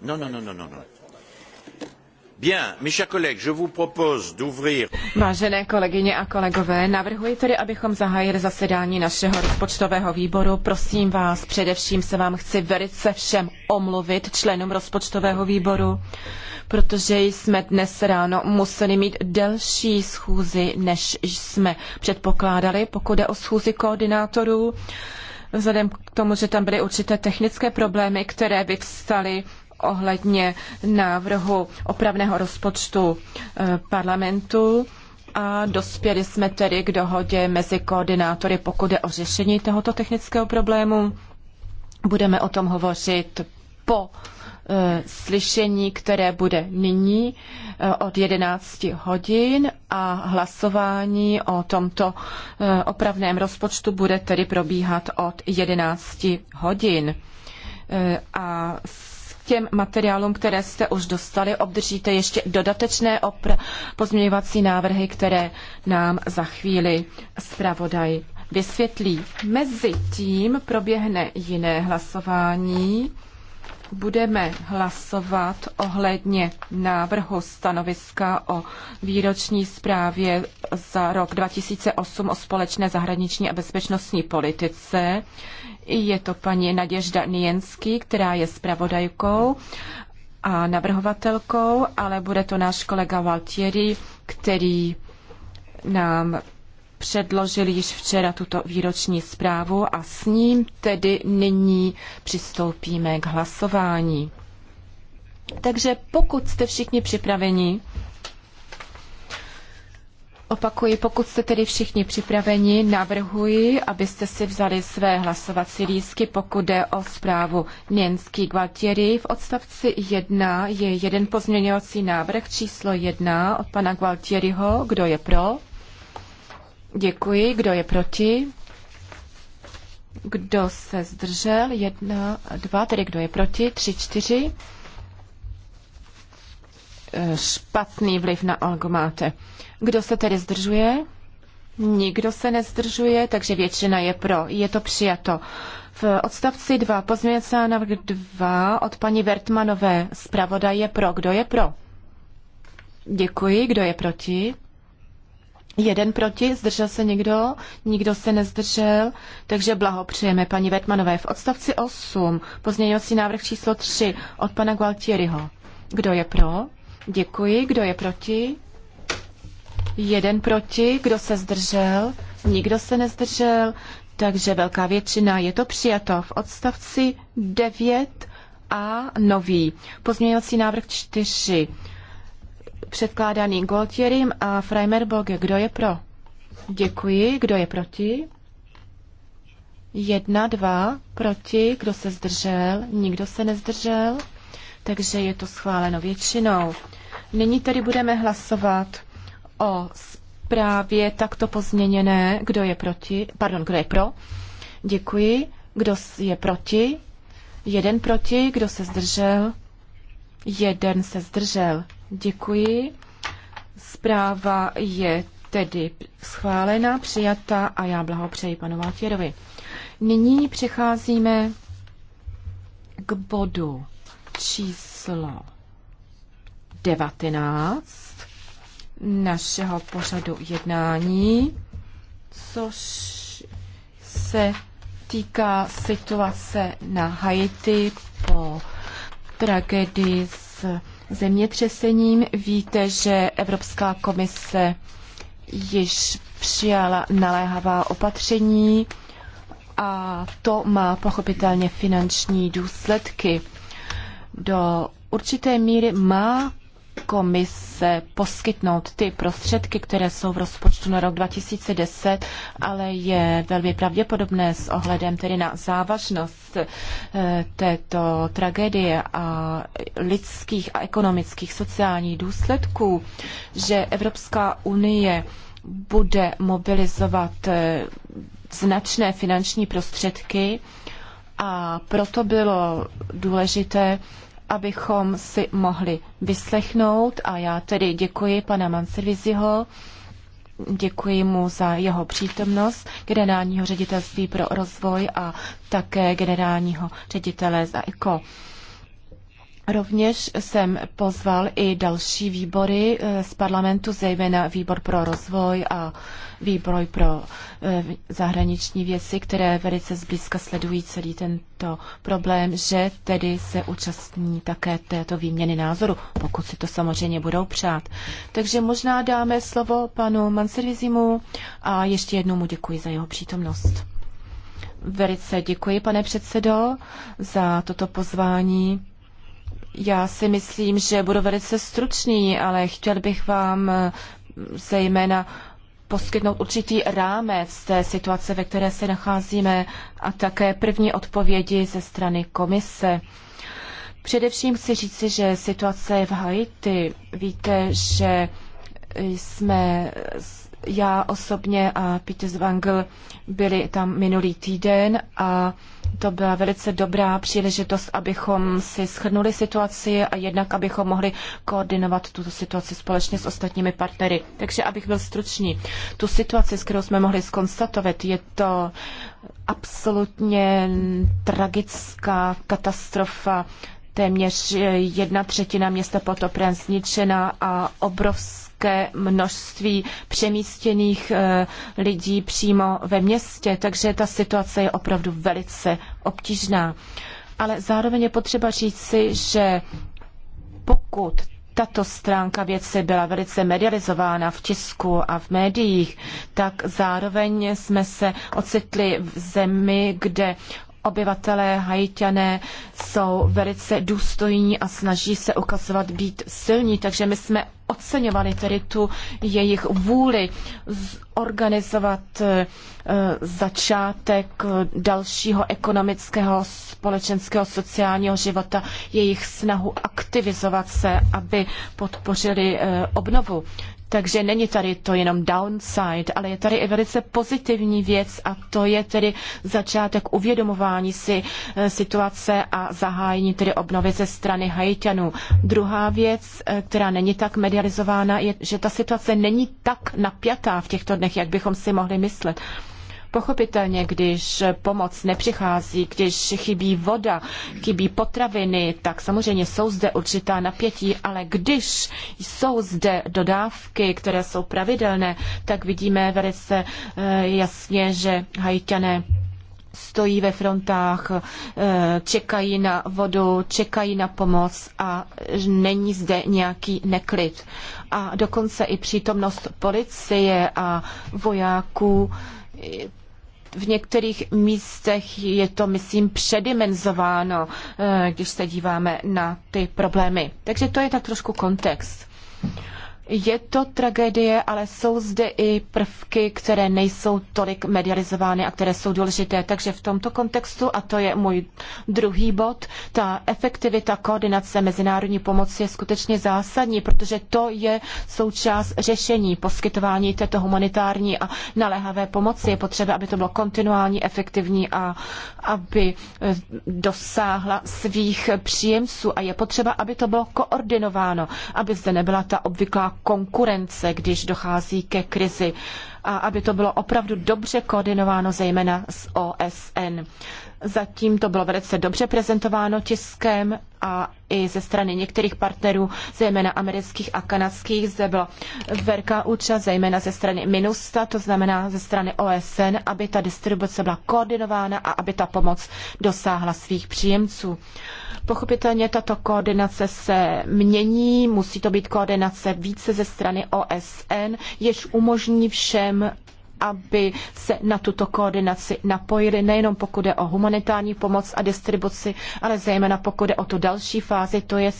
Non, non, non, non, non. No. Bien, mes chers collègues, je vous propose d'ouvrir. Vážené kolegyně a kolegové, navrhuji tedy, abychom zahájili zasedání našeho rozpočtového výboru. Prosím vás, především se vám chci velice všem omluvit členům rozpočtového výboru, protože jsme dnes ráno museli mít delší schůzi, než jsme předpokládali, pokud jde o schůzi koordinátorů vzhledem k tomu, že tam byly určité technické problémy, které vyvstaly ohledně návrhu opravného rozpočtu eh, parlamentu a dospěli jsme tedy k dohodě mezi koordinátory, pokud je o řešení tohoto technického problému. Budeme o tom hovořit po eh, slyšení, které bude nyní eh, od 11 hodin a hlasování o tomto opravném rozpočtu bude tedy probíhat od 11 hodin. A těm materiálům, které jste už dostali, obdržíte ještě dodatečné opr- pozměňovací návrhy, které nám za chvíli zpravodaj vysvětlí. Mezi tím proběhne jiné hlasování. Budeme hlasovat ohledně návrhu stanoviska o výroční zprávě za rok 2008 o společné zahraniční a bezpečnostní politice. Je to paní Naděžda Nijenský, která je zpravodajkou a navrhovatelkou, ale bude to náš kolega Valtieri, který nám předložil již včera tuto výroční zprávu a s ním tedy nyní přistoupíme k hlasování. Takže pokud jste všichni připraveni, Opakuji, pokud jste tedy všichni připraveni, navrhuji, abyste si vzali své hlasovací lístky, pokud jde o zprávu Měnský Gualtieri. V odstavci 1 je jeden pozměňovací návrh číslo 1 od pana Gualtieriho. Kdo je pro? Děkuji. Kdo je proti? Kdo se zdržel? Jedna, dva, tedy kdo je proti? Tři, čtyři špatný vliv na algomáte. Kdo se tedy zdržuje? Nikdo se nezdržuje, takže většina je pro. Je to přijato. V odstavci 2 pozměňovací návrh 2 od paní Vertmanové zpravodaj je pro. Kdo je pro? Děkuji. Kdo je proti? Jeden proti, zdržel se někdo, nikdo se nezdržel, takže blahopřejeme paní Vertmanové. V odstavci 8 pozměňovací návrh číslo 3 od pana Gualtieriho. Kdo je pro? Děkuji. Kdo je proti? Jeden proti. Kdo se zdržel? Nikdo se nezdržel. Takže velká většina je to přijato v odstavci 9 a nový. Pozměňovací návrh 4. Předkládaný Goltierim a Freimerboge. Kdo je pro? Děkuji. Kdo je proti? Jedna, dva, proti, kdo se zdržel, nikdo se nezdržel takže je to schváleno většinou. Nyní tedy budeme hlasovat o zprávě takto pozměněné. Kdo je proti? Pardon, kdo je pro? Děkuji. Kdo je proti? Jeden proti. Kdo se zdržel? Jeden se zdržel. Děkuji. Zpráva je tedy schválena, přijata a já blahopřeji panu Valtěrovi. Nyní přecházíme k bodu číslo 19 našeho pořadu jednání, což se týká situace na Haiti po tragédii s zemětřesením. Víte, že Evropská komise již přijala naléhavá opatření a to má pochopitelně finanční důsledky. Do určité míry má komise poskytnout ty prostředky, které jsou v rozpočtu na rok 2010, ale je velmi pravděpodobné s ohledem tedy na závažnost eh, této tragédie a lidských a ekonomických sociálních důsledků, že Evropská unie bude mobilizovat eh, značné finanční prostředky a proto bylo důležité abychom si mohli vyslechnout a já tedy děkuji pana Manserviziho, děkuji mu za jeho přítomnost, generálního ředitelství pro rozvoj a také generálního ředitele za ECO. Rovněž jsem pozval i další výbory eh, z parlamentu, zejména výbor pro rozvoj a výbroj pro eh, zahraniční věci, které velice zblízka sledují celý tento problém, že tedy se účastní také této výměny názoru, pokud si to samozřejmě budou přát. Takže možná dáme slovo panu Manservizimu a ještě jednou mu děkuji za jeho přítomnost. Velice děkuji, pane předsedo, za toto pozvání. Já si myslím, že budu velice stručný, ale chtěl bych vám eh, zejména poskytnout určitý rámec té situace, ve které se nacházíme a také první odpovědi ze strany komise. Především chci říci, že situace v Haiti, víte, že jsme já osobně a Peter Zwangl byli tam minulý týden a to byla velice dobrá příležitost, abychom si shrnuli situaci a jednak abychom mohli koordinovat tuto situaci společně s ostatními partnery. Takže abych byl stručný, tu situaci, s kterou jsme mohli skonstatovat, je to absolutně tragická katastrofa. Téměř jedna třetina města potopren zničena a obrovská obrovské množství přemístěných eh, lidí přímo ve městě, takže ta situace je opravdu velice obtížná. Ale zároveň je potřeba říct si, že pokud tato stránka věci byla velice medializována v tisku a v médiích, tak zároveň jsme se ocitli v zemi, kde obyvatelé hajťané jsou velice důstojní a snaží se ukazovat být silní, takže my jsme oceňovali tedy tu jejich vůli zorganizovat e, začátek dalšího ekonomického, společenského, sociálního života, jejich snahu aktivizovat se, aby podpořili e, obnovu takže není tady to jenom downside, ale je tady i velice pozitivní věc a to je tedy začátek uvědomování si eh, situace a zahájení tedy obnovy ze strany Haitianů. Druhá věc, eh, která není tak medializována, je, že ta situace není tak napjatá v těchto dnech, jak bychom si mohli myslet. Pochopitelně, když pomoc nepřichází, když chybí voda, chybí potraviny, tak samozřejmě jsou zde určitá napětí, ale když jsou zde dodávky, které jsou pravidelné, tak vidíme velice eh, jasně, že hajťané stojí ve frontách, eh, čekají na vodu, čekají na pomoc a není zde nějaký neklid. A dokonce i přítomnost policie a vojáků v některých místech je to, myslím, předimenzováno, eh, když se díváme na ty problémy. Takže to je tak trošku kontext. Je to tragédie, ale jsou zde i prvky, které nejsou tolik medializovány a které jsou důležité. Takže v tomto kontextu, a to je můj druhý bod, ta efektivita koordinace mezinárodní pomoci je skutečně zásadní, protože to je součást řešení poskytování této humanitární a naléhavé pomoci. Je potřeba, aby to bylo kontinuální, efektivní a aby eh, dosáhla svých příjemců. A je potřeba, aby to bylo koordinováno, aby zde nebyla ta obvyklá konkurence, když dochází ke krizi a aby to bylo opravdu dobře koordinováno zejména s OSN. Zatím to bylo velice dobře prezentováno tiskem a i ze strany některých partnerů, zejména amerických a kanadských. Zde byla velká účast, zejména ze strany MINUSTA, to znamená ze strany OSN, aby ta distribuce byla koordinována a aby ta pomoc dosáhla svých příjemců. Pochopitelně tato koordinace se mění, musí to být koordinace více ze strany OSN, jež umožní všem aby se na tuto koordinaci napojili, nejenom pokud je o humanitární pomoc a distribuci, ale zejména pokud je o tu další fázi, to je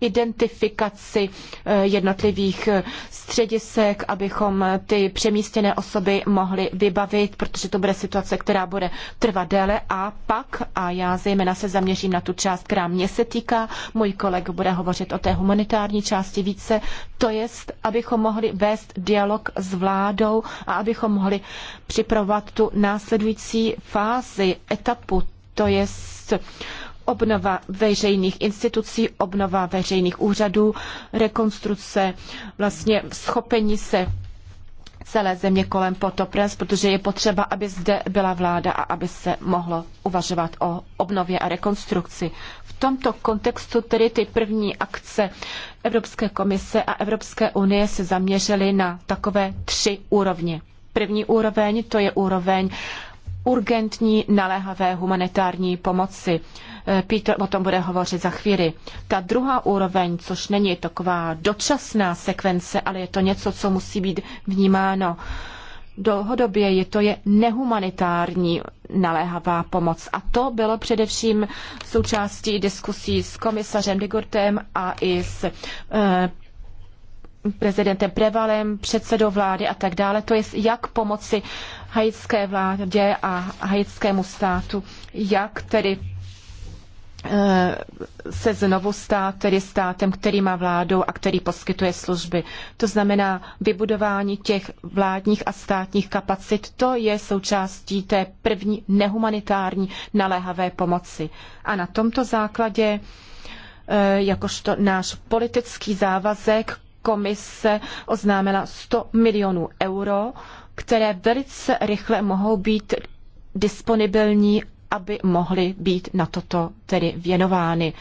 identifikaci eh, jednotlivých eh, středisek, abychom eh, ty přemístěné osoby mohli vybavit, protože to bude situace, která bude trvat déle a pak, a já zejména se zaměřím na tu část, která mě se týká, můj kolega bude hovořit o té humanitární části více, to jest, abychom mohli vést dialog s vládou a abychom mohli připravovat tu následující fázi, etapu, to jest obnova veřejných institucí, obnova veřejných úřadů, rekonstrukce, vlastně schopení se celé země kolem Potopres, protože je potřeba, aby zde byla vláda a aby se mohlo uvažovat o obnově a rekonstrukci. V tomto kontextu tedy ty první akce Evropské komise a Evropské unie se zaměřily na takové tři úrovně. První úroveň to je úroveň urgentní naléhavé humanitární pomoci. Peter o tom bude hovořit za chvíli. Ta druhá úroveň, což není taková dočasná sekvence, ale je to něco, co musí být vnímáno dlouhodobě je to je nehumanitární naléhavá pomoc. A to bylo především součástí diskusí s komisařem Digurtem a i s e, prezidentem Prevalem, předsedou vlády a tak dále. To je jak pomoci haitské vládě a haitskému státu, jak tedy Eh, se znovu stát tedy státem, který má vládu a který poskytuje služby. To znamená vybudování těch vládních a státních kapacit, to je součástí té první nehumanitární naléhavé pomoci. A na tomto základě, eh, jakožto náš politický závazek, komise oznámila 100 milionů euro, které velice rychle mohou být disponibilní aby mohly být na toto tedy věnovány.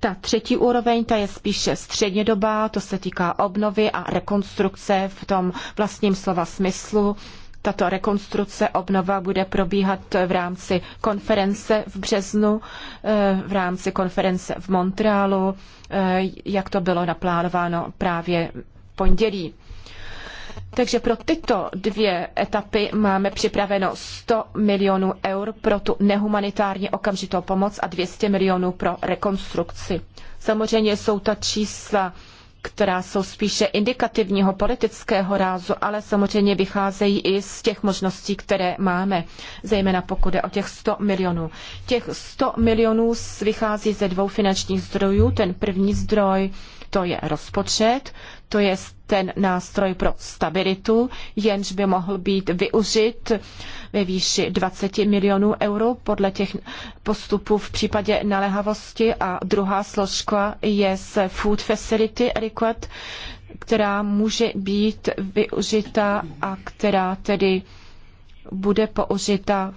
Ta třetí úroveň, ta je spíše střednědobá, to se týká obnovy a rekonstrukce v tom vlastním slova smyslu. Tato rekonstrukce, obnova bude probíhat v rámci konference v březnu, eh, v rámci konference v Montrealu, eh, jak to bylo naplánováno právě pondělí. Takže pro tyto dvě etapy máme připraveno 100 milionů eur pro tu nehumanitární okamžitou pomoc a 200 milionů pro rekonstrukci. Samozřejmě jsou ta čísla která jsou spíše indikativního politického rázu, ale samozřejmě vycházejí i z těch možností, které máme, zejména pokud je o těch 100 milionů. Těch 100 milionů vychází ze dvou finančních zdrojů. Ten první zdroj to je rozpočet, to je ten nástroj pro stabilitu, jenž by mohl být využit ve výši 20 milionů euro podle těch postupů v případě naléhavosti. A druhá složka je z Food Facility Request, která může být využita a která tedy bude použita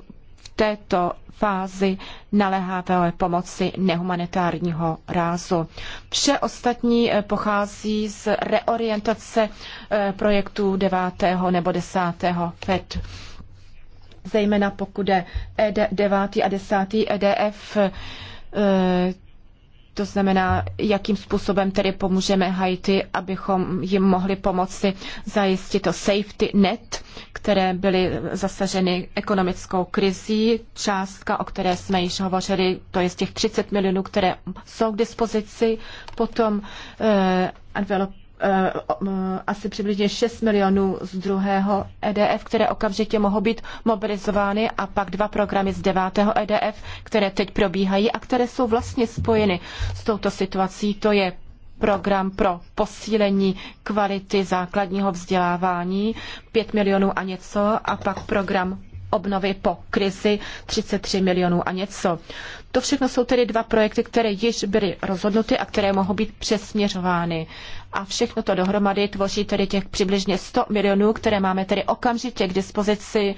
této fázi naléhavé pomoci nehumanitárního rázu. Vše ostatní eh, pochází z reorientace eh, projektů 9. nebo 10. FED zejména pokud je 9. E a 10. EDF eh, to znamená, jakým způsobem tedy pomůžeme Haiti, abychom jim mohli pomoci zajistit to safety net, které byly zasaženy ekonomickou krizí. Částka, o které jsme již hovořili, to je z těch 30 milionů, které jsou k dispozici. Potom eh, envelope Eh, eh, asi přibližně 6 milionů z druhého EDF, které okamžitě mohou být mobilizovány a pak dva programy z devátého EDF, které teď probíhají a které jsou vlastně spojeny s touto situací. To je program pro posílení kvality základního vzdělávání, 5 milionů a něco, a pak program obnovy po krizi 33 milionů a něco. To všechno jsou tedy dva projekty, které již byly rozhodnuty a které mohou být přesměřovány. A všechno to dohromady tvoří tedy těch přibližně 100 milionů, které máme tedy okamžitě k dispozici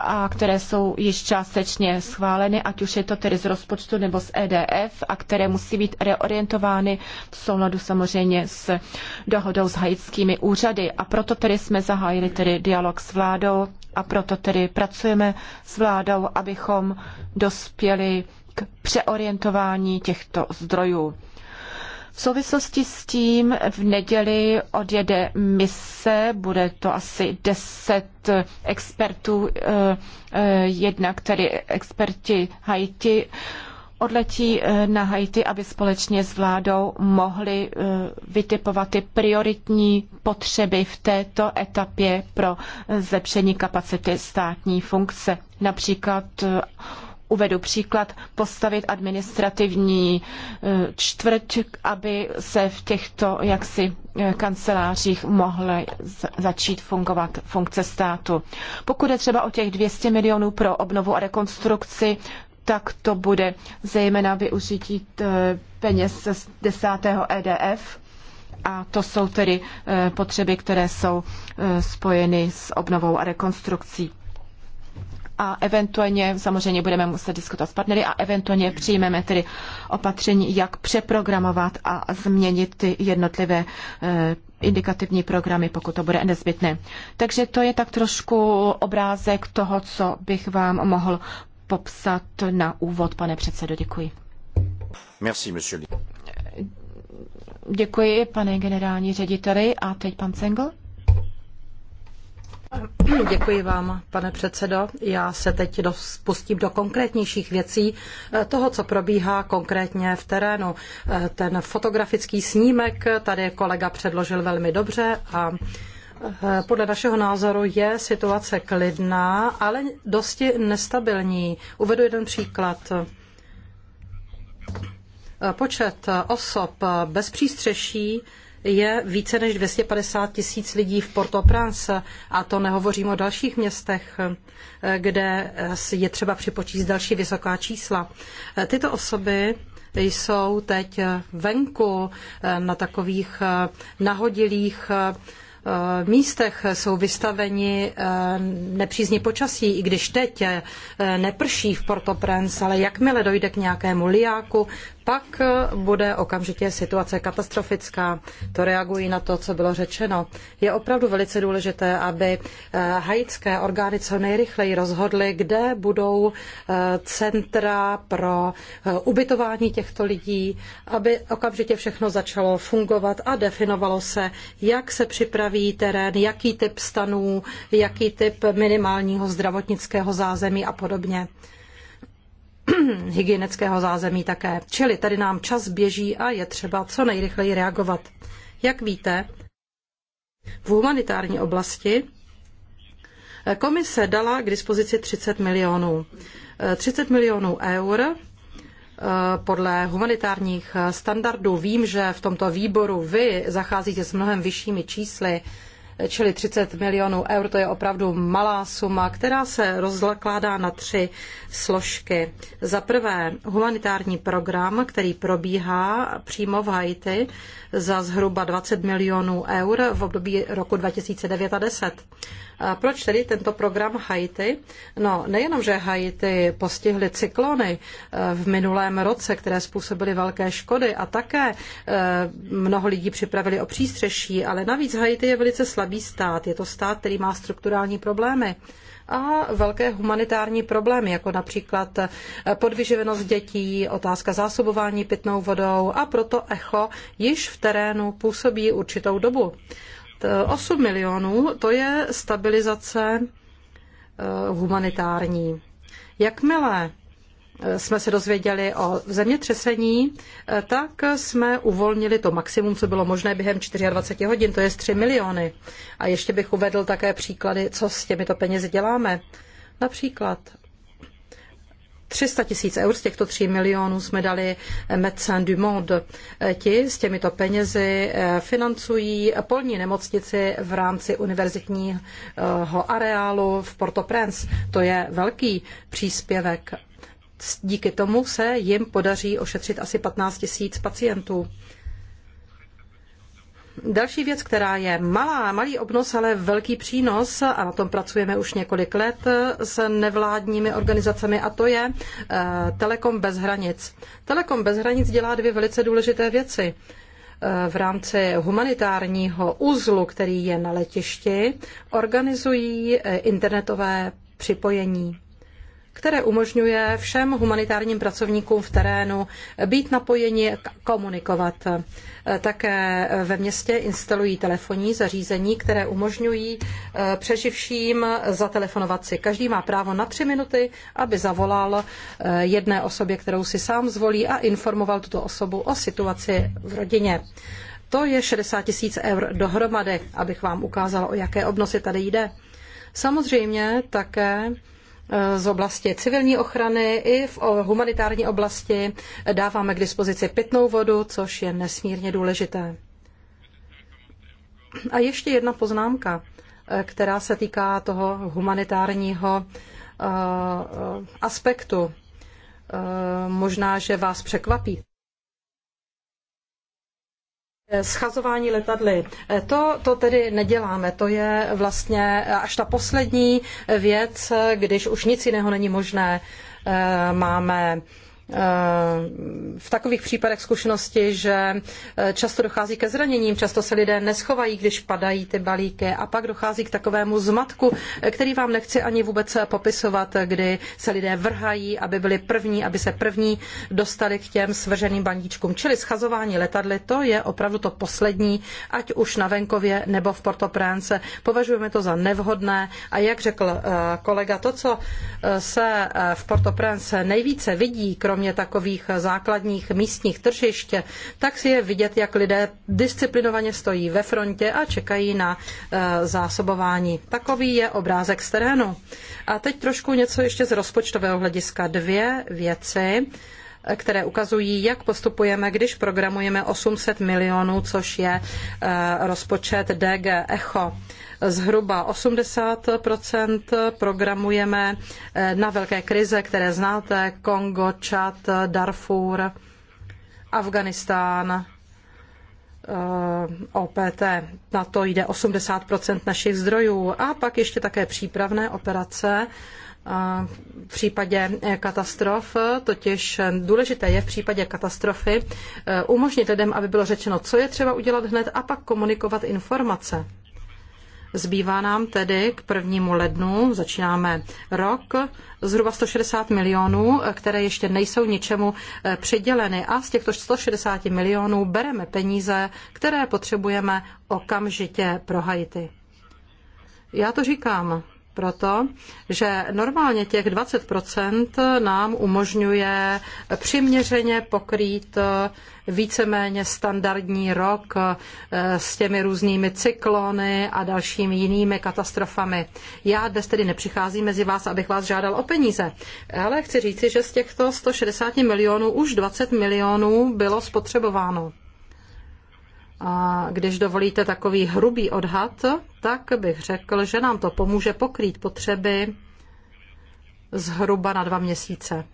a které jsou již částečně schváleny, ať už je to tedy z rozpočtu nebo z EDF, a které musí být reorientovány v souladu samozřejmě s dohodou s haitskými úřady. A proto tedy jsme zahájili tedy dialog s vládou a proto tedy pracujeme s vládou, abychom dospěli k přeorientování těchto zdrojů. V souvislosti s tím v neděli odjede mise, bude to asi deset expertů, eh, eh, jednak tedy experti Haiti, odletí eh, na Haiti, aby společně s vládou mohli vytipovat ty prioritní potřeby v této etapě pro zlepšení kapacity státní funkce. Například uvedu příklad, postavit administrativní eh, čtvrť, aby se v těchto jaksi eh, kancelářích mohly začít fungovat funkce státu. Pokud je třeba o těch 200 milionů pro obnovu a rekonstrukci, tak to bude zejména využití eh, peněz z 10. EDF a to jsou tedy potřeby, které jsou spojeny s obnovou a rekonstrukcí a eventuálně samozřejmě budeme muset diskutovat s partnery a eventuálně přijmeme tedy opatření, jak přeprogramovat a změnit ty jednotlivé eh, indikativní programy, pokud to bude nezbytné. Takže to je tak trošku obrázek toho, co bych vám mohl popsat na úvod, pane předsedo. Děkuji. Merci, monsieur. Děkuji, pane generální řediteli. A teď pan Cengl. Děkuji vám, pane předsedo. Já se teď spustím do konkrétnějších věcí eh, toho, co probíhá konkrétně v terénu. Eh, ten fotografický snímek tady kolega předložil velmi dobře a eh, podle našeho názoru je situace klidná, ale dosti nestabilní. Uvedu jeden příklad. Počet osob bez přístřeší je více než 250 tisíc lidí v Port-au-Prince a to nehovořím o dalších městech, kde je třeba připočíst další vysoká čísla. Tyto osoby jsou teď venku na takových nahodilých eh, místech jsou vystaveni eh, nepřízní počasí, i když teď eh, neprší v Port-au-Prince, ale jakmile dojde k nějakému liáku, pak eh, bude okamžitě situace katastrofická. To reagují na to, co bylo řečeno. Je opravdu velice důležité, aby eh, haitské orgány co nejrychleji rozhodly, kde budou eh, centra pro ubytování těchto lidí, aby okamžitě všechno začalo fungovat a definovalo se, jak se připraví terén, jaký typ stanů, jaký typ minimálního zdravotnického zázemí a podobně. hygienického zázemí také. Čili tady nám čas běží a je třeba co nejrychleji reagovat. Jak víte, v humanitární oblasti eh, komise dala k dispozici 30 milionů. 30 eh, milionů eur eh, podle humanitárních standardů. Vím, že v tomto výboru vy zacházíte s mnohem vyššími čísly, čili 30 milionů eur, to je opravdu malá suma, která se rozkládá na tři složky. Za prvé humanitární program, který probíhá přímo v Haiti za zhruba 20 milionů eur v období roku 2009 a 10. A proč tedy tento program Haiti? No, nejenom, že Haiti postihly cyklony eh, v minulém roce, které způsobily velké škody a také eh, mnoho lidí připravili o přístřeší, ale navíc Haiti je velice slabý stát. Je to stát, který má strukturální problémy a velké humanitární problémy, jako například eh, podvyživenost dětí, otázka zásobování pitnou vodou a proto ECHO již v terénu působí určitou dobu. 8 milionů to je stabilizace eh, humanitární. Jakmile eh, jsme se dozvěděli o zemětřesení, eh, tak jsme uvolnili to maximum, co bylo možné během 24 hodin, to je 3 miliony. A ještě bych uvedl také příklady, co s těmito penězi děláme. Například 300 tisíc eur z těchto 3 milionů jsme dali Médecins du Monde. Ti s těmito penězi eh, financují polní nemocnici v rámci univerzitního areálu v Port-au-Prince. To je velký příspěvek. Díky tomu se jim podaří ošetřit asi 15 tisíc pacientů. Další věc, která je malá, malý obnos, ale velký přínos, a na tom pracujeme už několik let s nevládními organizacemi, a to je eh, Telekom bez hranic. Telekom bez hranic dělá dvě velice důležité věci. Eh, v rámci humanitárního uzlu, který je na letišti, organizují eh, internetové připojení které umožňuje všem humanitárním pracovníkům v terénu být napojeni, komunikovat. Také ve městě instalují telefonní zařízení, které umožňují eh, přeživším zatelefonovat si. Každý má právo na tři minuty, aby zavolal eh, jedné osobě, kterou si sám zvolí a informoval tuto osobu o situaci v rodině. To je 60 tisíc eur dohromady, abych vám ukázala, o jaké obnosy tady jde. Samozřejmě také z oblasti civilní ochrany i v humanitární oblasti dáváme k dispozici pitnou vodu, což je nesmírně důležité. A ještě jedna poznámka, eh, která se týká toho humanitárního eh, eh, aspektu. Možná, že vás překvapí. Eh, schazování letadly. Eh, to, to tedy neděláme. To je vlastně eh, až ta poslední věc, když už nic jiného není možné. Máme Eh, v takových případech zkušenosti, že eh, často dochází ke zraněním, často se lidé neschovají, když padají ty balíky a pak dochází k takovému zmatku, eh, který vám nechci ani vůbec popisovat, kdy se lidé vrhají, aby byli první, aby se první dostali k těm svrženým bandíčkům. Čili schazování letadly, to je opravdu to poslední, ať už na venkově nebo v Port-au-Prince. Považujeme to za nevhodné a jak řekl kolega, to, co se v Port-au-Prince nejvíce vidí, kromě kromě takových základních místních tržišť, tak si je vidět, jak lidé disciplinovaně stojí ve frontě a čekají na eh, zásobování. Takový je obrázek z terénu. A teď trošku něco ještě z rozpočtového hlediska. Dvě věci které ukazují, jak postupujeme, když programujeme 800 milionů, což je eh, rozpočet DG Echo. Zhruba 80 programujeme eh, na velké krize, které znáte, Kongo, Čad, Darfur, Afganistán, eh, OPT. Na to jde 80 našich zdrojů. A pak ještě také přípravné operace, v případě eh, katastrof, totiž eh, důležité je v případě katastrofy eh, umožnit lidem, aby bylo řečeno, co je třeba udělat hned a pak komunikovat informace. Zbývá nám tedy k prvnímu lednu, začínáme rok, zhruba 160 milionů, které ještě nejsou ničemu přiděleny. A z těchto 160 milionů bereme peníze, které potřebujeme okamžitě pro Haiti. Já to říkám proto, že normálně těch 20% nám umožňuje přiměřeně pokrýt víceméně standardní rok eh, s těmi různými cyklony a dalšími jinými katastrofami. Já dnes tedy nepřicházím mezi vás, abych vás žádal o peníze, ale chci říci, že z těchto 160 milionů už 20 milionů bylo spotřebováno. A když dovolíte takový hrubý odhad, tak bych řekl, že nám to pomůže pokrýt potřeby zhruba na dva měsíce.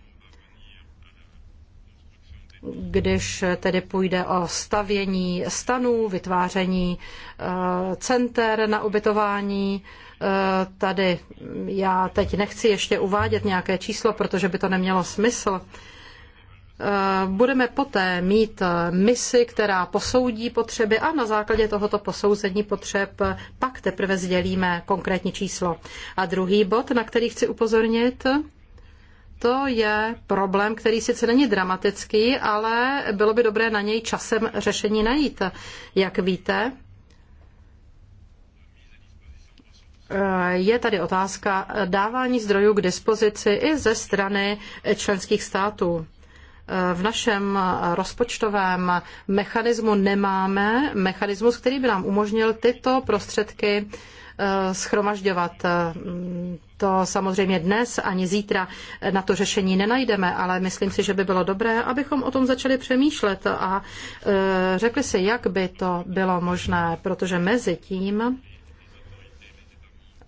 Když tedy půjde o stavění stanů, vytváření eh, center na ubytování, eh, tady já teď nechci ještě uvádět nějaké číslo, protože by to nemělo smysl. Eh, budeme poté mít eh, misi, která posoudí potřeby a na základě tohoto posouzení potřeb eh, pak teprve sdělíme konkrétní číslo. A druhý bod, na který chci upozornit, to je problém, který sice není dramatický, ale bylo by dobré na něj časem řešení najít. Jak víte, je tady otázka dávání zdrojů k dispozici i ze strany členských států v našem rozpočtovém mechanismu nemáme mechanismus, který by nám umožnil tyto prostředky eh, schromažďovat. To samozřejmě dnes ani zítra na to řešení nenajdeme, ale myslím si, že by bylo dobré, abychom o tom začali přemýšlet a eh, řekli si, jak by to bylo možné, protože mezi tím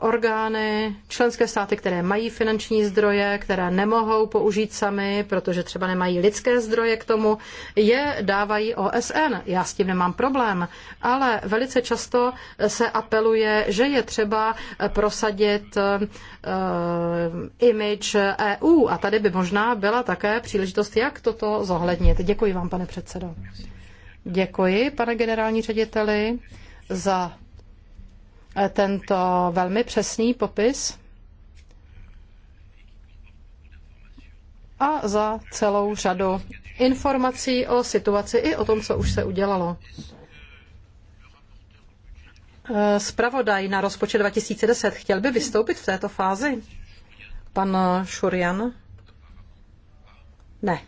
orgány, členské státy, které mají finanční zdroje, které nemohou použít sami, protože třeba nemají lidské zdroje k tomu, je dávají OSN. Já s tím nemám problém, ale velice často se apeluje, že je třeba prosadit eh, image EU a tady by možná byla také příležitost, jak toto zohlednit. Děkuji vám, pane předsedo. Děkuji, pane generální řediteli, za tento velmi přesný popis a za celou řadu informací o situaci i o tom, co už se udělalo. Spravodaj na rozpočet 2010 chtěl by vystoupit v této fázi? Pan Šurian? Ne.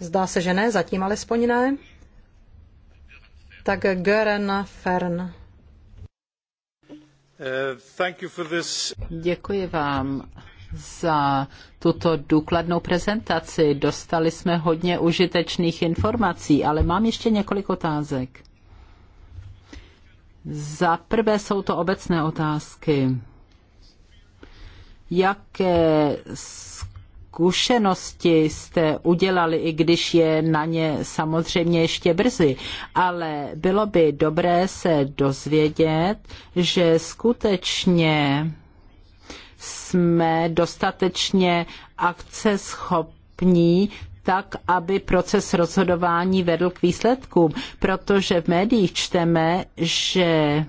Zdá se, že ne, zatím alespoň ne. Tak Gören Fern. Děkuji vám za tuto důkladnou prezentaci. Dostali jsme hodně užitečných informací, ale mám ještě několik otázek. Za prvé jsou to obecné otázky. Jaké zkušenosti jste udělali, i když je na ně samozřejmě ještě brzy, ale bylo by dobré se dozvědět, že skutečně jsme dostatečně akceschopní tak, aby proces rozhodování vedl k výsledkům, protože v médiích čteme, že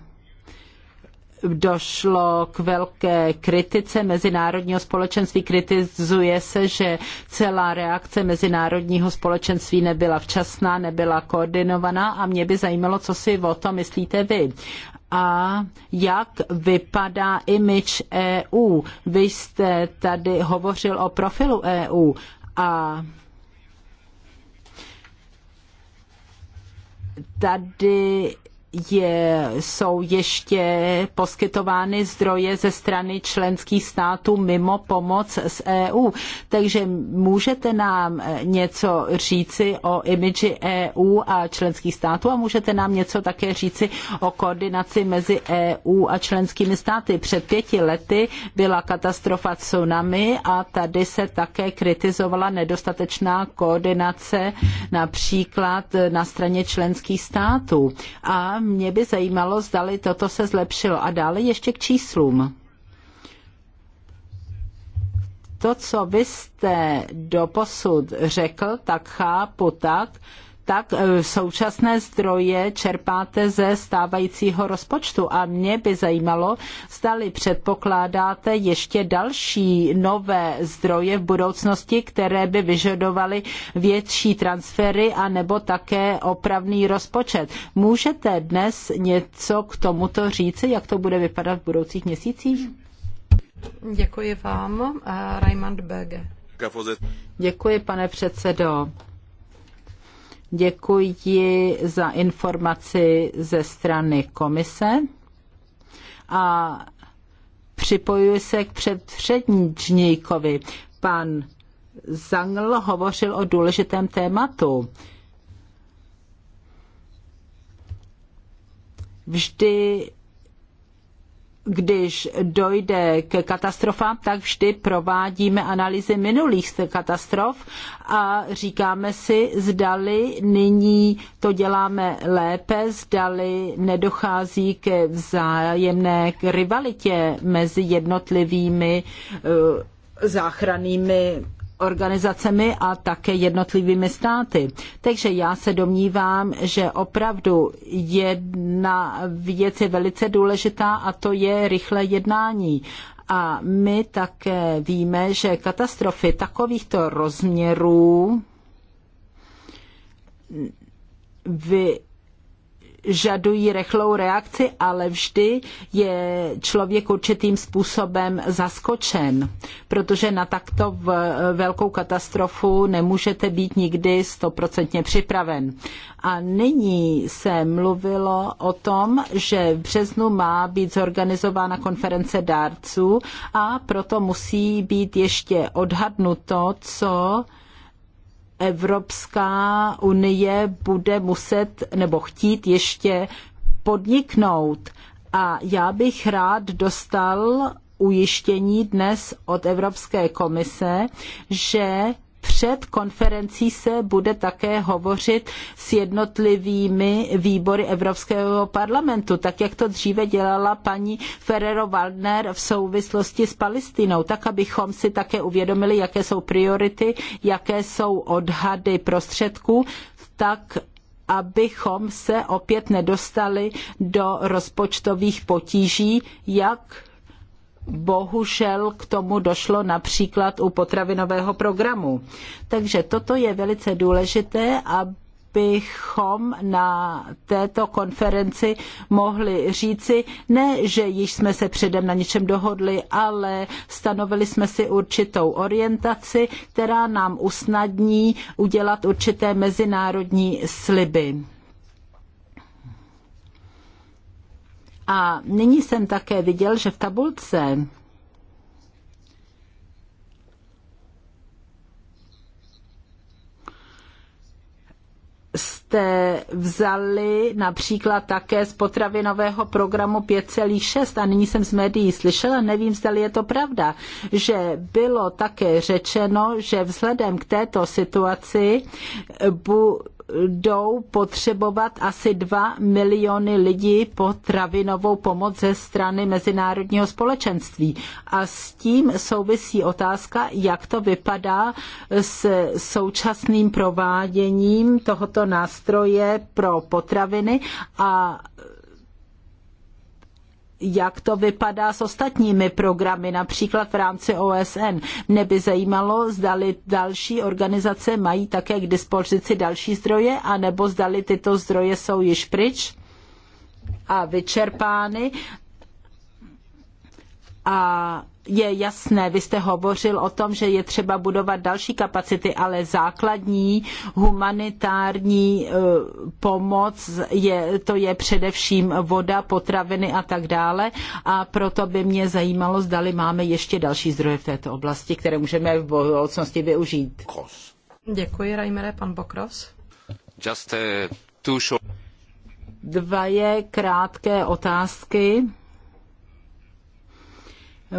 došlo k velké kritice mezinárodního společenství. Kritizuje se, že celá reakce mezinárodního společenství nebyla včasná, nebyla koordinovaná a mě by zajímalo, co si o tom myslíte vy a jak vypadá image EU. Vy jste tady hovořil o profilu EU a tady je, jsou ještě poskytovány zdroje ze strany členských států mimo pomoc z EU. Takže můžete nám něco říci o imidži EU a členských států a můžete nám něco také říci o koordinaci mezi EU a členskými státy. Před pěti lety byla katastrofa tsunami a tady se také kritizovala nedostatečná koordinace například na straně členských států. A mě by zajímalo, zdali toto se zlepšilo. A dále ještě k číslům. To, co vy jste doposud řekl, tak chápu tak, tak e, současné zdroje čerpáte ze stávajícího rozpočtu. A mě by zajímalo, zdali předpokládáte ještě další nové zdroje v budoucnosti, které by vyžadovaly větší transfery a nebo také opravný rozpočet. Můžete dnes něco k tomuto říci, jak to bude vypadat v budoucích měsících? Děkuji vám, eh, Raymond Berger. Děkuji, pane předsedo. Děkuji za informaci ze strany komise a připojuji se k předředníkovi. Pan Zangl hovořil o důležitém tématu. Vždy když dojde k katastrofám, tak vždy provádíme analýzy minulých katastrof a říkáme si, zdali nyní to děláme lépe, zdali nedochází ke vzájemné k rivalitě mezi jednotlivými eh, záchrannými organizacemi a také jednotlivými státy. Takže já se domnívám, že opravdu jedna věc je velice důležitá a to je rychlé jednání. A my také víme, že katastrofy takovýchto rozměrů vy žadují rychlou reakci, ale vždy je člověk určitým způsobem zaskočen, protože na takto velkou katastrofu nemůžete být nikdy stoprocentně připraven. A nyní se mluvilo o tom, že v březnu má být zorganizována konference dárců a proto musí být ještě odhadnuto, co Evropská unie bude muset nebo chtít ještě podniknout. A já bych rád dostal ujištění dnes od Evropské komise, že před konferencí se bude také hovořit s jednotlivými výbory Evropského parlamentu, tak jak to dříve dělala paní Ferrero-Waldner v souvislosti s Palestinou, tak abychom si také uvědomili, jaké jsou priority, jaké jsou odhady prostředků, tak abychom se opět nedostali do rozpočtových potíží, jak bohužel k tomu došlo například u potravinového programu. Takže toto je velice důležité, abychom na této konferenci mohli říci, ne, že již jsme se předem na něčem dohodli, ale stanovili jsme si určitou orientaci, která nám usnadní udělat určité mezinárodní sliby A nyní jsem také viděl, že v tabulce jste vzali například také z potravinového programu 5,6 a nyní jsem z médií slyšela, nevím, zda je to pravda, že bylo také řečeno, že vzhledem k této situaci bu, budou potřebovat asi 2 miliony lidí potravinovou pomoc ze strany mezinárodního společenství. A s tím souvisí otázka, jak to vypadá s současným prováděním tohoto nástroje pro potraviny a jak to vypadá s ostatními programy, například v rámci OSN. Mne by zajímalo, zdali další organizace mají také k dispozici další zdroje, anebo zdali tyto zdroje jsou již pryč a vyčerpány. A je jasné, vy jste hovořil o tom, že je třeba budovat další kapacity, ale základní humanitární e, pomoc, je, to je především voda, potraviny a tak dále. A proto by mě zajímalo, zdali máme ještě další zdroje v této oblasti, které můžeme v budoucnosti využít. Děkuji, Reimere, pan Bokros. Just, uh, two short... Dvaje krátké otázky.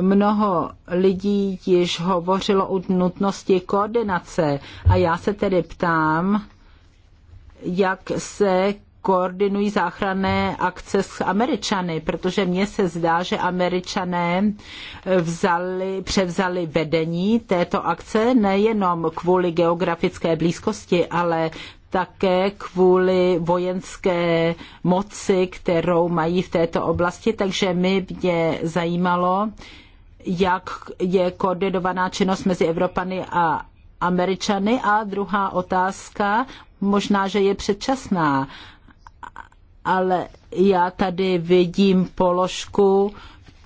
Mnoho lidí již hovořilo o nutnosti koordinace a já se tedy ptám, jak se koordinují záchranné akce s Američany, protože mně se zdá, že Američané vzali, převzali vedení této akce nejenom kvůli geografické blízkosti, ale také kvůli vojenské moci, kterou mají v této oblasti. Takže mi mě zajímalo, jak je koordinovaná činnost mezi Evropany a Američany. A druhá otázka, možná, že je předčasná, ale já tady vidím položku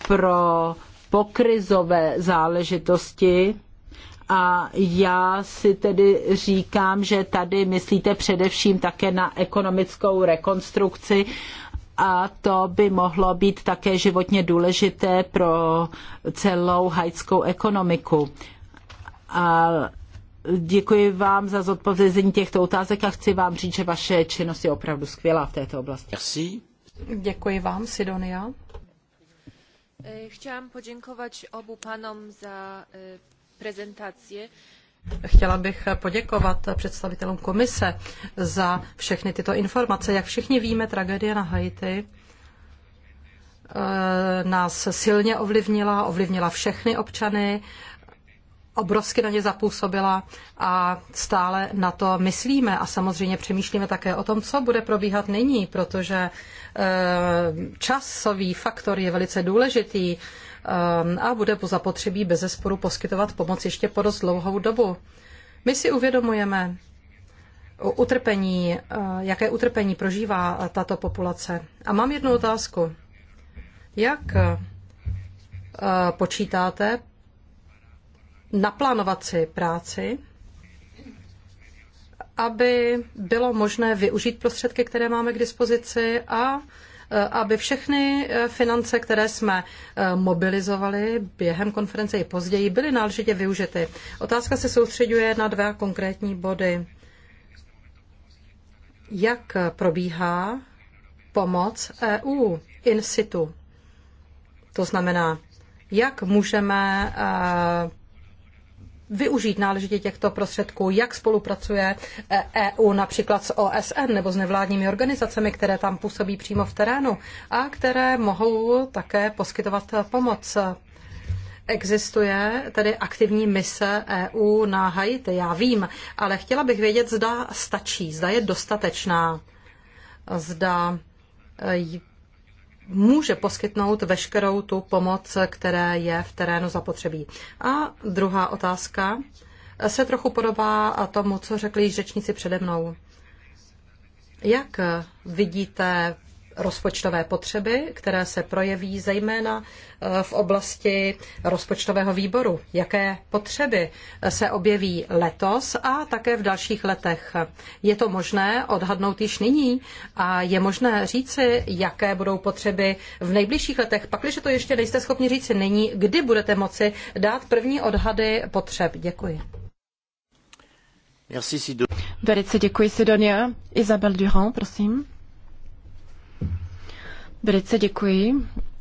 pro pokrizové záležitosti a já si tedy říkám, že tady myslíte především také na ekonomickou rekonstrukci a to by mohlo být také životně důležité pro celou haitskou ekonomiku. A děkuji vám za zodpovězení těchto otázek a chci vám říct, že vaše činnost je opravdu skvělá v této oblasti. Merci. Děkuji vám, Sidonia. Eh, Chciałam podziękować obu panom za eh, prezentację. Chtěla bych poděkovat představitelům komise za všechny tyto informace. Jak všichni víme, tragédie na Haiti eh, nás silně ovlivnila, ovlivnila všechny občany, obrovsky na ně zapůsobila a stále na to myslíme a samozřejmě přemýšlíme také o tom, co bude probíhat nyní, protože eh, časový faktor je velice důležitý Ehm, a bude po zapotřebí bez zesporu poskytovat pomoc ještě po dost dlouhou dobu. My si uvědomujeme utrpení, eh, jaké utrpení prožívá eh, tato populace. A mám jednu otázku. Jak eh, počítáte naplánovat si práci, aby bylo možné využít prostředky, které máme k dispozici a Eh, aby všechny eh, finance, které jsme eh, mobilizovali během konference i později, byly náležitě využity. Otázka se soustředuje na dva konkrétní body. Jak probíhá pomoc EU in situ? To znamená, jak můžeme využít náležitě těchto prostředků, jak spolupracuje EU eh, e například s OSN nebo s nevládními organizacemi, které tam působí přímo v terénu a které mohou také poskytovat pomoc existuje tedy aktivní mise EU na Haiti, já vím, ale chtěla bych vědět, zda stačí, zda je dostatečná, zda eh, může poskytnout veškerou tu pomoc, která je v terénu zapotřebí. A druhá otázka se trochu podobá tomu, co řekli řečníci přede mnou. Jak vidíte rozpočtové potřeby, které se projeví zejména e, v oblasti rozpočtového výboru. Jaké potřeby se objeví letos a také v dalších letech? Je to možné odhadnout již nyní a je možné říci, jaké budou potřeby v nejbližších letech. Pakliže to ještě nejste schopni říci nyní, kdy budete moci dát první odhady potřeb? Děkuji. Velice děkuji, Sidonia. Isabel Durand, prosím. Velice děkuji.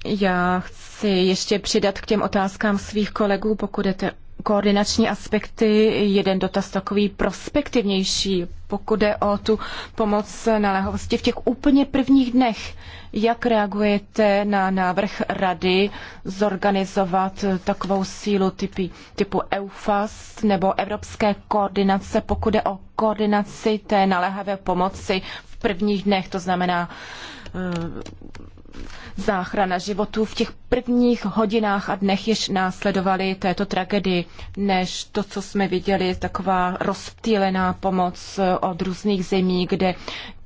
Já chci ještě přidat k těm otázkám svých kolegů, pokud jde koordinační aspekty, jeden dotaz takový prospektivnější, pokud jde o tu pomoc na lehovosti v těch úplně prvních dnech. Jak reagujete na návrh rady zorganizovat takovou sílu typy, typu EUFAS nebo Evropské koordinace, pokud jde o koordinaci té naléhavé pomoci v prvních dnech, to znamená Eh, záchrana životů v těch prvních hodinách a dnech jež následovaly této tragedii, než to, co jsme viděli, taková rozptýlená pomoc eh, od různých zemí, kde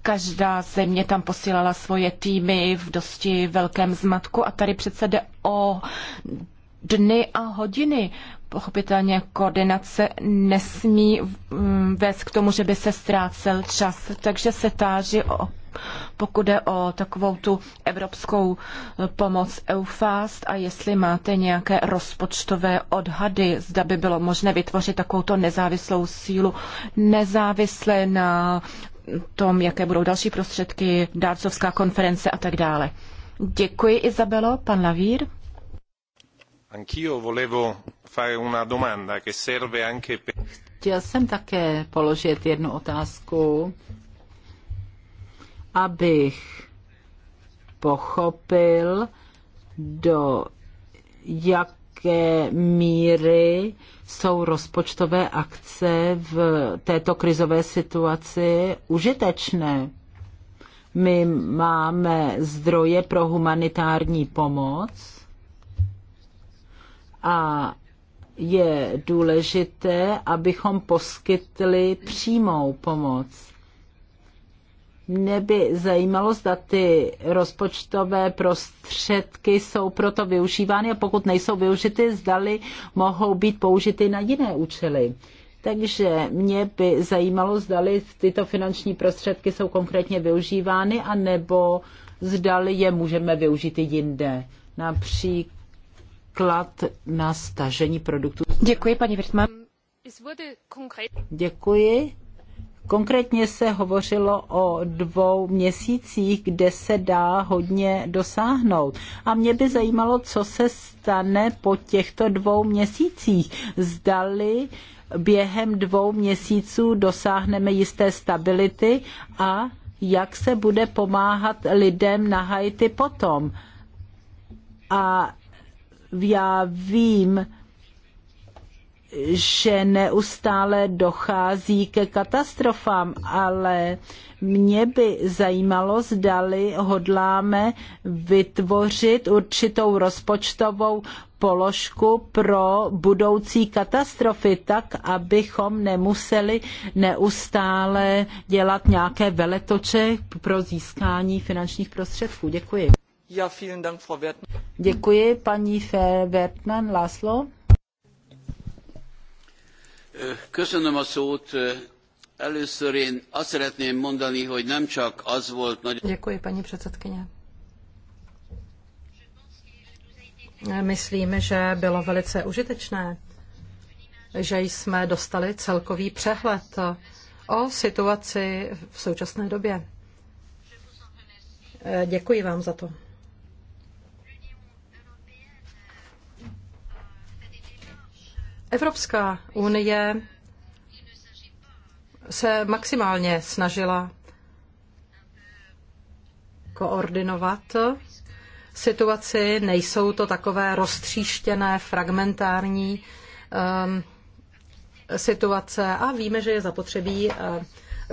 každá země tam posílala svoje týmy v dosti velkém zmatku a tady přece jde o dny a hodiny. Pochopitelně koordinace nesmí vést k tomu, že by se ztrácel čas. Takže se táží, o pokud jde o takovou tu evropskou eh, pomoc EUFAST a jestli máte nějaké rozpočtové odhady, zda by bylo možné vytvořit takovou nezávislou sílu, nezávisle na tom, jaké budou další prostředky, dárcovská konference a tak dále. Děkuji, Izabelo. Pan Lavír. volevo domanda Chtěl jsem také položit jednu otázku, abych pochopil, do jaké míry jsou rozpočtové akce v této krizové situaci užitečné. My máme zdroje pro humanitární pomoc a je důležité, abychom poskytli přímou pomoc mě by zajímalo, zda ty rozpočtové prostředky jsou proto využívány a pokud nejsou využity, zdali mohou být použity na jiné účely. Takže mě by zajímalo, zdali tyto finanční prostředky jsou konkrétně využívány, nebo zdali je můžeme využít i jinde. Například na stažení produktů. Děkuji, paní Virtman. Um, Děkuji. Konkrétně se hovořilo o dvou měsících, kde se dá hodně dosáhnout. A mě by zajímalo, co se stane po těchto dvou měsících. Zdali během dvou měsíců dosáhneme jisté stability a jak se bude pomáhat lidem na Haiti potom. A já vím, že neustále dochází ke katastrofám, ale mě by zajímalo, zdali hodláme vytvořit určitou rozpočtovou položku pro budoucí katastrofy, tak abychom nemuseli neustále dělat nějaké veletoče pro získání finančních prostředků. Děkuji. Ja, Dank, Frau Děkuji paní Vertman Laszlo. Köszönöm a szót. Először én azt szeretném mondani, hogy nem csak az volt nagy... Děkuji, paní předsedkyně. Myslím, že bylo velice užitečné, že jsme dostali celkový přehled o situaci v současné době. Děkuji vám za to. Evropská unie se maximálně snažila koordinovat situaci. Nejsou to takové roztříštěné, fragmentární um, situace a víme, že je zapotřebí eh,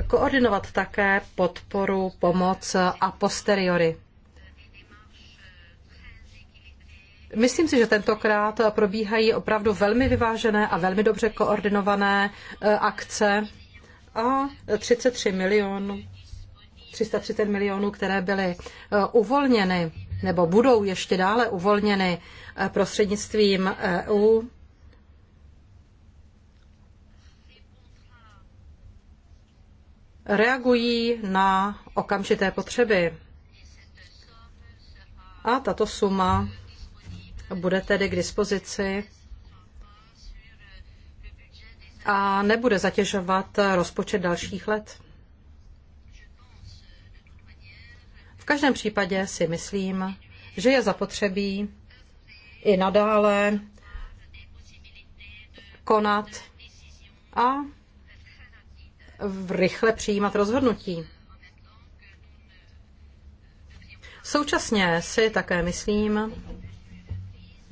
koordinovat také podporu, pomoc a posteriori. Myslím si, že tentokrát probíhají opravdu velmi vyvážené a velmi dobře koordinované eh, akce a 33 milionů, 330 milionů, které byly eh, uvolněny nebo budou ještě dále uvolněny eh, prostřednictvím EU, reagují na okamžité potřeby. A tato suma bude tedy k dispozici a nebude zatěžovat rozpočet dalších let. V každém případě si myslím, že je zapotřebí i nadále konat a rychle přijímat rozhodnutí. Současně si také myslím,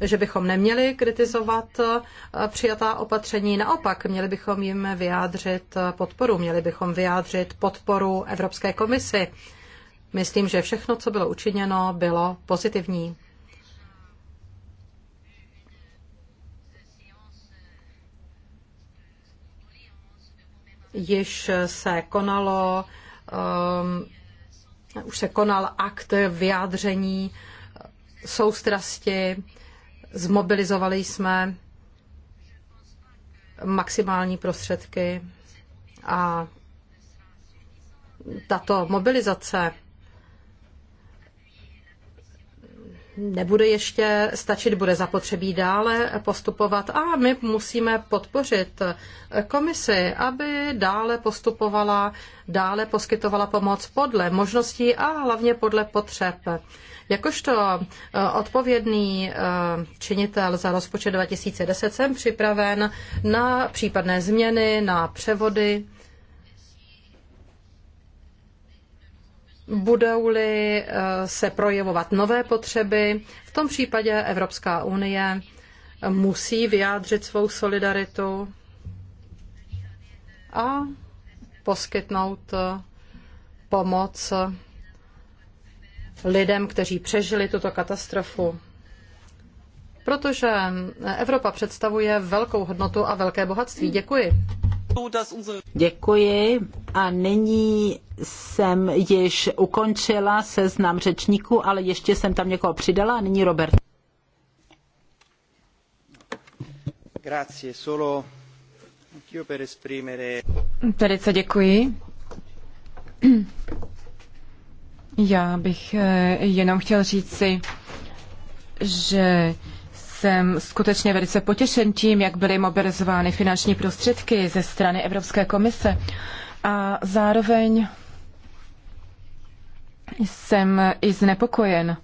že bychom neměli kritizovat eh, přijatá opatření. Naopak, měli bychom jim vyjádřit eh, podporu, měli bychom vyjádřit podporu Evropské komisi. Myslím, že všechno, co bylo učiněno, bylo pozitivní. Již se konalo, um, už se konal akt vyjádření soustrasti Zmobilizovali jsme maximální prostředky a tato mobilizace nebude ještě stačit, bude zapotřebí dále postupovat a my musíme podpořit komisi, aby dále postupovala, dále poskytovala pomoc podle možností a hlavně podle potřeb. Jakožto eh, odpovědný eh, činitel za rozpočet 2010 jsem připraven na případné změny, na převody budou-li eh, se projevovat nové potřeby, v tom případě Evropská unie musí vyjádřit svou solidaritu a poskytnout eh, pomoc lidem, kteří přežili tuto katastrofu. Protože Evropa představuje velkou hodnotu a velké bohatství. Děkuji. Děkuji a nyní jsem již ukončila seznam řečníků, ale ještě jsem tam někoho přidala a nyní Robert. Grazie, solo per esprimere... Velice děkuji. Já bych eh, jenom chtěl říci, že jsem skutečně velice potěšen tím, jak byly mobilizovány finanční prostředky ze strany Evropské komise. A zároveň jsem i znepokojen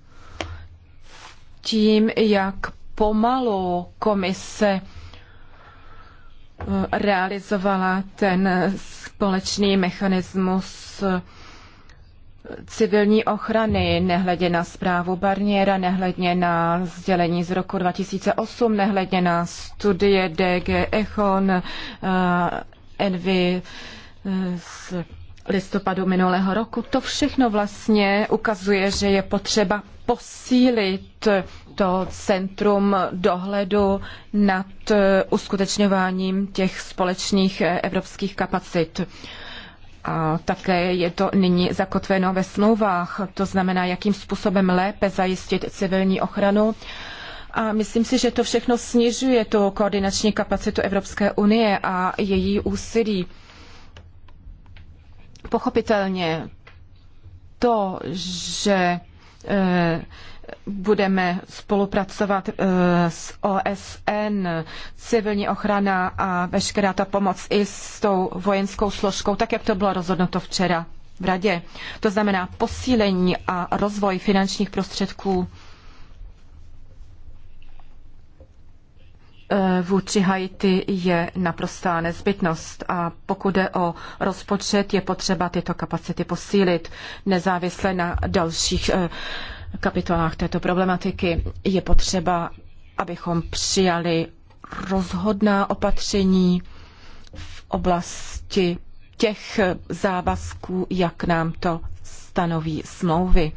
tím, jak pomalu komise eh, realizovala ten společný mechanismus eh, civilní ochrany, nehledě na zprávu Barniera, nehledně na sdělení z roku 2008, nehledně na studie DG Echon, eh, Envy eh, z listopadu minulého roku. To všechno vlastně ukazuje, že je potřeba posílit to centrum dohledu nad uskutečňováním těch společných eh, evropských kapacit. A také je to nyní zakotveno ve smlouvách, to znamená, jakým způsobem lépe zajistit civilní ochranu. A myslím si, že to všechno snižuje tu koordinační kapacitu Evropské unie a její úsilí. Pochopitelně to, že eh, budeme spolupracovat eh, s OSN, civilní ochrana a veškerá ta pomoc i s tou vojenskou složkou, tak jak to bylo rozhodnuto včera v radě. To znamená posílení a rozvoj finančních prostředků eh, vůči Haiti je naprostá nezbytnost a pokud je o rozpočet, je potřeba tyto kapacity posílit nezávisle na dalších eh, kapitolách této problematiky. Je potřeba, abychom přijali rozhodná opatření v oblasti těch závazků, jak nám to stanoví smlouvy.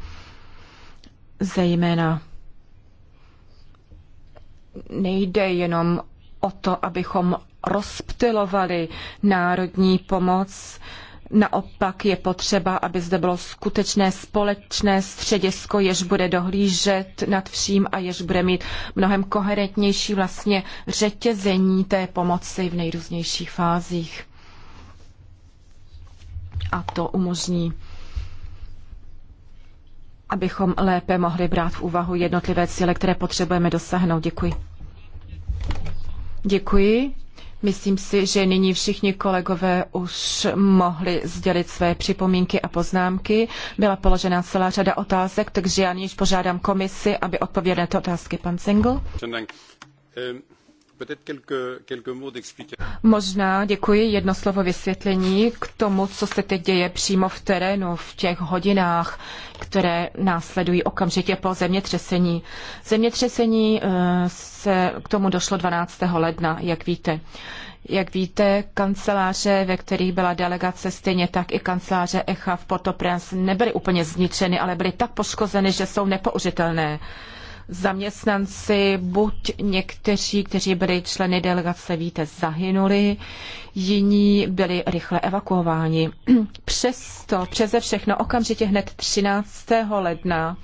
Zejména nejde jenom o to, abychom rozptilovali národní pomoc, Naopak je potřeba, aby zde bylo skutečné společné středisko, jež bude dohlížet nad vším a jež bude mít mnohem koherentnější vlastně řetězení té pomoci v nejrůznějších fázích. A to umožní abychom lépe mohli brát v úvahu jednotlivé cíle, které potřebujeme dosáhnout. Děkuji. Děkuji. Myslím si, že nyní všichni kolegové už mohli sdělit své připomínky a poznámky. Byla položena celá řada otázek, takže já nyní požádám komisi, aby odpověděla na ty otázky. Pan Single. Možná děkuji jedno slovo vysvětlení k tomu, co se teď děje přímo v terénu, v těch hodinách, které následují okamžitě po zemětřesení. Zemětřesení eh, se k tomu došlo 12. ledna, jak víte. Jak víte, kanceláře, ve kterých byla delegace, stejně tak i kanceláře ECHA v Port-au-Prince nebyly úplně zničeny, ale byly tak poškozeny, že jsou nepoužitelné zaměstnanci, buď někteří, kteří byli členy delegace, víte, zahynuli, jiní byli rychle evakuováni. Přesto, přeze všechno, okamžitě hned 13. ledna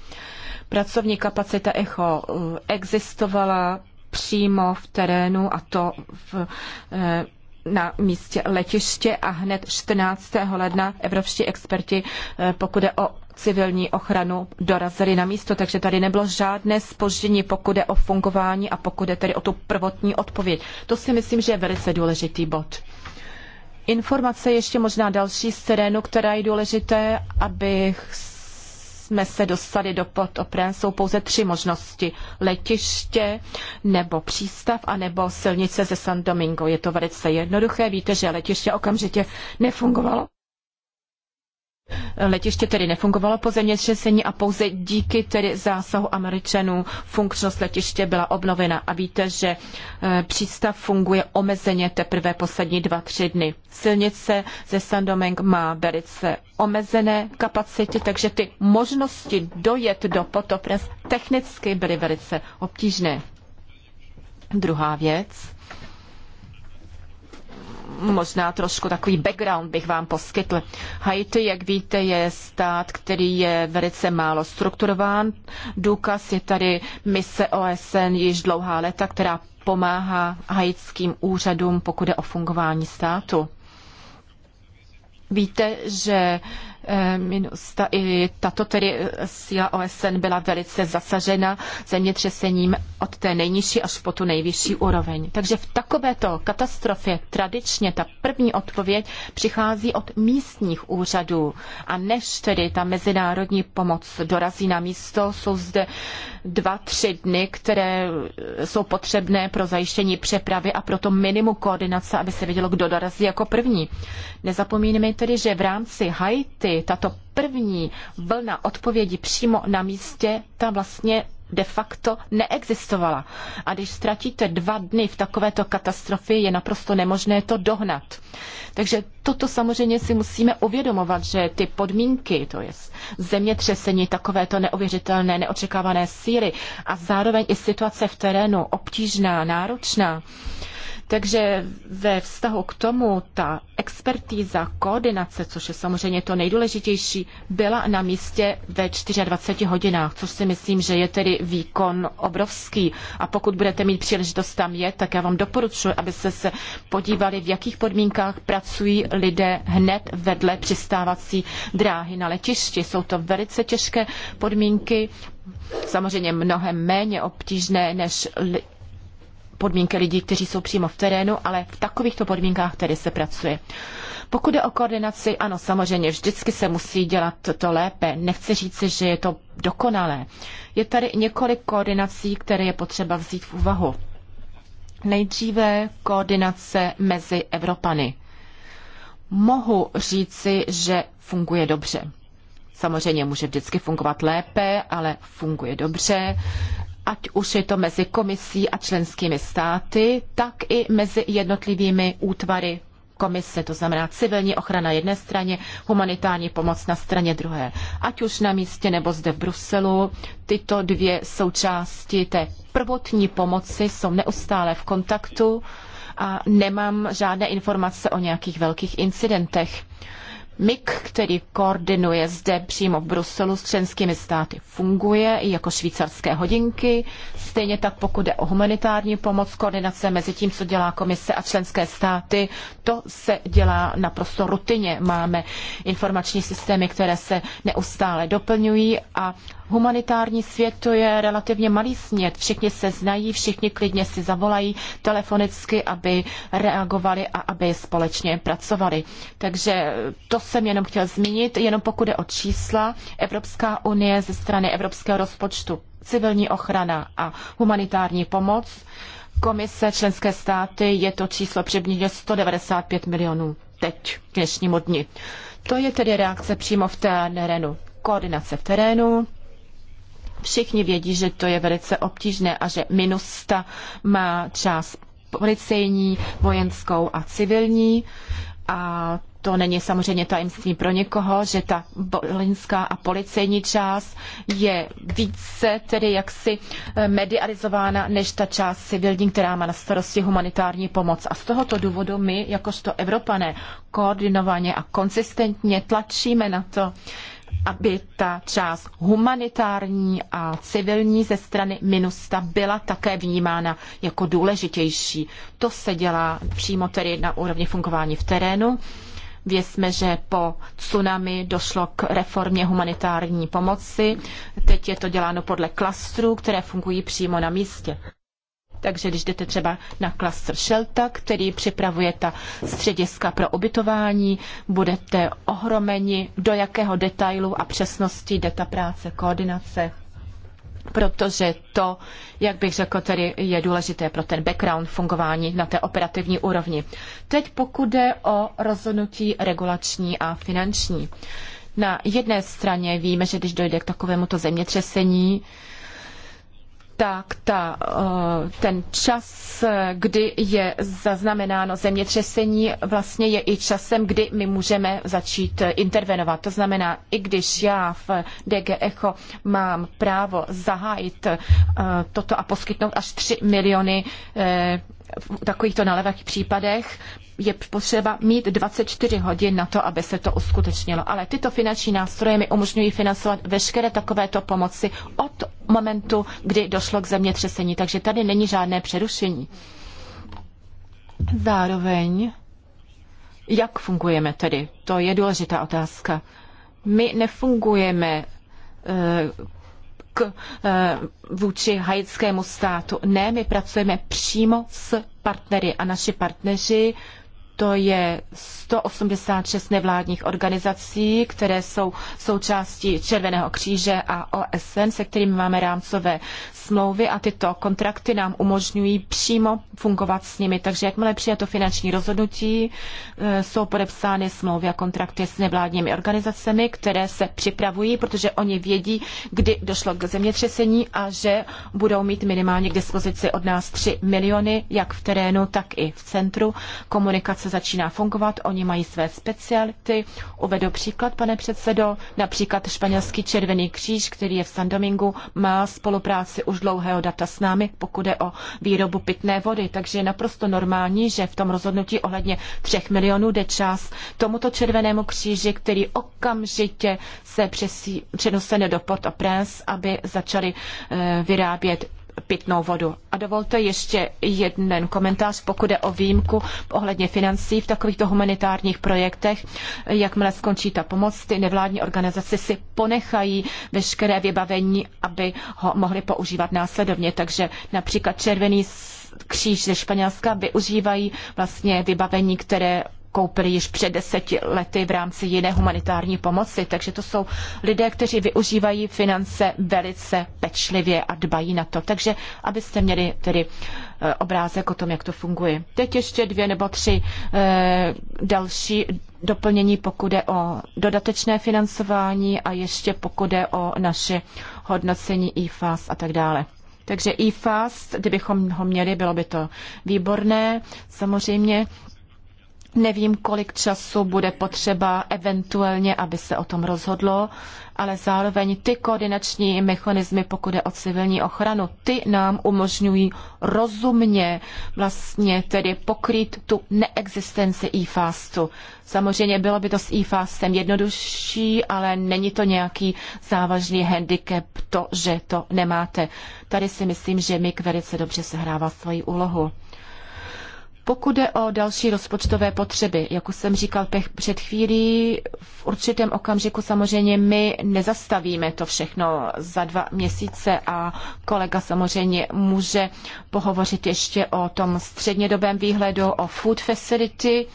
pracovní kapacita ECHO eh, existovala přímo v terénu a to v, eh, na místě letiště a hned 14. ledna evropští experti, eh, pokud je o civilní ochranu dorazili na místo, takže tady nebylo žádné spoždění, pokud je o fungování a pokud je tedy o tu prvotní odpověď. To si myslím, že je velice důležitý bod. Informace ještě možná další z terénu, která je důležité, aby jsme se dostali do pod oprén, jsou pouze tři možnosti. Letiště, nebo přístav, a nebo silnice ze San Domingo. Je to velice jednoduché. Víte, že letiště okamžitě nefungovalo Letiště tedy nefungovalo po zemětřesení a pouze díky tedy zásahu Američanů funkčnost letiště byla obnovena. A víte, že e, přístav funguje omezeně teprve poslední dva, tři dny. Silnice ze Sandomeng má velice omezené kapacity, takže ty možnosti dojet do Potopres technicky byly velice obtížné. Druhá věc možná trošku takový background bych vám poskytl. Haiti, jak víte, je stát, který je velice málo strukturován. Důkaz je tady mise OSN již dlouhá léta, která pomáhá haitským úřadům, pokud je o fungování státu. Víte, že Eh, Minusta, i tato tedy eh, síla OSN byla velice zasažena zemětřesením od té nejnižší až po tu nejvyšší úroveň. Takže v takovéto katastrofě tradičně ta první odpověď přichází od místních úřadů. A než tedy ta mezinárodní pomoc dorazí na místo, jsou zde dva, tři dny, které eh, jsou potřebné pro zajištění přepravy a pro to minimum koordinace, aby se vědělo, kdo dorazí jako první. Nezapomínejme tedy, že v rámci Haiti Sýrii, tato první vlna odpovědi přímo na místě, ta vlastně de facto neexistovala. A když ztratíte dva dny v takovéto katastrofě, je naprosto nemožné to dohnat. Takže toto samozřejmě si musíme uvědomovat, že ty podmínky, to je zemětřesení, takovéto neuvěřitelné, neočekávané síly a zároveň i situace v terénu obtížná, náročná, takže ve vztahu k tomu ta expertíza, koordinace, což je samozřejmě to nejdůležitější, byla na místě ve 24 hodinách, což si myslím, že je tedy výkon obrovský. A pokud budete mít příležitost tam je, tak já vám doporučuji, abyste se se podívali, v jakých podmínkách pracují lidé hned vedle přistávací dráhy na letišti. Jsou to velice těžké podmínky, samozřejmě mnohem méně obtížné než podmínky lidí, kteří jsou přímo v terénu, ale v takovýchto podmínkách tedy se pracuje. Pokud je o koordinaci, ano, samozřejmě, vždycky se musí dělat to lépe. Nechci říct, že je to dokonalé. Je tady několik koordinací, které je potřeba vzít v úvahu. Nejdříve koordinace mezi Evropany. Mohu říci, že funguje dobře. Samozřejmě může vždycky fungovat lépe, ale funguje dobře ať už je to mezi komisí a členskými státy, tak i mezi jednotlivými útvary komise, to znamená civilní ochrana jedné straně, humanitární pomoc na straně druhé. Ať už na místě nebo zde v Bruselu, tyto dvě součásti té prvotní pomoci jsou neustále v kontaktu a nemám žádné informace o nějakých velkých incidentech. MIG, který koordinuje zde přímo v Bruselu s členskými státy, funguje i jako švýcarské hodinky. Stejně tak pokud jde o humanitární pomoc, koordinace mezi tím, co dělá komise a členské státy, to se dělá naprosto rutině. Máme informační systémy, které se neustále doplňují a humanitární svět to je relativně malý smět. Všichni se znají, všichni klidně si zavolají telefonicky, aby reagovali a aby společně pracovali. Takže to jsem jenom chtěl zmínit, jenom pokud je o čísla, Evropská unie ze strany evropského rozpočtu, civilní ochrana a humanitární pomoc, komise členské státy, je to číslo přibližně 195 milionů teď, k dnešnímu dni. To je tedy reakce přímo v terénu, koordinace v terénu, Všichni vědí, že to je velice obtížné a že minusta má část policejní, vojenskou a civilní a to není samozřejmě tajemství pro někoho, že ta vojenská a policejní část je více tedy jaksi eh, medializována než ta část civilní, která má na starosti humanitární pomoc. A z tohoto důvodu my, jakožto Evropané, koordinovaně a konsistentně tlačíme na to, aby ta část humanitární a civilní ze strany Minusta byla také vnímána jako důležitější. To se dělá přímo tedy na úrovni fungování v terénu. Vězme, že po tsunami došlo k reformě humanitární pomoci. Teď je to děláno podle klastrů, které fungují přímo na místě. Takže když jdete třeba na klaster Shelta, který připravuje ta střediska pro ubytování, budete ohromeni, do jakého detailu a přesnosti jde ta práce koordinace protože to, jak bych řekl, tedy je důležité pro ten background fungování na té operativní úrovni. Teď pokud jde o rozhodnutí regulační a finanční. Na jedné straně víme, že když dojde k takovémuto zemětřesení, tak ta, eh, ten čas, eh, kdy je zaznamenáno zemětřesení, vlastně je i časem, kdy my můžeme začít eh, intervenovat. To znamená, i když já v DG Echo mám právo zahájit toto a poskytnout až 3 miliony v takovýchto nalevách případech je potřeba mít 24 hodin na to, aby se to uskutečnilo. Ale tyto finanční nástroje mi umožňují financovat veškeré takovéto pomoci od momentu, kdy došlo k zemětřesení. Takže tady není žádné přerušení. Zároveň, jak fungujeme tedy? To je důležitá otázka. My nefungujeme eh, k, eh, vůči haitskému státu. Ne, my pracujeme přímo s partnery a naši partneři to je 186 nevládních organizací, které jsou součástí Červeného kříže a OSN, se kterými máme rámcové smlouvy a tyto kontrakty nám umožňují přímo fungovat s nimi. Takže jakmile to finanční rozhodnutí, eh, jsou podepsány smlouvy a kontrakty s nevládními organizacemi, které se připravují, protože oni vědí, kdy došlo k zemětřesení a že budou mít minimálně k dispozici od nás 3 miliony, jak v terénu, tak i v centru komunikace co začíná fungovat. Oni mají své speciality. Uvedu příklad, pane předsedo. Například španělský Červený kříž, který je v San Domingu, má spolupráci už dlouhého data s námi, pokud je o výrobu pitné vody. Takže je naprosto normální, že v tom rozhodnutí ohledně třech milionů jde čas tomuto Červenému kříži, který okamžitě se přesí, přenosene do Port-au-Prince, aby začali e, vyrábět pitnou vodu. A dovolte ještě jeden komentář, pokud je o výjimku ohledně financí v takovýchto humanitárních projektech. Jakmile skončí ta pomoc, ty nevládní organizace si ponechají veškeré vybavení, aby ho mohli používat následovně. Takže například Červený kříž ze Španělska využívají vlastně vybavení, které koupili již před deseti lety v rámci jiné humanitární pomoci. Takže to jsou lidé, kteří využívají finance velice pečlivě a dbají na to. Takže abyste měli tedy eh, obrázek o tom, jak to funguje. Teď ještě dvě nebo tři eh, další doplnění, pokud je o dodatečné financování a ještě pokud je o naše hodnocení IFAS a tak dále. Takže IFAS, kdybychom ho měli, bylo by to výborné. Samozřejmě Nevím, kolik času bude potřeba eventuálně, aby se o tom rozhodlo, ale zároveň ty koordinační mechanismy, pokud je o civilní ochranu, ty nám umožňují rozumně vlastně tedy pokrýt tu neexistenci e-fastu. Samozřejmě bylo by to s e-fastem jednodušší, ale není to nějaký závažný handicap to, že to nemáte. Tady si myslím, že MIG velice dobře sehrává svoji úlohu. Pokud jde o další rozpočtové potřeby, jako jsem říkal před chvílí, v určitém okamžiku samozřejmě my nezastavíme to všechno za dva měsíce a kolega samozřejmě může pohovořit ještě o tom střednědobém výhledu, o food facility.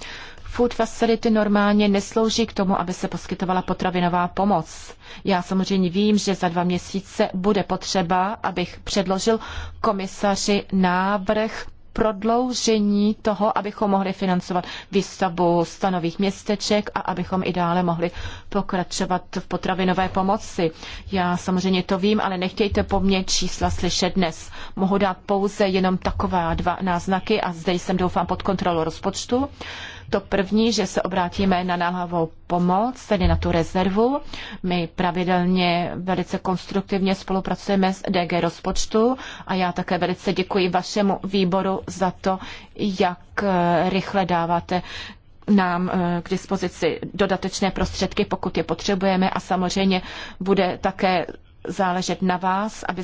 Food facility normálně neslouží k tomu, aby se poskytovala potravinová pomoc. Já samozřejmě vím, že za dva měsíce bude potřeba, abych předložil komisaři návrh prodloužení toho, abychom mohli financovat výstavbu stanových městeček a abychom i dále mohli pokračovat v potravinové pomoci. Já samozřejmě to vím, ale nechtějte po mně čísla slyšet dnes. Mohu dát pouze jenom taková dva náznaky a zde jsem doufám pod kontrolou rozpočtu. To první, že se obrátíme na náhavou pomoc, tedy na tu rezervu. My pravidelně velice konstruktivně spolupracujeme s DG rozpočtu a já také velice děkuji vašemu výboru za to, jak eh, rychle dáváte nám eh, k dispozici dodatečné prostředky, pokud je potřebujeme a samozřejmě bude také záležet na vás, aby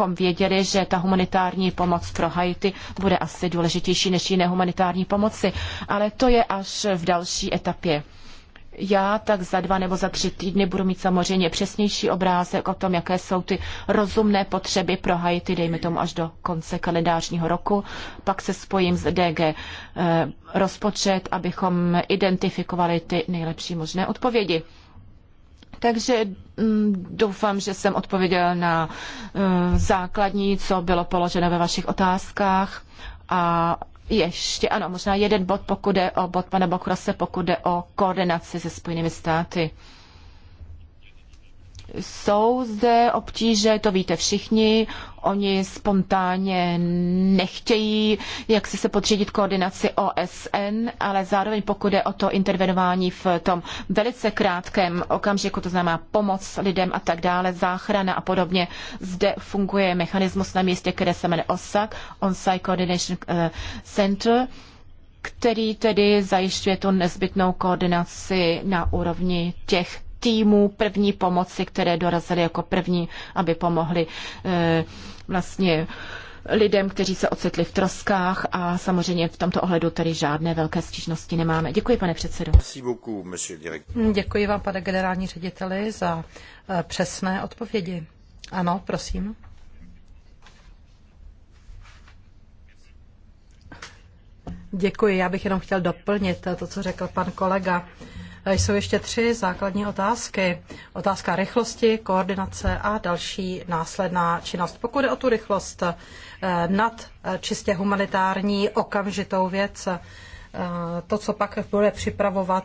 abychom věděli, že ta humanitární pomoc pro Haiti bude asi důležitější než jiné humanitární pomoci. Ale to je až v další etapě. Já tak za dva nebo za tři týdny budu mít samozřejmě přesnější obrázek o tom, jaké jsou ty rozumné potřeby pro Haiti, dejme tomu až do konce kalendářního roku. Pak se spojím s DG eh, rozpočet, abychom identifikovali ty nejlepší možné odpovědi. Takže mm, doufám, že jsem odpověděl na eh, základní, co bylo položeno ve vašich otázkách. A ještě, ano, možná jeden bod, pokud jde o bod pana Bokrose, pokud jde o koordinaci se Spojenými státy. Jsou zde obtíže, to víte všichni, oni spontánně nechtějí, jak si se podřídit koordinaci OSN, ale zároveň pokud je o to intervenování v tom velice krátkém okamžiku, to znamená pomoc lidem a tak dále, záchrana a podobně, zde funguje mechanismus na místě, které se jmenuje OSAC, On-Site Coordination eh, Center, který tedy zajišťuje tu nezbytnou koordinaci na úrovni těch týmů první pomoci, které dorazily jako první, aby pomohly eh, vlastně lidem, kteří se ocitli v troskách a samozřejmě v tomto ohledu tady žádné velké stížnosti nemáme. Děkuji, pane předsedo. Hmm, děkuji vám, pane generální řediteli, za eh, přesné odpovědi. Ano, prosím. Děkuji, já bych jenom chtěl doplnit to, co řekl pan kolega. Eh, jsou ještě tři základní otázky. Otázka rychlosti, koordinace a další následná činnost. Pokud je o tu rychlost eh, nad eh, čistě humanitární okamžitou věc, to, co pak bude připravovat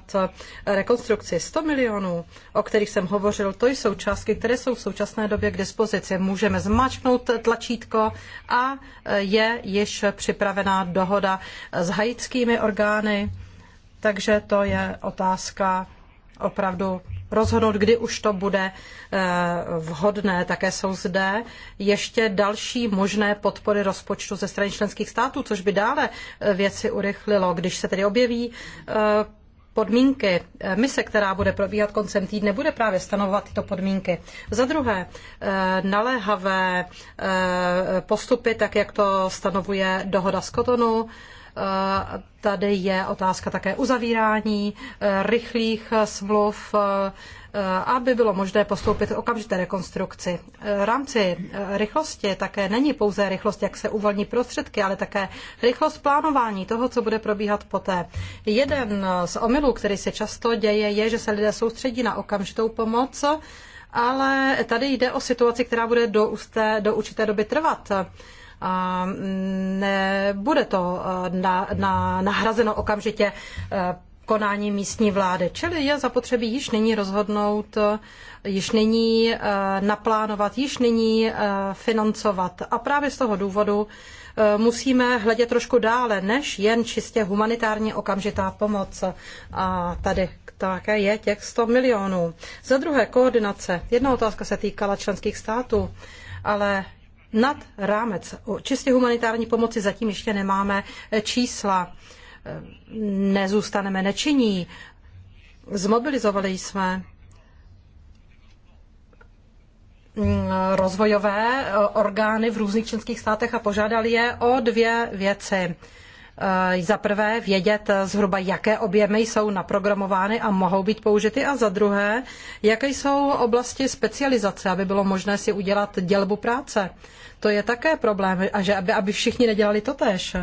rekonstrukci 100 milionů, o kterých jsem hovořil, to jsou částky, které jsou v současné době k dispozici. Můžeme zmačknout tlačítko a je již připravená dohoda s haitskými orgány takže to je otázka opravdu rozhodnout, kdy už to bude eh, vhodné. Také jsou zde ještě další možné podpory rozpočtu ze strany členských států, což by dále eh, věci urychlilo, když se tedy objeví eh, podmínky. Mise, která bude probíhat koncem týdne, bude právě stanovovat tyto podmínky. Za druhé, naléhavé postupy, tak jak to stanovuje dohoda z Kotonu, Tady je otázka také uzavírání eh, rychlých eh, smluv, eh, aby bylo možné postoupit k okamžité rekonstrukci. V rámci rychlosti také není pouze rychlost, jak se uvolní prostředky, ale také rychlost plánování toho, co bude probíhat poté. Jeden z omylů, který se často děje, je, že se lidé soustředí na okamžitou pomoc, ale tady jde o situaci, která bude do, usté, do určité doby trvat a nebude to eh, na, na, nahrazeno okamžitě eh, konání místní vlády. Čili je zapotřebí již nyní rozhodnout, eh, již nyní naplánovat, již nyní financovat. A právě z toho důvodu musíme hledět trošku dále, než jen čistě humanitárně okamžitá pomoc. A tady také je těch 100 milionů. Za druhé, koordinace. Jedna otázka se týkala členských států, ale nad rámec o čistě humanitární pomoci zatím ještě nemáme eh, čísla. Eh, nezůstaneme nečinní. Zmobilizovali jsme mm, rozvojové eh, orgány v různých členských státech a požádali je o dvě věci. Eh, za prvé vědět eh, zhruba, jaké objemy jsou naprogramovány a mohou být použity a za druhé, jaké jsou oblasti specializace, aby bylo možné si udělat dělbu práce. To je také problém, a že aby, aby všichni nedělali to tež.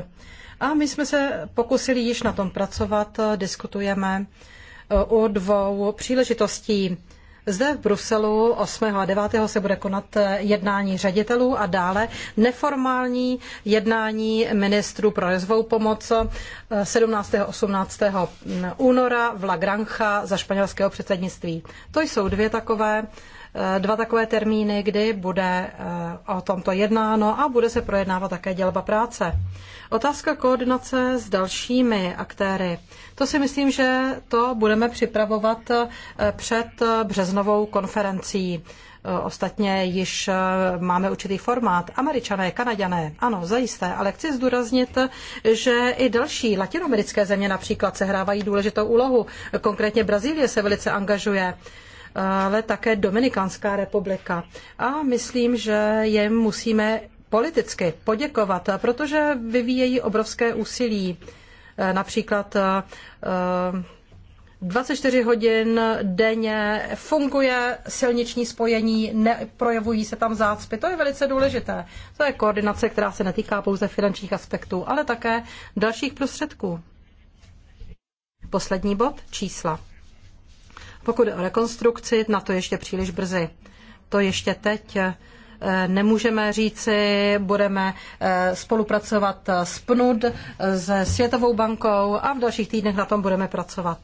A my jsme se pokusili již na tom pracovat, eh, diskutujeme o dvou příležitostí zde v Bruselu 8. a 9. se bude konat eh, jednání ředitelů a dále neformální jednání ministrů pro rozvou pomoc 17. Eh, a 18. Mm, února v La Granja za španělského předsednictví. To jsou dvě takové eh, dva takové termíny, kdy bude o tomto jednáno a bude se projednávat také dělba práce. Otázka koordinace s dalšími aktéry. To si myslím, že to budeme připravovat eh, před eh, březnovou konferencí. Eh, ostatně již máme určitý formát. Američané, Kanaďané, ano, zajisté, ale chci zdůraznit, že i další latinoamerické země například sehrávají důležitou úlohu. Konkrétně Brazílie se velice angažuje ale také Dominikánská republika. A myslím, že jim musíme politicky poděkovat, protože vyvíjejí obrovské úsilí. Eh, například 24 eh, hodin denně funguje silniční spojení, neprojevují se tam zácpy. To je velice důležité. To je koordinace, která se netýká pouze finančních aspektů, ale také dalších prostředků. Poslední bod, čísla. Pokud o rekonstrukci, na to ještě příliš brzy. To ještě teď eh, Eh, nemůžeme říci, budeme eh, spolupracovat eh, s PNUD, se Světovou bankou a v dalších týdnech na tom budeme pracovat.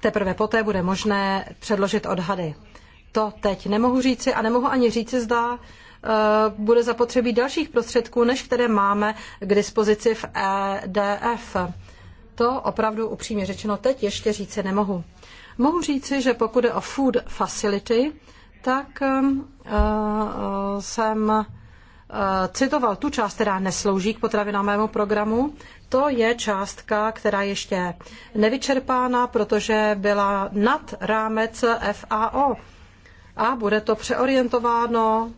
Teprve poté bude možné předložit odhady. To teď nemohu říci a nemohu ani říci, zda bude zapotřebí dalších prostředků, než které máme k dispozici v EDF. To opravdu upřímně řečeno teď ještě říci nemohu. Mohu říci, že pokud je o Food Facility, tak um, uh, jsem uh, citoval tu část, která neslouží k potravinovému programu. To je částka, která ještě nevyčerpána, protože byla nad rámec FAO. A bude to přeorientováno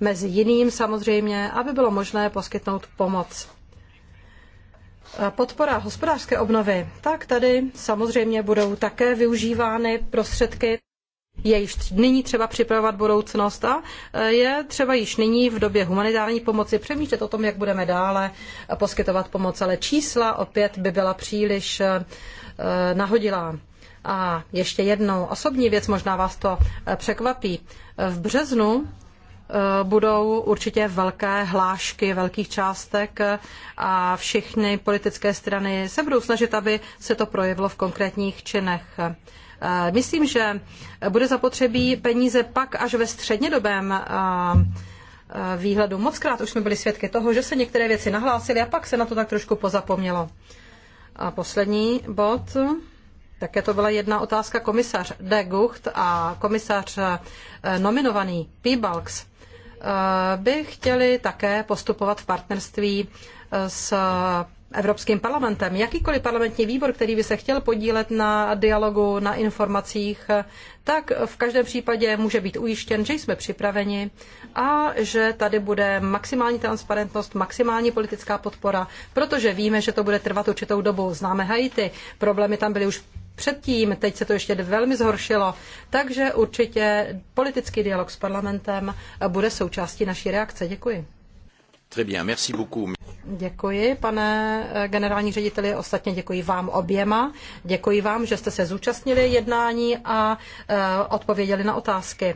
mezi jiným samozřejmě, aby bylo možné poskytnout pomoc. Podpora hospodářské obnovy. Tak tady samozřejmě budou také využívány prostředky je již nyní třeba připravovat budoucnost a e, je třeba již nyní v době humanitární pomoci přemýšlet o tom, jak budeme dále poskytovat pomoc, ale čísla opět by byla příliš e, e, nahodilá. A ještě jednou osobní věc, možná vás to překvapí. V březnu budou určitě velké hlášky velkých částek a všechny politické strany se budou snažit, aby se to projevilo v konkrétních činech. Eh, myslím, že bude zapotřebí peníze pak až ve střednědobém eh, eh, výhledu. Moc krát už jsme byli svědky toho, že se některé věci nahlásily a pak se na to tak trošku pozapomnělo. A poslední bod. Také to byla jedna otázka komisař De Gucht a komisař nominovaný Pibalks by chtěli také postupovat v partnerství s Evropským parlamentem. Jakýkoliv parlamentní výbor, který by se chtěl podílet na dialogu, na informacích, tak v každém případě může být ujištěn, že jsme připraveni a že tady bude maximální transparentnost, maximální politická podpora, protože víme, že to bude trvat určitou dobu. Známe Haiti, problémy tam byly už předtím, teď se to ještě velmi zhoršilo, takže určitě politický dialog s parlamentem bude součástí naší reakce. Děkuji. Très bien, merci beaucoup. Děkuji, pane eh, generální řediteli, ostatně děkuji vám oběma. Děkuji vám, že jste se zúčastnili jednání a eh, odpověděli na otázky.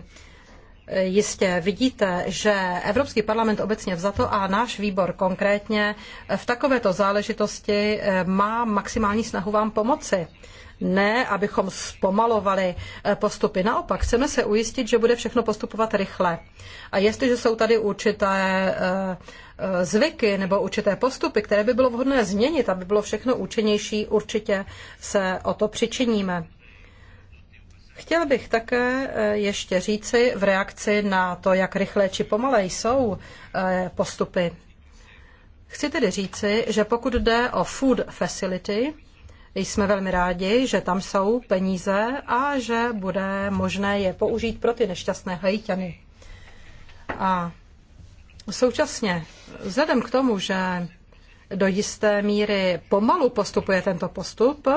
Eh, jistě vidíte, že Evropský parlament obecně vzato a náš výbor konkrétně v takovéto záležitosti má maximální snahu vám pomoci. Ne, abychom zpomalovali eh, postupy. Naopak, chceme se ujistit, že bude všechno postupovat rychle. A jestliže jsou tady určité eh, eh, zvyky nebo určité postupy, které by bylo vhodné změnit, aby bylo všechno účinnější, určitě se o to přičiníme. Chtěl bych také ještě říci v reakci na to, jak rychle či pomalé jsou postupy. Chci tedy říci, že pokud jde o food facility, jsme velmi rádi, že tam jsou peníze a že bude možné je použít pro ty nešťastné hajťany. A současně, vzhledem k tomu, že do jisté míry pomalu postupuje tento postup,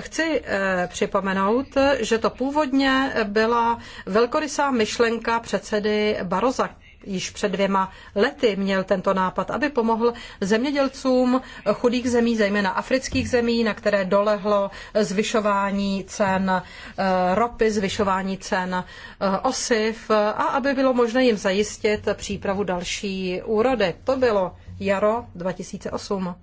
Chci eh, připomenout, že to původně byla velkorysá myšlenka předsedy Baroza, již před dvěma lety měl tento nápad, aby pomohl zemědělcům chudých zemí, zejména afrických zemí, na které dolehlo zvyšování cen eh, ropy, zvyšování cen eh, osiv a aby bylo možné jim zajistit přípravu další úrody. To bylo jaro 2008.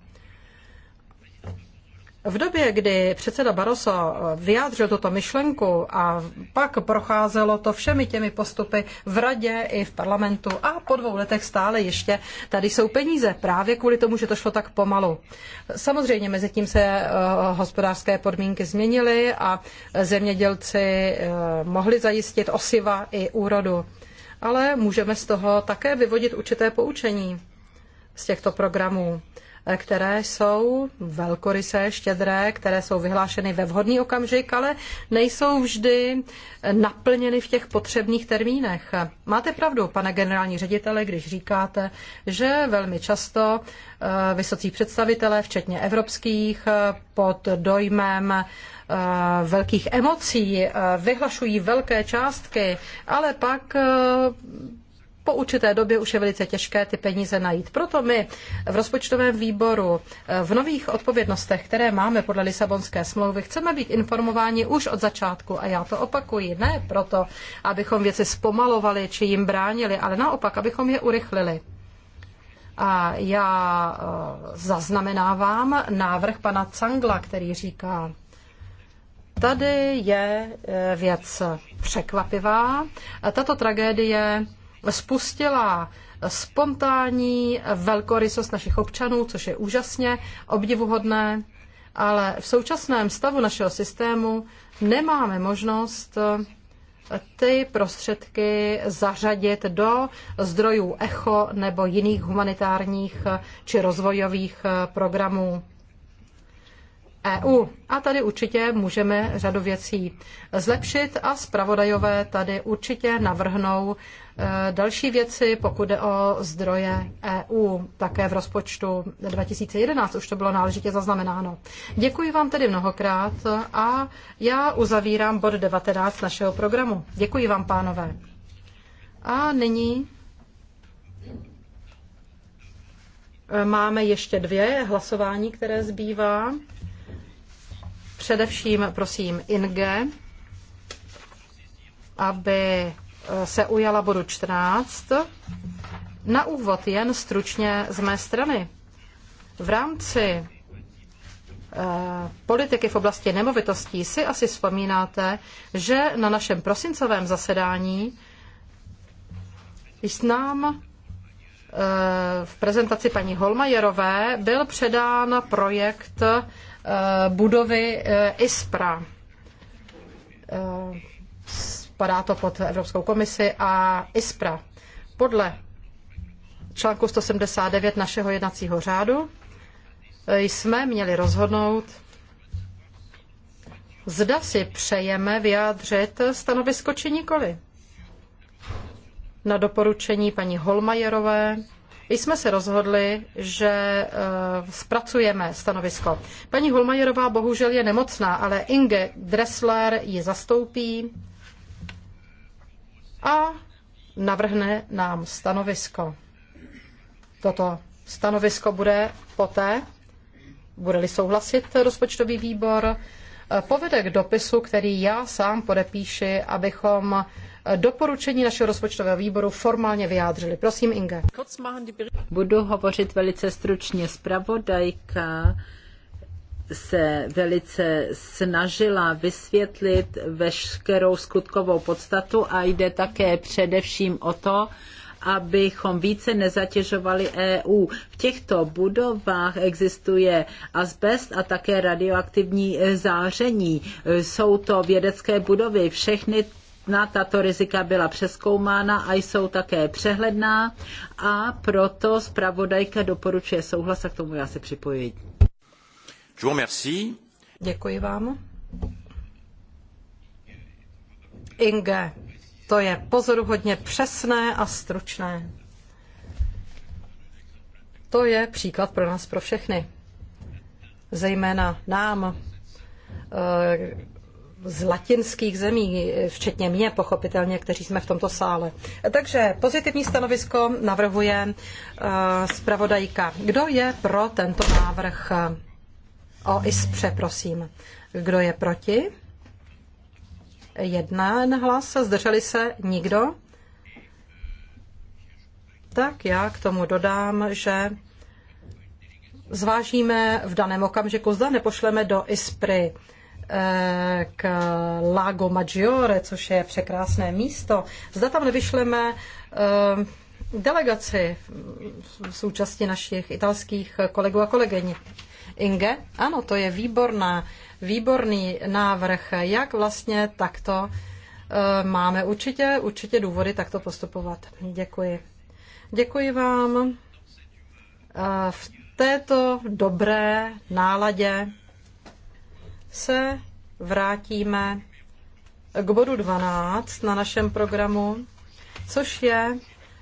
V době, kdy předseda Barroso vyjádřil tuto myšlenku a pak procházelo to všemi těmi postupy v radě i v parlamentu a po dvou letech stále ještě tady jsou peníze právě kvůli tomu, že to šlo tak pomalu. Samozřejmě mezi tím se eh, hospodářské podmínky změnily a zemědělci eh, mohli zajistit osiva i úrodu. Ale můžeme z toho také vyvodit určité poučení z těchto programů které jsou velkorysé, štědré, které jsou vyhlášeny ve vhodný okamžik, ale nejsou vždy naplněny v těch potřebných termínech. Máte pravdu, pane generální ředitele, když říkáte, že velmi často eh, vysocí představitelé, včetně evropských, eh, pod dojmem eh, velkých emocí vyhlašují velké částky, ale pak po určité době už je velice těžké ty peníze najít. Proto my v rozpočtovém výboru eh, v nových odpovědnostech, které máme podle Lisabonské smlouvy, chceme být informováni už od začátku. A já to opakuji. Ne proto, abychom věci zpomalovali či jim bránili, ale naopak, abychom je urychlili. A já eh, zaznamenávám návrh pana Cangla, který říká, tady je eh, věc překvapivá. Tato tragédie spustila spontánní velkorysost našich občanů, což je úžasně obdivuhodné, ale v současném stavu našeho systému nemáme možnost eh, ty prostředky zařadit do zdrojů ECHO nebo jiných humanitárních eh, či rozvojových eh, programů EU. A tady určitě můžeme řadu věcí zlepšit a zpravodajové tady určitě navrhnou Eh, další věci, pokud jde o zdroje EU, také v rozpočtu 2011 už to bylo náležitě zaznamenáno. Děkuji vám tedy mnohokrát a já uzavírám bod 19 našeho programu. Děkuji vám, pánové. A nyní eh, máme ještě dvě hlasování, které zbývá. Především prosím Inge, aby se ujala bodu 14. Na úvod jen stručně z mé strany. V rámci eh, politiky v oblasti nemovitostí si asi vzpomínáte, že na našem prosincovém zasedání nám eh, v prezentaci paní Holmajerové byl předán projekt eh, budovy ISPRA spadá to pod Evropskou komisi a ISPRA. Podle článku 179 našeho jednacího řádu eh, jsme měli rozhodnout, zda si přejeme vyjádřit stanovisko či nikoli. Na doporučení paní Holmajerové jsme se rozhodli, že eh, zpracujeme stanovisko. Paní Holmajerová bohužel je nemocná, ale Inge Dressler ji zastoupí a navrhne nám stanovisko. Toto stanovisko bude poté, bude-li souhlasit rozpočtový výbor, povede k dopisu, který já sám podepíši, abychom doporučení našeho rozpočtového výboru formálně vyjádřili. Prosím, Inge. Budu hovořit velice stručně. Spravodajka se velice snažila vysvětlit veškerou skutkovou podstatu a jde také především o to, abychom více nezatěžovali EU. V těchto budovách existuje asbest a také radioaktivní záření. Jsou to vědecké budovy. Všechny na tato rizika byla přeskoumána a jsou také přehledná a proto zpravodajka doporučuje souhlas a k tomu já se připojuji. Je vous remercie. Děkuji vám. Inge, to je pozoruhodně přesné a stručné. To je příklad pro nás, pro všechny. Zejména nám eh, z latinských zemí, včetně mě, pochopitelně, kteří jsme v tomto sále. Takže pozitivní stanovisko navrhuje eh, zpravodajka. Kdo je pro tento návrh? o ISPře, prosím. Kdo je proti? Jedna na hlas. Zdrželi se? Nikdo? Tak já k tomu dodám, že zvážíme v daném okamžiku, zda nepošleme do ISPRY eh, k Lago Maggiore, což je překrásné místo. Zda tam nevyšleme eh, delegaci v současti našich italských kolegů a kolegyň. Inge? Ano, to je výborná, výborný návrh, jak vlastně takto eh, máme určitě, určitě důvody takto postupovat. Děkuji. Děkuji vám. Eh, v této dobré náladě se vrátíme k bodu 12 na našem programu, což je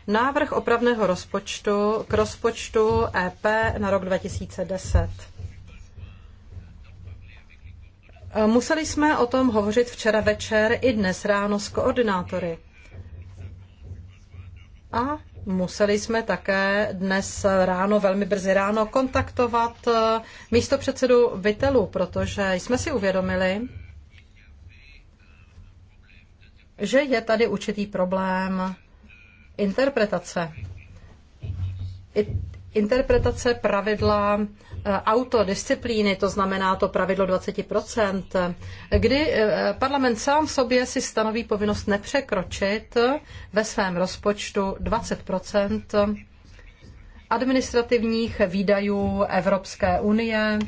návrh opravného rozpočtu k rozpočtu EP na rok 2010. Museli jsme o tom hovořit včera večer i dnes ráno s koordinátory. A museli jsme také dnes ráno, velmi brzy ráno, kontaktovat eh, místo předsedu Vitelu, protože jsme si uvědomili, že je tady určitý problém interpretace. Interpretace pravidla Eh, autodisciplíny, to znamená to pravidlo 20%, kdy eh, parlament sám sobě si stanoví povinnost nepřekročit eh, ve svém rozpočtu 20% administrativních výdajů Evropské unie,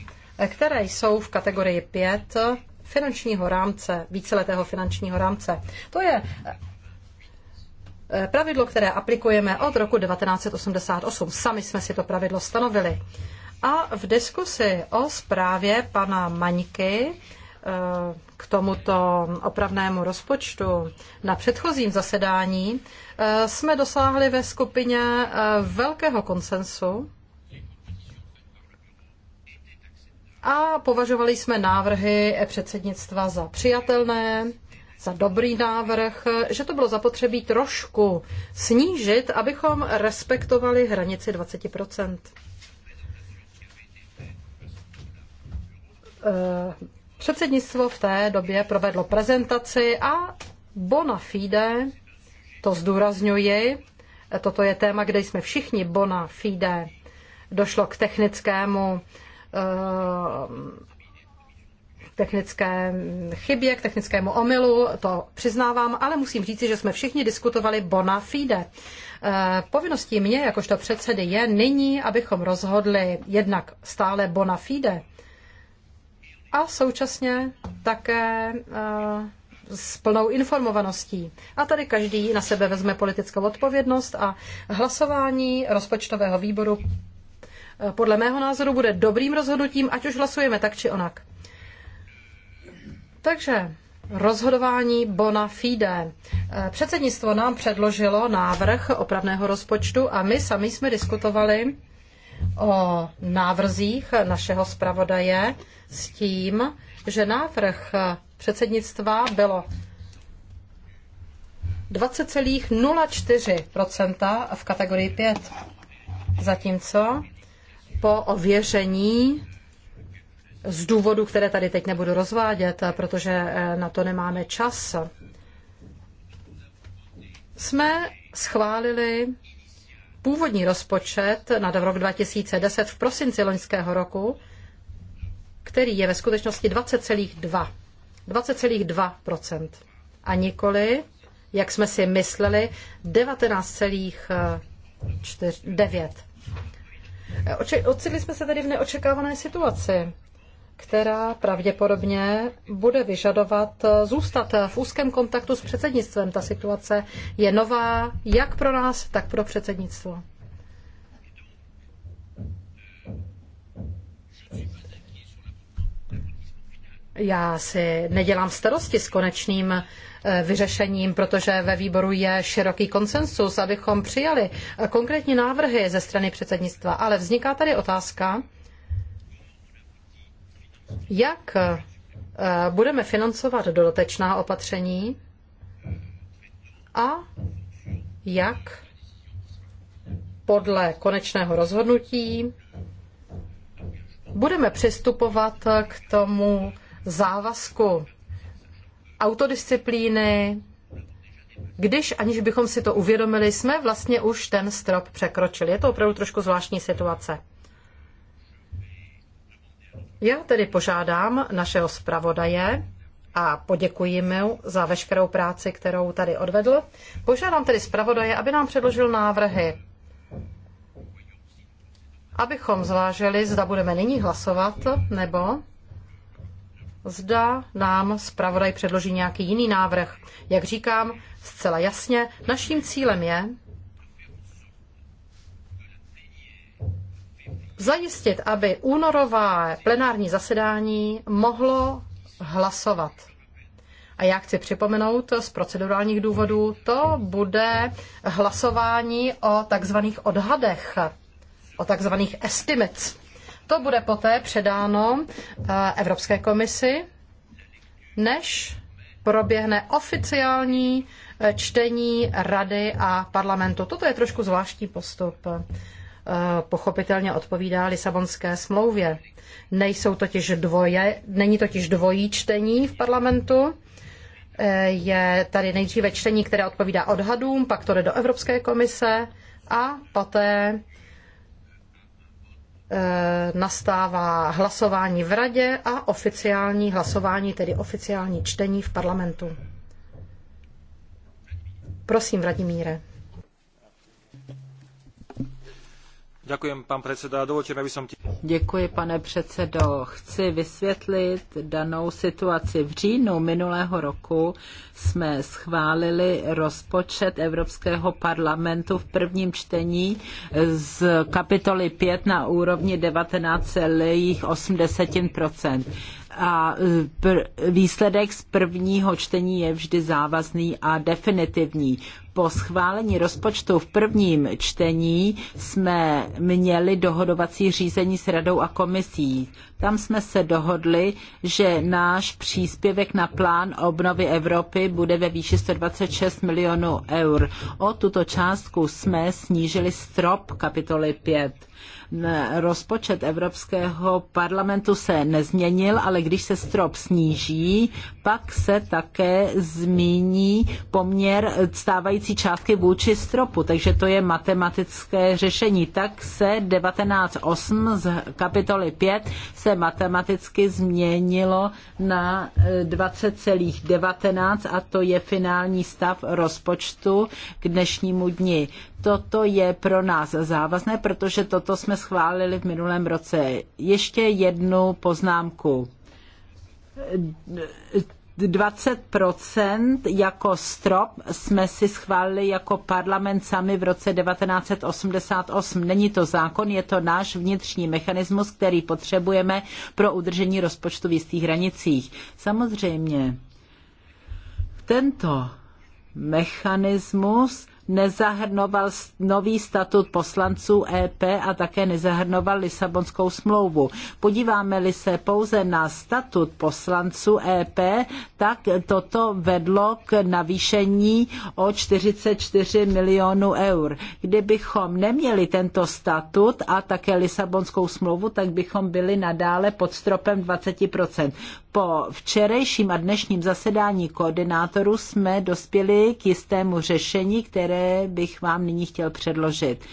které jsou v kategorii 5 finančního rámce, víceletého finančního rámce. To je pravidlo, které aplikujeme od roku 1988. Sami jsme si to pravidlo stanovili. A v diskusi o zprávě pana Maňky eh, k tomuto opravnému rozpočtu na předchozím zasedání eh, jsme dosáhli ve skupině eh, velkého konsensu a považovali jsme návrhy předsednictva za přijatelné, za dobrý návrh, že to bylo zapotřebí trošku snížit, abychom respektovali hranici 20 Eh, předsednictvo v té době provedlo prezentaci a bona fide, to zdůrazňuji, eh, toto je téma, kde jsme všichni bona fide, došlo k technickému eh, technické chybě, k technickému omylu, to přiznávám, ale musím říci, že jsme všichni diskutovali bona fide. Povinností mě, jakožto předsedy, je nyní, abychom rozhodli jednak stále bona fide, a současně také eh, s plnou informovaností. A tady každý na sebe vezme politickou odpovědnost a hlasování rozpočtového výboru eh, podle mého názoru bude dobrým rozhodnutím, ať už hlasujeme tak či onak. Takže rozhodování bona fide. Eh, předsednictvo nám předložilo návrh opravného rozpočtu a my sami jsme diskutovali o návrzích našeho zpravodaje s tím, že návrh předsednictva bylo 20,04% v kategorii 5, zatímco po ověření z důvodu, které tady teď nebudu rozvádět, protože eh, na to nemáme čas, jsme schválili původní rozpočet na rok 2010 v prosinci loňského roku, který je ve skutečnosti 20,2. 20,2 a nikoli, jak jsme si mysleli, 19,9. Ocitli jsme se tedy v neočekávané situaci která pravděpodobně bude vyžadovat eh, zůstat eh, v úzkém kontaktu s předsednictvem. Ta situace je nová jak pro nás, tak pro předsednictvo. Já si nedělám starosti s konečným eh, vyřešením, protože ve výboru je široký konsensus, abychom přijali konkrétní návrhy ze strany předsednictva. Ale vzniká tady otázka, jak eh, budeme financovat dodatečná opatření a jak podle konečného rozhodnutí budeme přistupovat k tomu závazku autodisciplíny, když aniž bychom si to uvědomili, jsme vlastně už ten strop překročili. Je to opravdu trošku zvláštní situace. Já tedy požádám našeho zpravodaje a poděkuji mu za veškerou práci, kterou tady odvedl. Požádám tedy zpravodaje, aby nám předložil návrhy, abychom zvážili, zda budeme nyní hlasovat, nebo zda nám zpravodaj předloží nějaký jiný návrh. Jak říkám, zcela jasně, naším cílem je, zajistit, aby únorové plenární zasedání mohlo hlasovat. A já chci připomenout z procedurálních důvodů, to bude hlasování o takzvaných odhadech, o takzvaných estimates. To bude poté předáno eh, Evropské komisi, než proběhne oficiální eh, čtení rady a parlamentu. Toto je trošku zvláštní postup. Eh, pochopitelně odpovídá Lisabonské smlouvě. Nejsou totiž dvoje, není totiž dvojí čtení v parlamentu, eh, je tady nejdříve čtení, které odpovídá odhadům, pak to jde do Evropské komise a poté eh, nastává hlasování v radě a oficiální hlasování, tedy oficiální čtení v parlamentu. Prosím, Vladimíre. Děkuji, pán předseda. Dovolte mi, Děkuji, pane předsedo. Chci vysvětlit danou situaci. V říjnu minulého roku jsme schválili rozpočet Evropského parlamentu v prvním čtení z kapitoly 5 na úrovni 19,8 a výsledek z prvního čtení je vždy závazný a definitivní po schválení rozpočtu v prvním čtení jsme měli dohodovací řízení s radou a komisí. Tam jsme se dohodli, že náš příspěvek na plán obnovy Evropy bude ve výši 126 milionů eur. O tuto částku jsme snížili strop kapitoly 5. Rozpočet Evropského parlamentu se nezměnil, ale když se strop sníží, pak se také zmíní poměr stávající částky vůči stropu, takže to je matematické řešení. Tak se 19.8 z kapitoly 5 se se matematicky změnilo na 20,19 eh, a to je finální stav rozpočtu k dnešnímu dni. Toto je pro nás závazné, protože toto jsme schválili v minulém roce. Ještě jednu poznámku 20 jako strop jsme si schválili jako parlament sami v roce 1988. Není to zákon, je to náš vnitřní mechanismus, který potřebujeme pro udržení rozpočtu v jistých hranicích. Samozřejmě, tento mechanismus nezahrnoval nový statut poslanců EP a také nezahrnoval Lisabonskou smlouvu. Podíváme-li se pouze na statut poslanců EP, tak toto vedlo k navýšení o 44 milionů eur. Kdybychom neměli tento statut a také Lisabonskou smlouvu, tak bychom byli nadále pod stropem 20%. Po včerejším a dnešním zasedání koordinátorů jsme dospěli k jistému řešení, které které bych vám nyní chtěl předložit.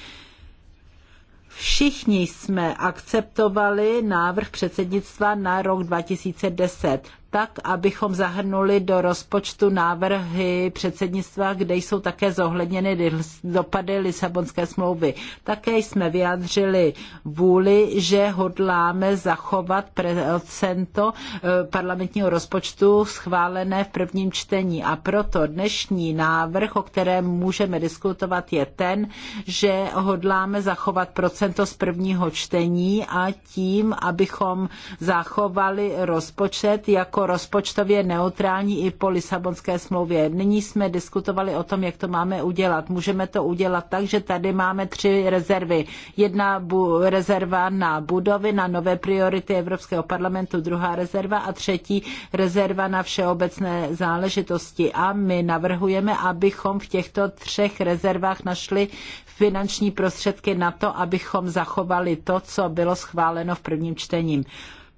Všichni jsme akceptovali návrh předsednictva na rok 2010 tak, abychom zahrnuli do rozpočtu návrhy předsednictva, kde jsou také zohledněny dopady Lisabonské smlouvy. Také jsme vyjádřili vůli, že hodláme zachovat procento eh, parlamentního rozpočtu schválené v prvním čtení. A proto dnešní návrh, o kterém můžeme diskutovat, je ten, že hodláme zachovat procento z prvního čtení a tím, abychom zachovali rozpočet jako rozpočtově neutrální i po Lisabonské smlouvě. Nyní jsme diskutovali o tom, jak to máme udělat. Můžeme to udělat tak, že tady máme tři rezervy. Jedna bu- rezerva na budovy, na nové priority Evropského parlamentu, druhá rezerva a třetí rezerva na všeobecné záležitosti. A my navrhujeme, abychom v těchto třech rezervách našli finanční prostředky na to, abychom zachovali to, co bylo schváleno v prvním čtení.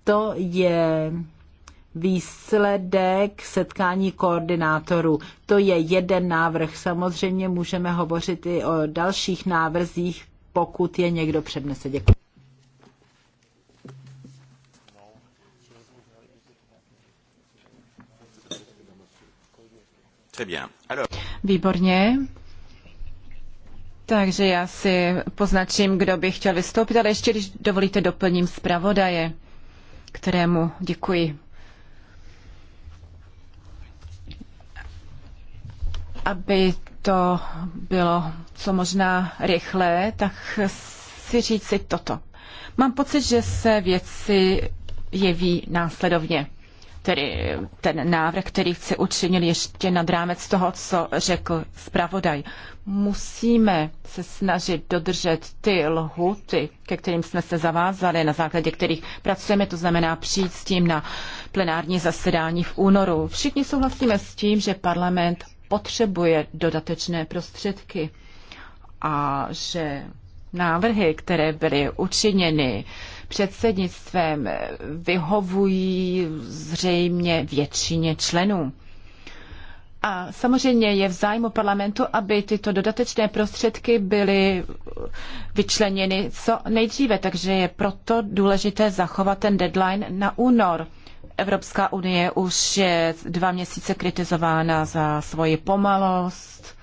To je výsledek setkání koordinátorů. To je jeden návrh. Samozřejmě můžeme hovořit i o dalších návrzích, pokud je někdo přednese. Děkuji. Výborně. Takže já si poznačím, kdo by chtěl vystoupit, ale ještě, když dovolíte, doplním zpravodaje, kterému děkuji. aby to bylo co možná rychlé, tak si říct si toto. Mám pocit, že se věci jeví následovně. Tedy ten návrh, který chci učinil ještě nad rámec toho, co řekl zpravodaj. Musíme se snažit dodržet ty lhuty, ke kterým jsme se zavázali, na základě kterých pracujeme, to znamená přijít s tím na plenární zasedání v únoru. Všichni souhlasíme s tím, že parlament potřebuje dodatečné prostředky a že návrhy, které byly učiněny předsednictvem, vyhovují zřejmě většině členů. A samozřejmě je v zájmu parlamentu, aby tyto dodatečné prostředky byly vyčleněny co nejdříve, takže je proto důležité zachovat ten deadline na únor. Evropská unie už je dva měsíce kritizována za svoji pomalost,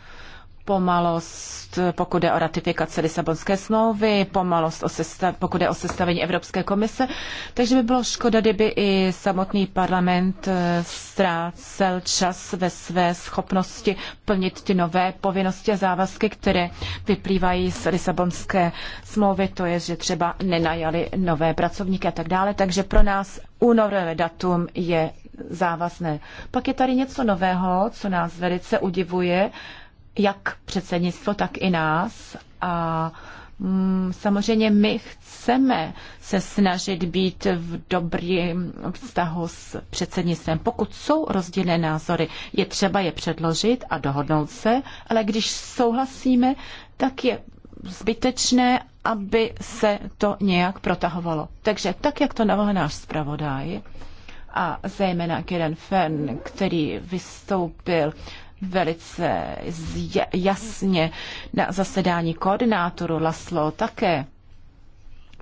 pomalost, pokud jde o ratifikaci Lisabonské smlouvy, pomalost, o sestav, pokud jde o sestavení Evropské komise. Takže by bylo škoda, kdyby i samotný parlament eh, ztrácel čas ve své schopnosti plnit ty nové povinnosti a závazky, které vyplývají z Lisabonské smlouvy, to je, že třeba nenajali nové pracovníky a tak dále. Takže pro nás únorové datum je závazné. Pak je tady něco nového, co nás velice udivuje, jak předsednictvo, tak i nás. A mm, samozřejmě my chceme se snažit být v dobrém vztahu s předsednictvem. Pokud jsou rozdílné názory, je třeba je předložit a dohodnout se, ale když souhlasíme, tak je zbytečné, aby se to nějak protahovalo. Takže tak, jak to navrhl náš zpravodaj, a zejména Kieran Fern, který vystoupil velice jasně na zasedání koordinátoru Laslo také.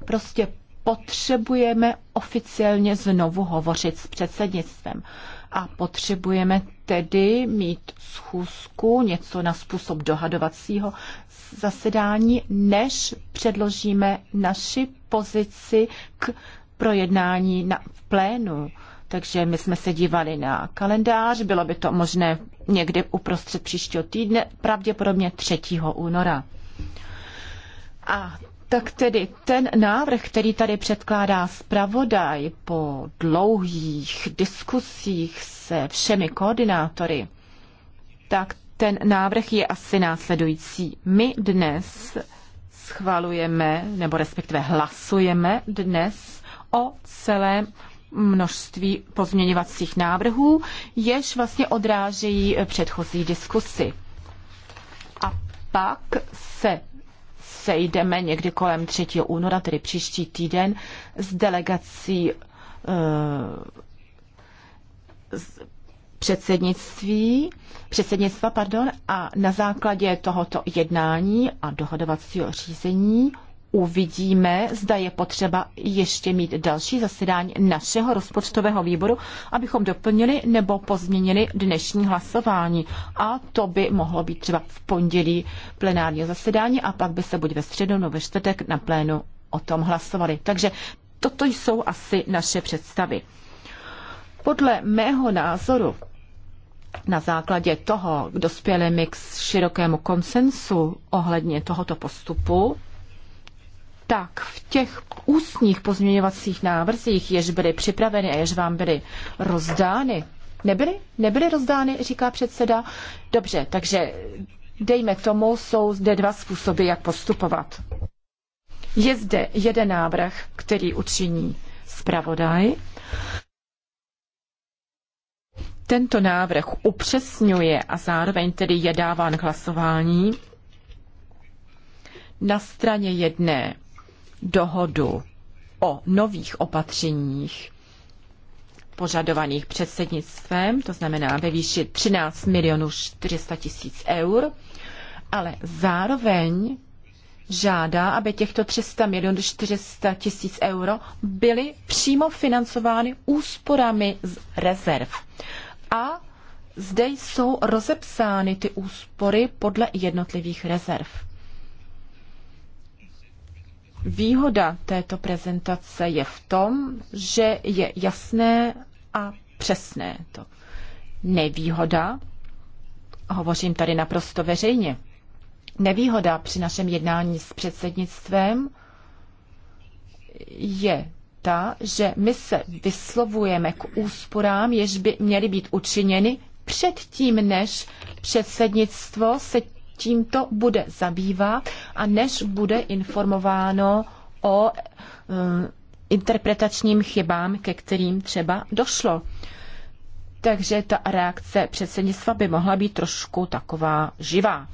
Prostě potřebujeme oficiálně znovu hovořit s předsednictvem a potřebujeme tedy mít schůzku, něco na způsob dohadovacího zasedání, než předložíme naši pozici k projednání na, v plénu. Takže my jsme se dívali na kalendář, bylo by to možné někdy uprostřed příštího týdne, pravděpodobně 3. února. A tak tedy ten návrh, který tady předkládá zpravodaj po dlouhých diskusích se všemi koordinátory, tak ten návrh je asi následující. My dnes schvalujeme, nebo respektive hlasujeme dnes o celém množství pozměňovacích návrhů, jež vlastně odrážejí eh, předchozí diskusy. A pak se sejdeme někdy kolem 3. února, tedy příští týden, s delegací eh, z předsednictví, předsednictva pardon, a na základě tohoto jednání a dohodovacího řízení uvidíme, zda je potřeba ještě mít další zasedání našeho rozpočtového výboru, abychom doplnili nebo pozměnili dnešní hlasování. A to by mohlo být třeba v pondělí plenárního zasedání a pak by se buď ve středu nebo ve čtvrtek na plénu o tom hlasovali. Takže toto jsou asi naše představy. Podle mého názoru na základě toho kdo spěli mix širokému konsensu ohledně tohoto postupu tak v těch ústních pozměňovacích návrzích, jež byly připraveny a jež vám byly rozdány, nebyly? Nebyly rozdány, říká předseda. Dobře, takže dejme tomu, jsou zde dva způsoby, jak postupovat. Je zde jeden návrh, který učiní zpravodaj. Tento návrh upřesňuje a zároveň tedy je dáván k hlasování. Na straně jedné dohodu o nových opatřeních požadovaných předsednictvem, to znamená ve výši 13 milionů 400 tisíc eur, ale zároveň žádá, aby těchto 300 milionů 400 tisíc euro byly přímo financovány úsporami z rezerv. A zde jsou rozepsány ty úspory podle jednotlivých rezerv. Výhoda této prezentace je v tom, že je jasné a přesné to. Nevýhoda, hovořím tady naprosto veřejně, nevýhoda při našem jednání s předsednictvem je ta, že my se vyslovujeme k úsporám, jež by měly být učiněny předtím, než předsednictvo se tímto bude zabývat a než bude informováno o eh, interpretačním chybám, ke kterým třeba došlo. Takže ta reakce předsednictva by mohla být trošku taková živá.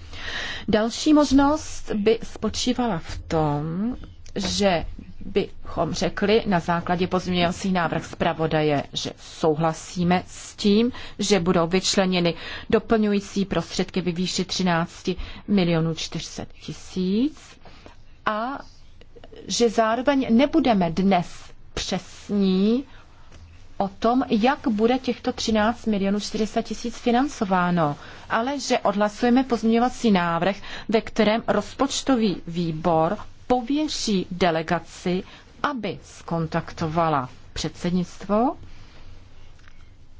Další možnost by spočívala v tom, že bychom řekli na základě pozměňovací návrh zpravodaje, že souhlasíme s tím, že budou vyčleněny doplňující prostředky ve výši 13 milionů 400 tisíc a že zároveň nebudeme dnes přesní o tom, jak bude těchto 13 milionů 400 tisíc financováno, ale že odhlasujeme pozměňovací návrh, ve kterém rozpočtový výbor pověří delegaci, aby skontaktovala předsednictvo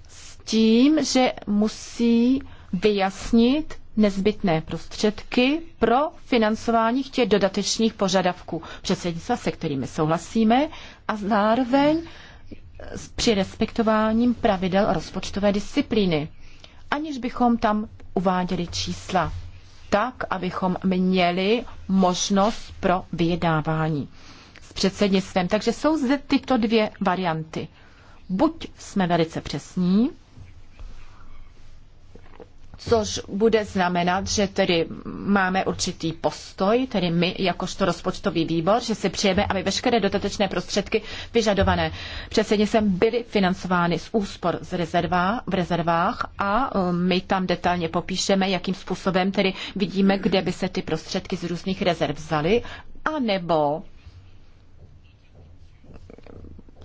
s tím, že musí vyjasnit nezbytné prostředky pro financování těch dodatečných požadavků předsednictva, se kterými souhlasíme, a zároveň při respektováním pravidel rozpočtové disciplíny, aniž bychom tam uváděli čísla tak, abychom měli možnost pro vyjednávání s předsednictvem. Takže jsou zde tyto dvě varianty. Buď jsme velice přesní, což bude znamenat, že tedy máme určitý postoj, tedy my jakožto rozpočtový výbor, že si přejeme, aby veškeré dodatečné prostředky vyžadované sem byly financovány z úspor z rezervá, v rezervách a um, my tam detailně popíšeme, jakým způsobem tedy vidíme, kde by se ty prostředky z různých rezerv vzaly, nebo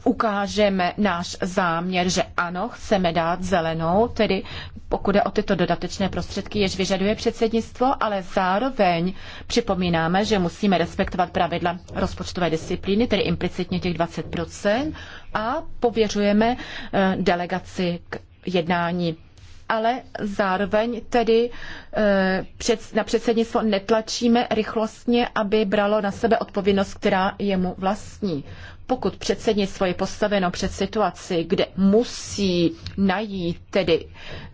ukážeme náš záměr, že ano, chceme dát zelenou, tedy pokud je o tyto dodatečné prostředky, jež vyžaduje předsednictvo, ale zároveň připomínáme, že musíme respektovat pravidla rozpočtové disciplíny, tedy implicitně těch 20%, a pověřujeme eh, delegaci k jednání ale zároveň tedy eh, na předsednictvo netlačíme rychlostně, aby bralo na sebe odpovědnost, která je mu vlastní. Pokud předsednictvo je postaveno před situaci, kde musí najít tedy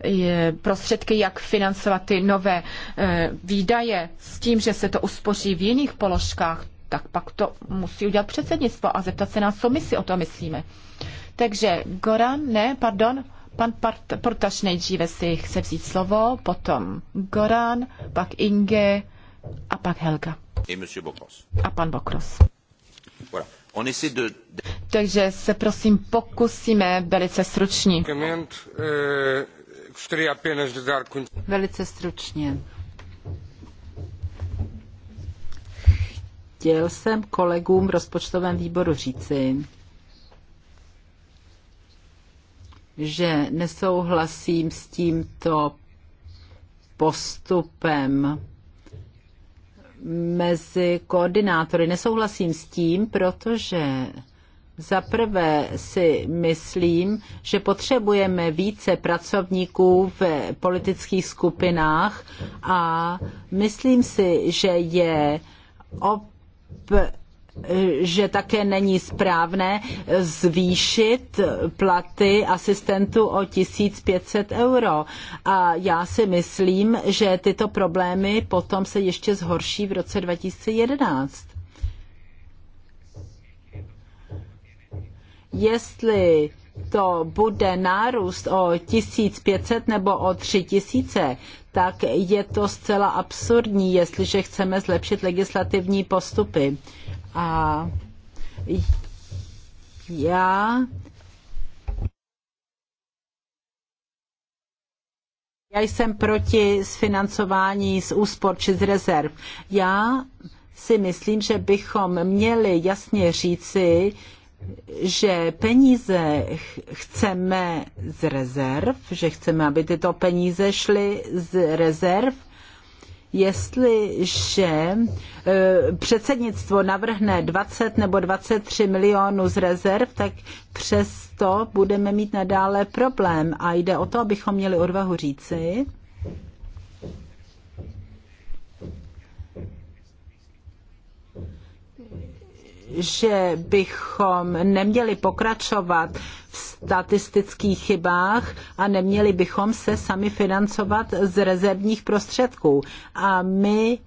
eh, prostředky, jak financovat ty nové eh, výdaje s tím, že se to uspoří v jiných položkách, tak pak to musí udělat předsednictvo a zeptat se nás, co my si o to myslíme. Takže Goran, ne, pardon, pan Portaš nejdříve si chce vzít slovo, potom Goran, pak Inge a pak Helga. A pan Bokros. Voilà. Takže se prosím pokusíme velice struční. Eh, velice stručně. Chtěl jsem kolegům v rozpočtovém výboru říci, že nesouhlasím s tímto postupem mezi koordinátory. Nesouhlasím s tím, protože zaprvé si myslím, že potřebujeme více pracovníků v politických skupinách a myslím si, že je ob že také není správné zvýšit platy asistentů o 1500 euro. A já si myslím, že tyto problémy potom se ještě zhorší v roce 2011. Jestli to bude nárůst o 1500 nebo o 3000, tak je to zcela absurdní, jestliže chceme zlepšit legislativní postupy. A já Já jsem proti sfinancování z úspor či z rezerv. Já si myslím, že bychom měli jasně říci, že peníze chceme z rezerv, že chceme, aby tyto peníze šly z rezerv jestliže e, předsednictvo navrhne 20 nebo 23 milionů z rezerv, tak přesto budeme mít nadále problém. A jde o to, abychom měli odvahu říci, že bychom neměli pokračovat v statistických chybách a neměli bychom se sami financovat z rezervních prostředků. A my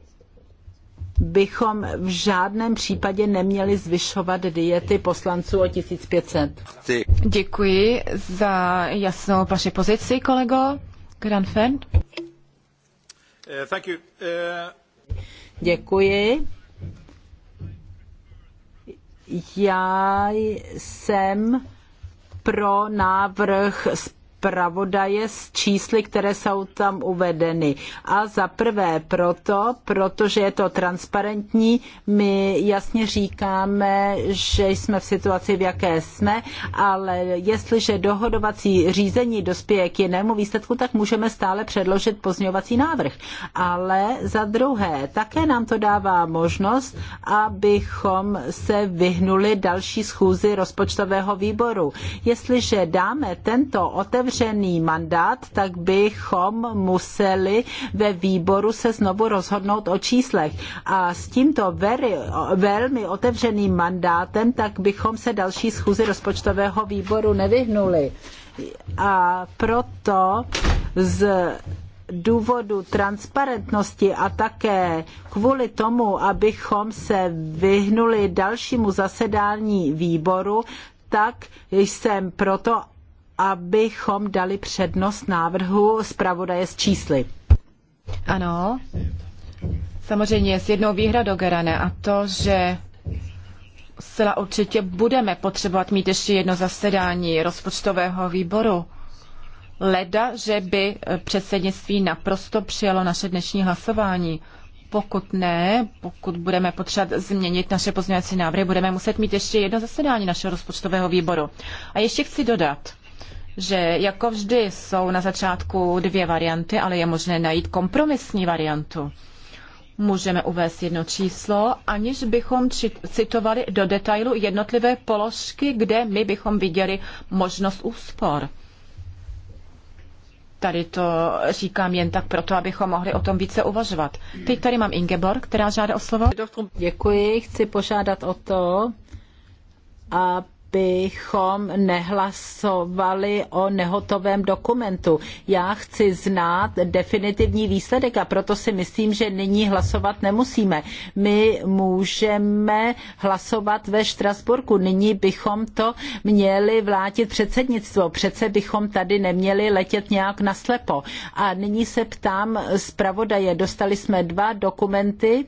bychom v žádném případě neměli zvyšovat diety poslanců o 1500. Děkuji za jasnou vaši pozici, kolego Granfend. Eh, eh, Děkuji. Já jsem pro návrh zpravodaje s čísly, které jsou tam uvedeny. A za prvé proto, protože je to transparentní, my jasně říkáme, že jsme v situaci, v jaké jsme, ale jestliže dohodovací řízení dospěje k jinému výsledku, tak můžeme stále předložit pozměňovací návrh. Ale za druhé, také nám to dává možnost, abychom se vyhnuli další schůzi rozpočtového výboru. Jestliže dáme tento otevřený otevřený mandát, tak bychom museli ve výboru se znovu rozhodnout o číslech. A s tímto very, velmi otevřeným mandátem, tak bychom se další schůzi rozpočtového výboru nevyhnuli. A proto z důvodu transparentnosti a také kvůli tomu, abychom se vyhnuli dalšímu zasedání výboru, tak jsem proto, abychom dali přednost návrhu zpravodaje s čísly. Ano. Samozřejmě s jednou výhradou, Gerane, a to, že zcela určitě budeme potřebovat mít ještě jedno zasedání rozpočtového výboru. Leda, že by předsednictví naprosto přijalo naše dnešní hlasování. Pokud ne, pokud budeme potřebovat změnit naše pozměňovací návrhy, budeme muset mít ještě jedno zasedání našeho rozpočtového výboru. A ještě chci dodat, že jako vždy jsou na začátku dvě varianty, ale je možné najít kompromisní variantu. Můžeme uvést jedno číslo, aniž bychom citovali do detailu jednotlivé položky, kde my bychom viděli možnost úspor. Tady to říkám jen tak proto, abychom mohli o tom více uvažovat. Teď tady mám Ingeborg, která žádá o slovo. Děkuji, chci požádat o to, a abychom nehlasovali o nehotovém dokumentu. Já chci znát definitivní výsledek a proto si myslím, že nyní hlasovat nemusíme. My můžeme hlasovat ve Štrasburku. Nyní bychom to měli vlátit předsednictvo. Přece bychom tady neměli letět nějak naslepo. A nyní se ptám zpravodaje. Dostali jsme dva dokumenty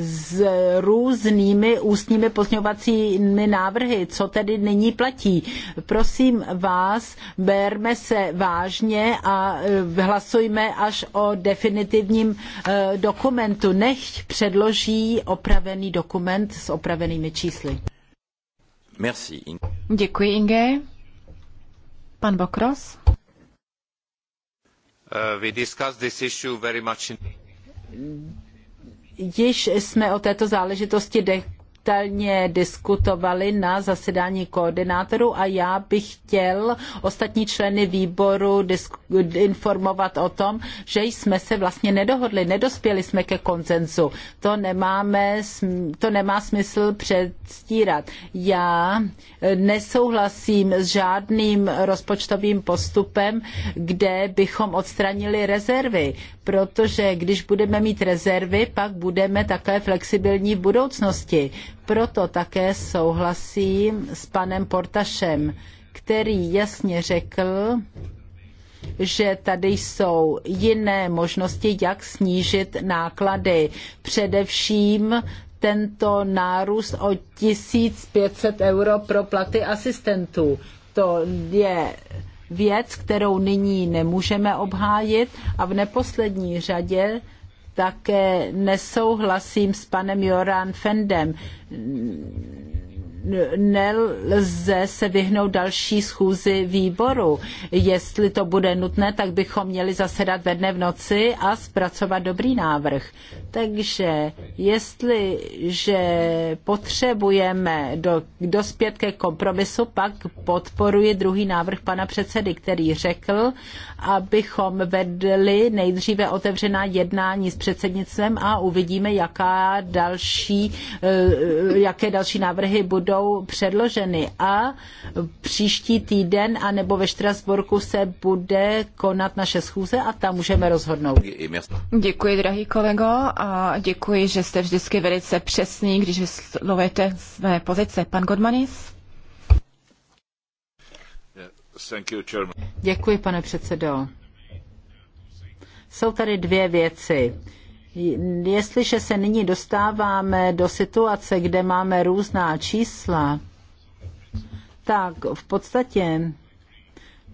s různými ústními pozňovacími návrhy, co tedy nyní platí. Prosím vás, berme se vážně a eh, hlasujme až o definitivním eh, dokumentu. Nech předloží opravený dokument s opravenými čísly. Merci. Děkuji, Inge. Pan Bokros. Uh, we discussed this issue very much in již jsme o této záležitosti de- detailně diskutovali na zasedání koordinátorů a já bych chtěl ostatní členy výboru informovat o tom, že jsme se vlastně nedohodli, nedospěli jsme ke koncenzu. To, nemáme, to nemá smysl předstírat. Já eh, nesouhlasím s žádným rozpočtovým postupem, kde bychom odstranili rezervy, protože když budeme mít rezervy, pak budeme také flexibilní v budoucnosti proto také souhlasím s panem Portašem, který jasně řekl, že tady jsou jiné možnosti, jak snížit náklady. Především tento nárůst o 1500 euro pro platy asistentů. To je věc, kterou nyní nemůžeme obhájit a v neposlední řadě také nesouhlasím s panem Joran Fendem nelze se vyhnout další schůzi výboru. Jestli to bude nutné, tak bychom měli zasedat ve dne v noci a zpracovat dobrý návrh. Takže jestliže potřebujeme do, dospět ke kompromisu, pak podporuji druhý návrh pana předsedy, který řekl, abychom vedli nejdříve otevřená jednání s předsednictvem a uvidíme, jaká další, eh, jaké další návrhy budou budou předloženy a příští týden a nebo ve Štrasburku se bude konat naše schůze a tam můžeme rozhodnout. Děkuji, drahý kolego, a děkuji, že jste vždycky velice přesný, když vyslovujete své pozice. Pan Godmanis? děkuji, pane předsedo. Jsou tady dvě věci Jestliže se nyní dostáváme do situace, kde máme různá čísla, tak v podstatě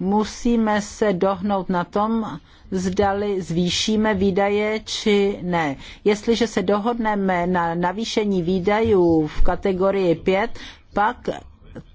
musíme se dohnout na tom, zdali zvýšíme výdaje či ne. Jestliže se dohodneme na navýšení výdajů v kategorii 5, pak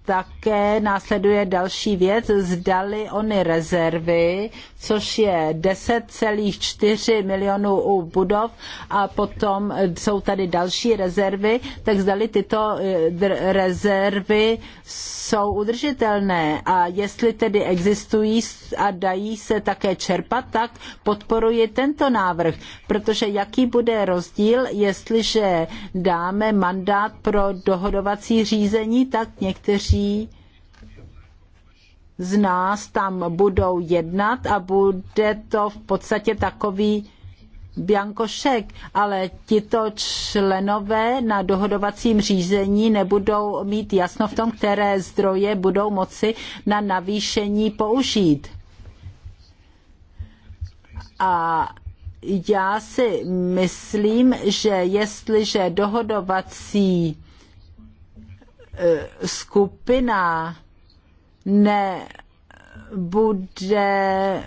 také následuje další věc, zdali ony rezervy, což je 10,4 milionů u budov a potom jsou tady další rezervy, tak zdali tyto eh, rezervy jsou udržitelné a jestli tedy existují a dají se také čerpat, tak podporuji tento návrh, protože jaký bude rozdíl, jestliže dáme mandát pro dohodovací řízení, tak někteří kteří z nás tam budou jednat a bude to v podstatě takový biankošek, ale tito členové na dohodovacím řízení nebudou mít jasno v tom, které zdroje budou moci na navýšení použít. A já si myslím, že jestliže dohodovací Eh, skupina nebude eh,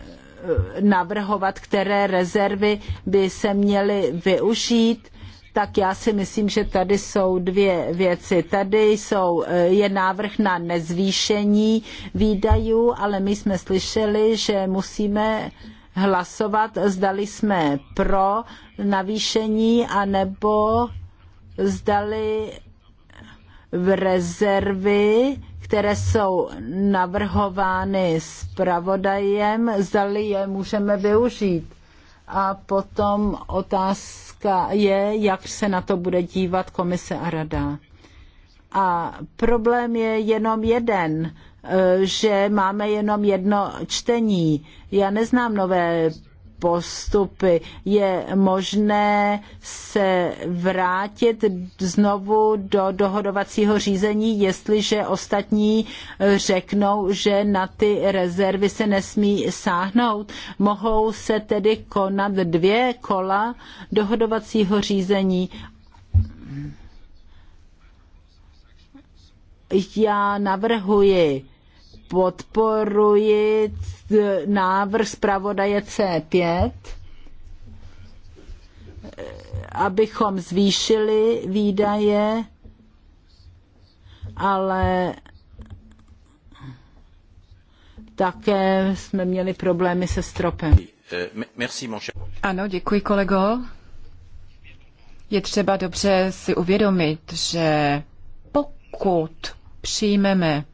navrhovat, které rezervy by se měly využít, tak já si myslím, že tady jsou dvě věci. Tady jsou, eh, je návrh na nezvýšení výdajů, ale my jsme slyšeli, že musíme hlasovat, zdali jsme pro navýšení, anebo zdali v rezervy, které jsou navrhovány zpravodajem, zdali je můžeme využít. A potom otázka je, jak se na to bude dívat komise a rada. A problém je jenom jeden, eh, že máme jenom jedno čtení. Já neznám nové postupy. Je možné se vrátit znovu do dohodovacího řízení, jestliže ostatní řeknou, že na ty rezervy se nesmí sáhnout. Mohou se tedy konat dvě kola dohodovacího řízení. Já navrhuji podporuji návrh zpravodaje C5, abychom zvýšili výdaje, ale také jsme měli problémy se stropem. Ano, děkuji kolego. Je třeba dobře si uvědomit, že pokud přijmeme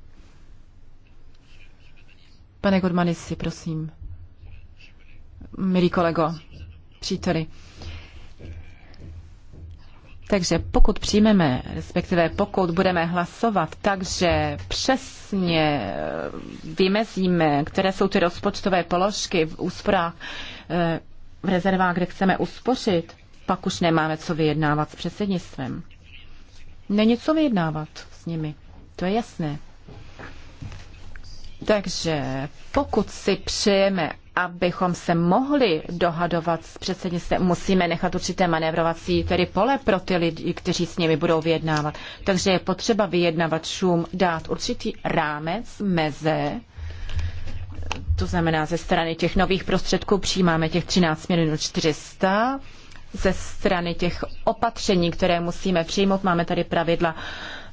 Pane Godmanisi, prosím. milí kolego, příteli. Takže pokud přijmeme, respektive pokud budeme hlasovat takže přesně eh, vymezíme, které jsou ty rozpočtové položky v úsporách eh, v rezervách, kde chceme uspořit, pak už nemáme co vyjednávat s předsednictvem. Není co vyjednávat s nimi, to je jasné. Takže pokud si přejeme, abychom se mohli dohadovat s předsednictvem, musíme nechat určité manévrovací tedy pole pro ty lidi, kteří s nimi budou vyjednávat. Takže je potřeba vyjednavačům dát určitý rámec, meze, to znamená ze strany těch nových prostředků přijímáme těch 13 milionů 400, ze strany těch opatření, které musíme přijmout, máme tady pravidla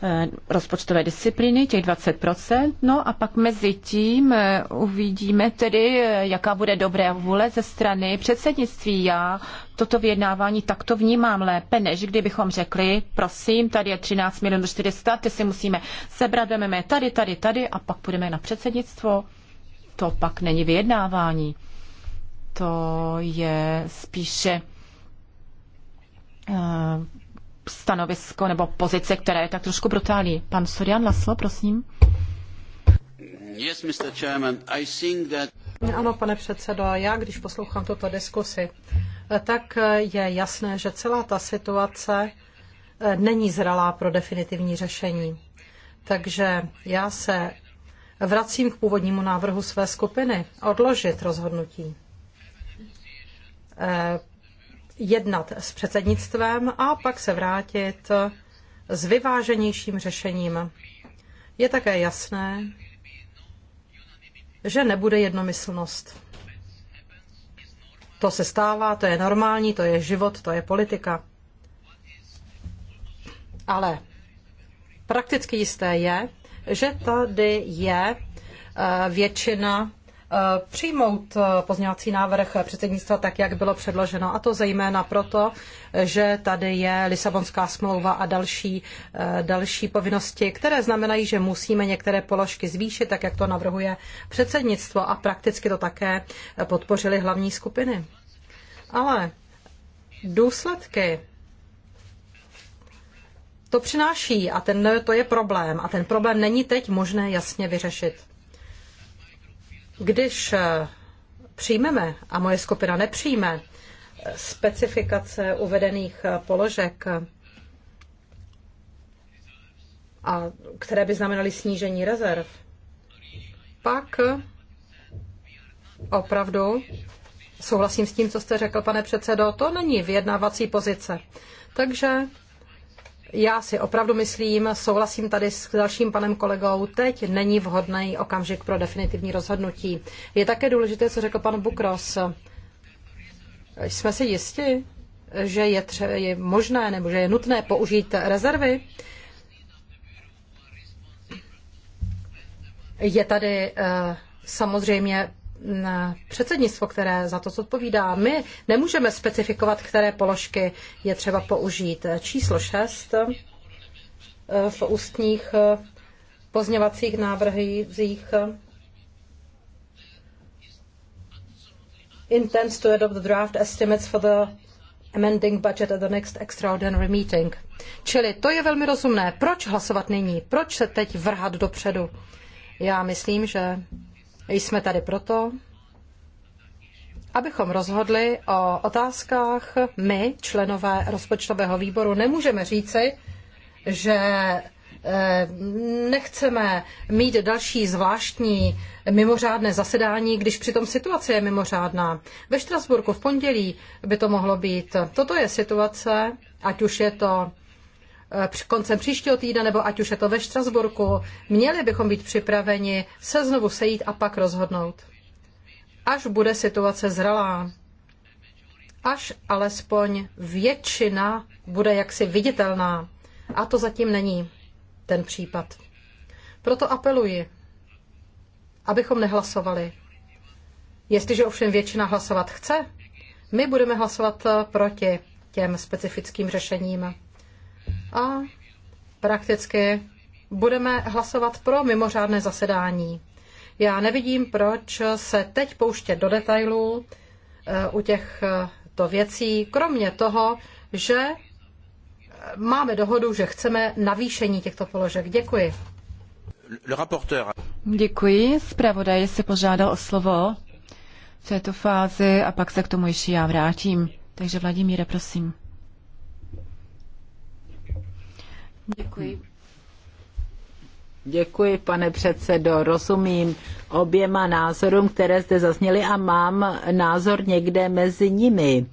Eh, rozpočtové disciplíny, těch 20%, no a pak mezi tím eh, uvidíme tedy, eh, jaká bude dobrá vůle ze strany předsednictví. Já toto vyjednávání takto vnímám lépe, než kdybychom řekli, prosím, tady je 13 milionů 400, ty si musíme sebrat, vememe tady, tady, tady a pak půjdeme na předsednictvo. To pak není vyjednávání. To je spíše stanovisko nebo pozice, které je tak trošku brutální. Pan Sorian Laslo, prosím. Yes, Mr. Chairman, I think that... Ano, pane předsedo, já když poslouchám tuto diskusi, tak je jasné, že celá ta situace eh, není zralá pro definitivní řešení. Takže já se vracím k původnímu návrhu své skupiny odložit rozhodnutí eh, jednat s předsednictvem a pak se vrátit s vyváženějším řešením. Je také jasné, že nebude jednomyslnost. To se stává, to je normální, to je život, to je politika. Ale prakticky jisté je, že tady je eh, většina Eh, přijmout eh, pozňovací návrh předsednictva tak, jak bylo předloženo. A to zejména proto, že tady je Lisabonská smlouva a další, eh, další povinnosti, které znamenají, že musíme některé položky zvýšit, tak jak to navrhuje předsednictvo. A prakticky to také podpořili hlavní skupiny. Ale důsledky to přináší a ten, to je problém. A ten problém není teď možné jasně vyřešit. Když eh, přijmeme, a moje skupina nepřijme, eh, specifikace uvedených eh, položek, a které by znamenaly snížení rezerv, pak opravdu souhlasím s tím, co jste řekl, pane předsedo, to není vyjednávací pozice. Takže já si opravdu myslím, souhlasím tady s dalším panem kolegou, teď není vhodný okamžik pro definitivní rozhodnutí. Je také důležité, co řekl pan Bukros. Jsme si jisti, že je, tře- je možné nebo že je nutné použít rezervy? Je tady eh, samozřejmě předsednictvo, které za to odpovídá. My nemůžeme specifikovat, které položky je třeba použít. Číslo 6 eh, v ústních eh, pozněvacích návrhích eh, intends to adopt the draft estimates for the amending budget at the next extraordinary meeting. Čili to je velmi rozumné. Proč hlasovat nyní? Proč se teď vrhat dopředu? Já myslím, že jsme tady proto, abychom rozhodli o otázkách. My, členové rozpočtového výboru, nemůžeme říci, že eh, nechceme mít další zvláštní mimořádné zasedání, když přitom situace je mimořádná. Ve Štrasburku v pondělí by to mohlo být. Toto je situace, ať už je to Eh, koncem příštího týdne, nebo ať už je to ve Štrasburku, měli bychom být připraveni se znovu sejít a pak rozhodnout. Až bude situace zralá, až alespoň většina bude jaksi viditelná. A to zatím není ten případ. Proto apeluji, abychom nehlasovali. Jestliže ovšem většina hlasovat chce, my budeme hlasovat eh, proti těm specifickým řešením a prakticky budeme hlasovat pro mimořádné zasedání. Já nevidím, proč se teď pouštět do detailů eh, u těchto eh, věcí, kromě toho, že eh, máme dohodu, že chceme navýšení těchto položek. Děkuji. Děkuji. Zpravodaj se požádal o slovo v této fázi a pak se k tomu ještě já vrátím. Takže Vladimíre, prosím. Děkuji. Děkuji, pane předsedo. Rozumím oběma názorům, které zde zazněly a mám názor někde mezi nimi.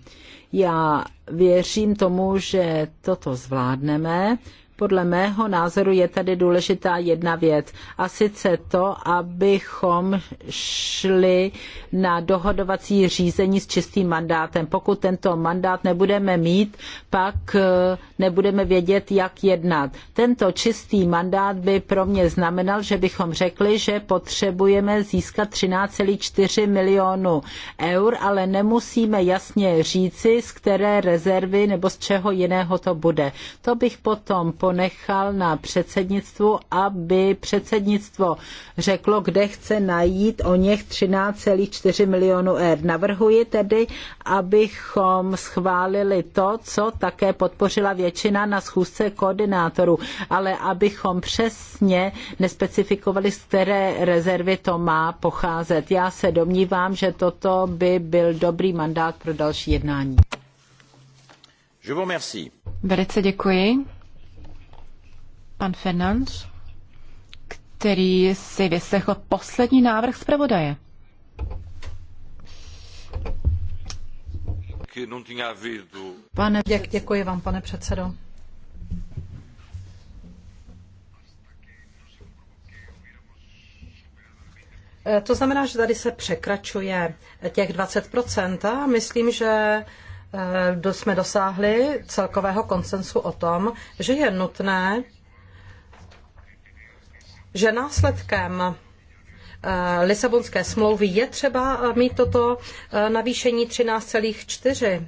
Já věřím tomu, že toto zvládneme podle mého názoru je tady důležitá jedna věc a sice to, abychom šli na dohodovací řízení s čistým mandátem. Pokud tento mandát nebudeme mít, pak eh, nebudeme vědět, jak jednat. Tento čistý mandát by pro mě znamenal, že bychom řekli, že potřebujeme získat 13,4 milionů eur, ale nemusíme jasně říci, z které rezervy nebo z čeho jiného to bude. To bych potom po ponechal na předsednictvu, aby předsednictvo řeklo, kde chce najít o něch 13,4 milionů eur. Navrhuji tedy, abychom schválili to, co také podpořila většina na schůzce koordinátorů, ale abychom přesně nespecifikovali, z které rezervy to má pocházet. Já se domnívám, že toto by byl dobrý mandát pro další jednání. Velice děkuji. Pan Fernand, který si vyslechl poslední návrh zpravodaje. Pane, dě, děkuji vám, pane předsedo. E, to znamená, že tady se překračuje těch 20% a myslím, že e, jsme dosáhli celkového konsensu o tom, že je nutné že následkem eh, Lisabonské smlouvy je třeba eh, mít toto eh, navýšení 13,4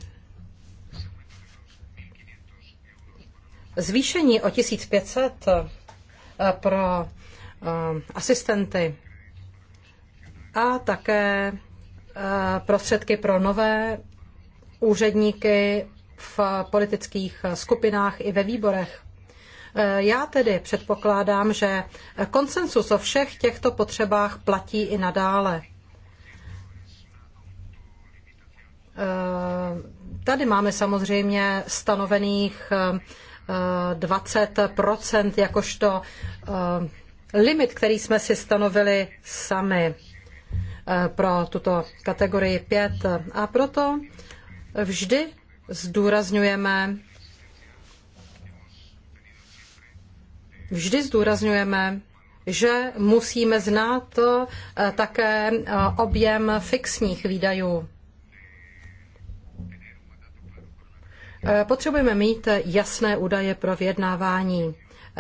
Zvýšení o 1500 pro asistenty a také prostředky pro nové úředníky v politických skupinách i ve výborech. Eh, já tedy předpokládám, že konsensus o všech těchto potřebách platí i nadále. Eh, tady máme samozřejmě stanovených 20 eh, jakožto limit, který jsme si stanovili sami pro tuto kategorii 5. A proto vždy zdůrazňujeme vždy zdůrazňujeme, že musíme znát eh, také eh, objem fixních výdajů. Eh, potřebujeme mít jasné údaje pro vyjednávání.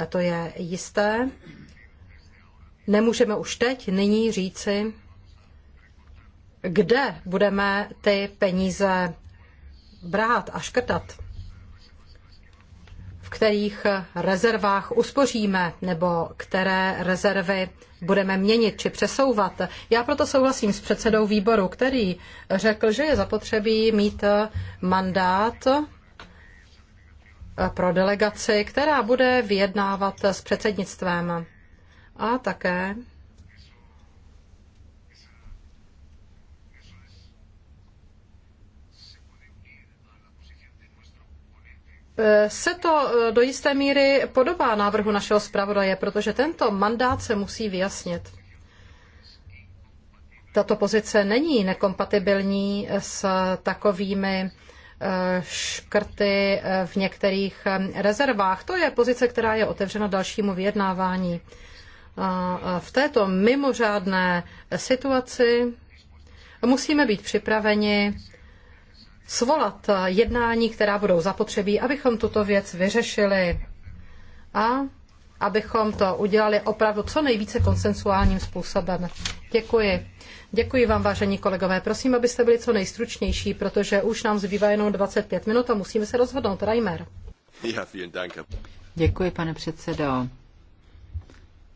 To je jisté. Nemůžeme už teď nyní říci, kde budeme ty peníze brát a škrtat kterých rezervách uspoříme nebo které rezervy budeme měnit či přesouvat. Já proto souhlasím s předsedou výboru, který řekl, že je zapotřebí mít mandát pro delegaci, která bude vyjednávat s předsednictvem. A také Eh, se to eh, do jisté míry podobá návrhu našeho zpravodaje, protože tento mandát se musí vyjasnit. Tato pozice není nekompatibilní eh, s takovými škrty v některých rezervách. To je pozice, která je otevřena dalšímu vyjednávání. V této mimořádné situaci musíme být připraveni svolat jednání, která budou zapotřebí, abychom tuto věc vyřešili a abychom to udělali opravdu co nejvíce konsensuálním způsobem. Děkuji. Děkuji vám, vážení kolegové. Prosím, abyste byli co nejstručnější, protože už nám zbývá jenom 25 minut a musíme se rozhodnout. Reimer. Děkuji, pane předsedo.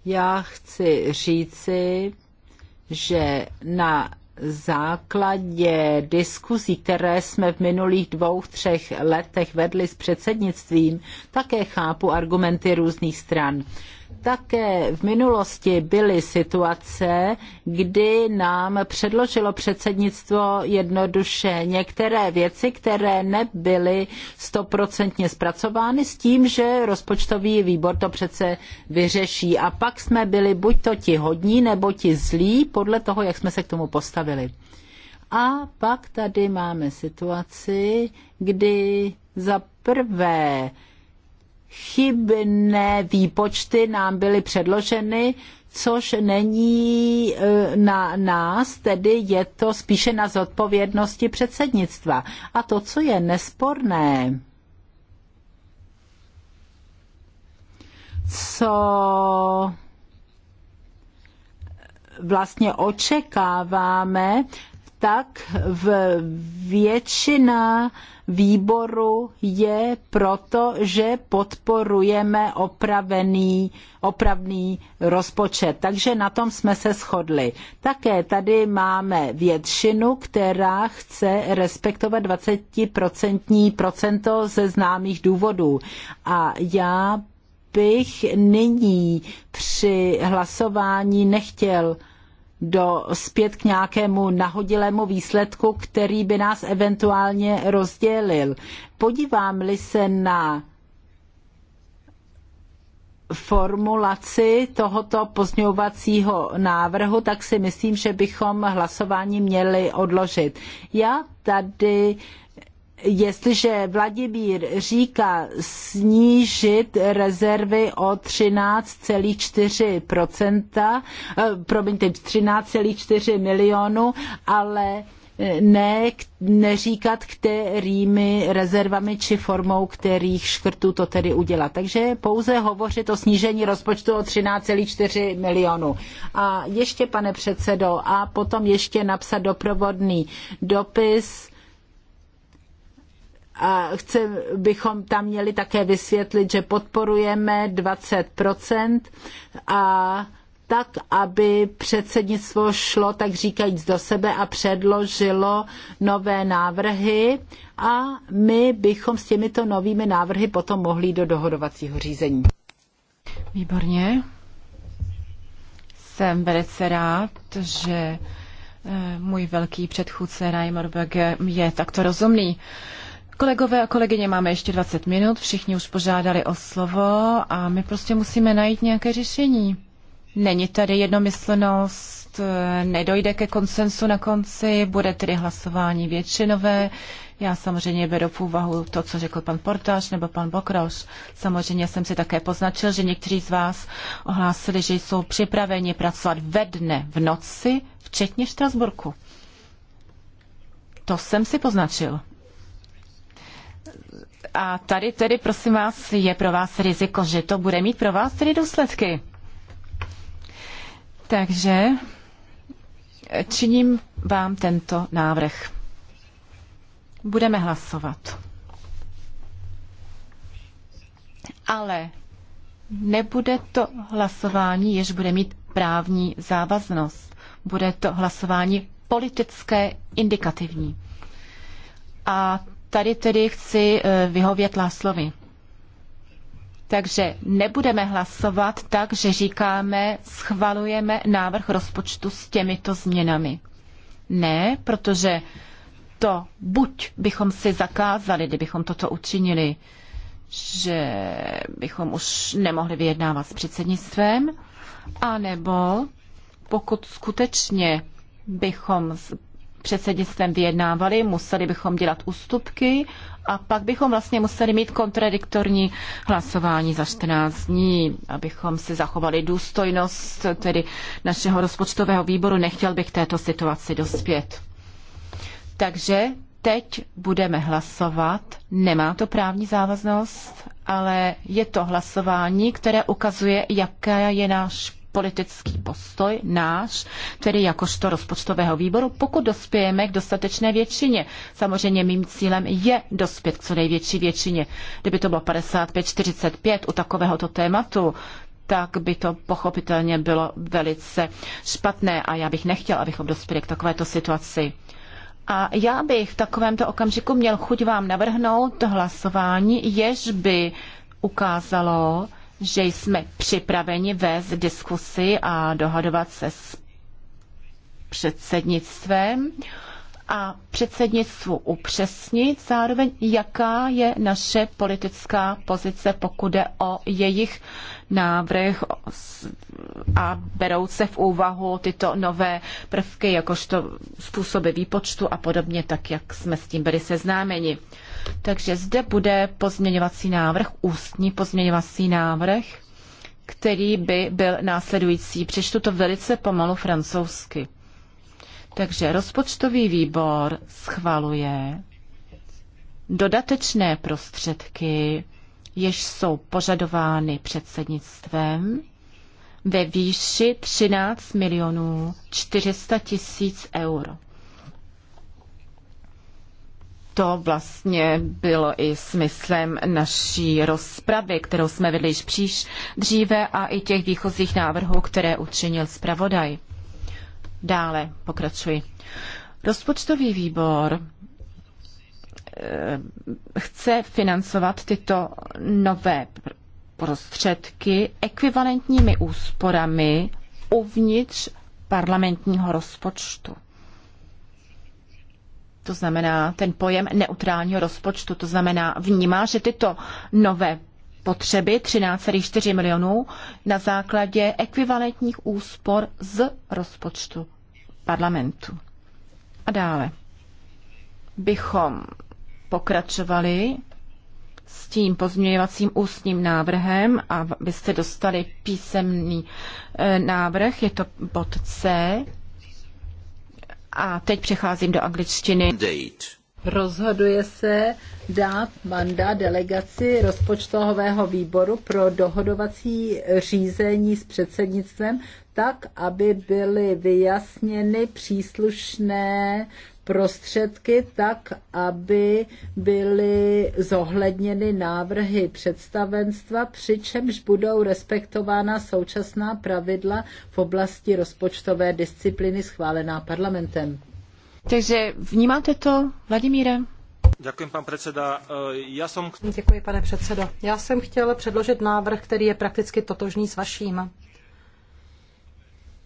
Já chci říci, že na základě diskuzí, které jsme v minulých dvou, třech letech vedli s předsednictvím, také chápu argumenty různých stran. Také v minulosti byly situace, kdy nám předložilo předsednictvo jednoduše některé věci, které nebyly stoprocentně zpracovány s tím, že rozpočtový výbor to přece vyřeší. A pak jsme byli buď to ti hodní nebo ti zlí, podle toho, jak jsme se k tomu postavili. A pak tady máme situaci, kdy za prvé chybné výpočty nám byly předloženy, což není e, na nás, tedy je to spíše na zodpovědnosti předsednictva. A to, co je nesporné, co vlastně očekáváme, tak v většina výboru je proto, že podporujeme opravený, opravný rozpočet. Takže na tom jsme se shodli. Také tady máme většinu, která chce respektovat 20% procento ze známých důvodů. A já bych nyní při hlasování nechtěl do, zpět k nějakému nahodilému výsledku, který by nás eventuálně rozdělil. Podívám-li se na formulaci tohoto pozňovacího návrhu, tak si myslím, že bychom hlasování měli odložit. Já tady jestliže Vladimír říká snížit rezervy o 13,4%, eh, promiňte, 13,4 milionu, ale eh, ne, neříkat, kterými rezervami či formou kterých škrtů to tedy udělat. Takže pouze hovořit o snížení rozpočtu o 13,4 milionu. A ještě, pane předsedo, a potom ještě napsat doprovodný dopis a bychom tam měli také vysvětlit, že podporujeme 20% a tak, aby předsednictvo šlo, tak říkajíc, do sebe a předložilo nové návrhy a my bychom s těmito novými návrhy potom mohli do dohodovacího řízení. Výborně. Jsem velice rád, že eh, můj velký předchůdce Reimer Böge je takto rozumný. Kolegové a kolegyně, máme ještě 20 minut, všichni už požádali o slovo a my prostě musíme najít nějaké řešení. Není tady jednomyslnost, nedojde ke konsensu na konci, bude tedy hlasování většinové. Já samozřejmě beru v úvahu to, co řekl pan Portáš nebo pan Bokroš. Samozřejmě jsem si také poznačil, že někteří z vás ohlásili, že jsou připraveni pracovat ve dne, v noci, včetně Štrasburku. To jsem si poznačil. A tady tedy, prosím vás, je pro vás riziko, že to bude mít pro vás tedy důsledky. Takže činím vám tento návrh. Budeme hlasovat. Ale nebude to hlasování, jež bude mít právní závaznost. Bude to hlasování politické indikativní. A Tady tedy chci eh, vyhovět Láslovi. Takže nebudeme hlasovat tak, že říkáme, schvalujeme návrh rozpočtu s těmito změnami. Ne, protože to buď bychom si zakázali, kdybychom toto učinili, že bychom už nemohli vyjednávat s předsednictvem, anebo pokud skutečně bychom předsednictvem vyjednávali, museli bychom dělat ústupky a pak bychom vlastně museli mít kontradiktorní hlasování za 14 dní, abychom si zachovali důstojnost tedy našeho rozpočtového výboru. Nechtěl bych této situaci dospět. Takže teď budeme hlasovat. Nemá to právní závaznost, ale je to hlasování, které ukazuje, jaká je náš politický postoj náš, tedy jakožto rozpočtového výboru, pokud dospějeme k dostatečné většině. Samozřejmě mým cílem je dospět k co největší většině. Kdyby to bylo 55-45 u takovéhoto tématu, tak by to pochopitelně bylo velice špatné a já bych nechtěl, abychom dospěli k takovéto situaci. A já bych v takovémto okamžiku měl chuť vám navrhnout hlasování, jež by ukázalo, že jsme připraveni vést diskusy a dohadovat se s předsednictvem a předsednictvu upřesnit zároveň, jaká je naše politická pozice, pokud jde o jejich návrh a berou se v úvahu tyto nové prvky, jakožto způsoby výpočtu a podobně, tak jak jsme s tím byli seznámeni. Takže zde bude pozměňovací návrh, ústní pozměňovací návrh, který by byl následující. Přečtu to velice pomalu francouzsky. Takže rozpočtový výbor schvaluje dodatečné prostředky, jež jsou požadovány předsednictvem ve výši 13 milionů 400 tisíc euro to vlastně bylo i smyslem naší rozpravy, kterou jsme vedli již příš dříve a i těch výchozích návrhů, které učinil zpravodaj. Dále pokračuji. Rozpočtový výbor eh, chce financovat tyto nové prostředky ekvivalentními úsporami uvnitř parlamentního rozpočtu to znamená ten pojem neutrálního rozpočtu, to znamená vnímá, že tyto nové potřeby 13,4 milionů na základě ekvivalentních úspor z rozpočtu parlamentu. A dále bychom pokračovali s tím pozměňovacím ústním návrhem a byste dostali písemný eh, návrh, je to bod C, a teď přecházím do angličtiny. Date. Rozhoduje se dát manda delegaci rozpočtového výboru pro dohodovací řízení s předsednictvem tak, aby byly vyjasněny příslušné prostředky tak, aby byly zohledněny návrhy představenstva, přičemž budou respektována současná pravidla v oblasti rozpočtové disciplíny schválená parlamentem. Takže vnímáte to, Vladimíre? Děkuji, pan předseda. Já e, jsem... Děkuji, pane předsedo. Já jsem chtěl předložit návrh, který je prakticky totožný s vaším.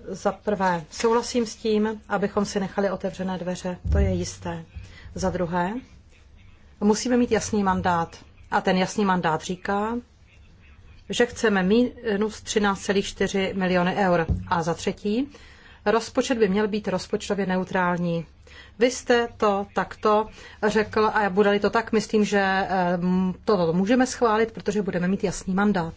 Za prvé, souhlasím s tím, abychom si nechali otevřené dveře, to je jisté. Za druhé, musíme mít jasný mandát. A ten jasný mandát říká, že chceme minus 13,4 miliony eur. A za třetí, rozpočet by měl být rozpočtově neutrální. Vy jste to takto řekl a bude-li to tak, myslím, že eh, toto můžeme schválit, protože budeme mít jasný mandát.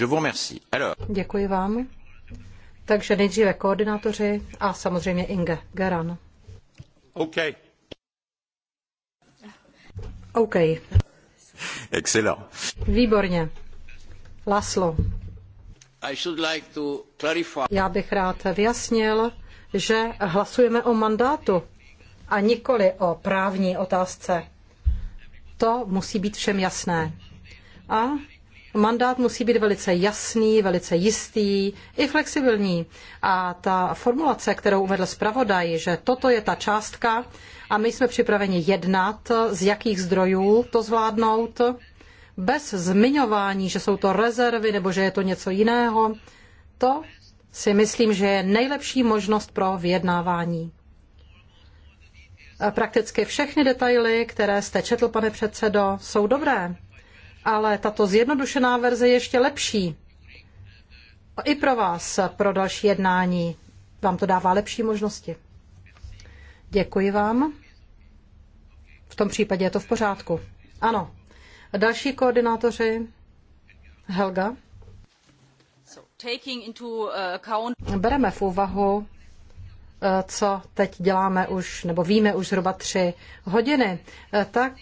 Je vous remercie. Alors... Děkuji vám. Takže nejdříve koordinátoři a samozřejmě Inge Geran. OK. OK. Excellent. Výborně. Laslo. I should like to clarify. Já bych rád vyjasnil, že hlasujeme o mandátu a nikoli o právní otázce. To musí být všem jasné. A mandát musí být velice jasný, velice jistý i flexibilní. A ta formulace, kterou uvedl zpravodaj, že toto je ta částka a my jsme připraveni jednat, z jakých zdrojů to zvládnout, bez zmiňování, že jsou to rezervy nebo že je to něco jiného, to si myslím, že je nejlepší možnost pro vyjednávání. Prakticky všechny detaily, které jste četl, pane předsedo, jsou dobré ale tato zjednodušená verze je ještě lepší. I pro vás, pro další jednání, vám to dává lepší možnosti. Děkuji vám. V tom případě je to v pořádku. Ano. Další koordinátoři. Helga. Uh, Bereme v úvahu, uh, co teď děláme už, nebo víme už zhruba tři hodiny, uh, tak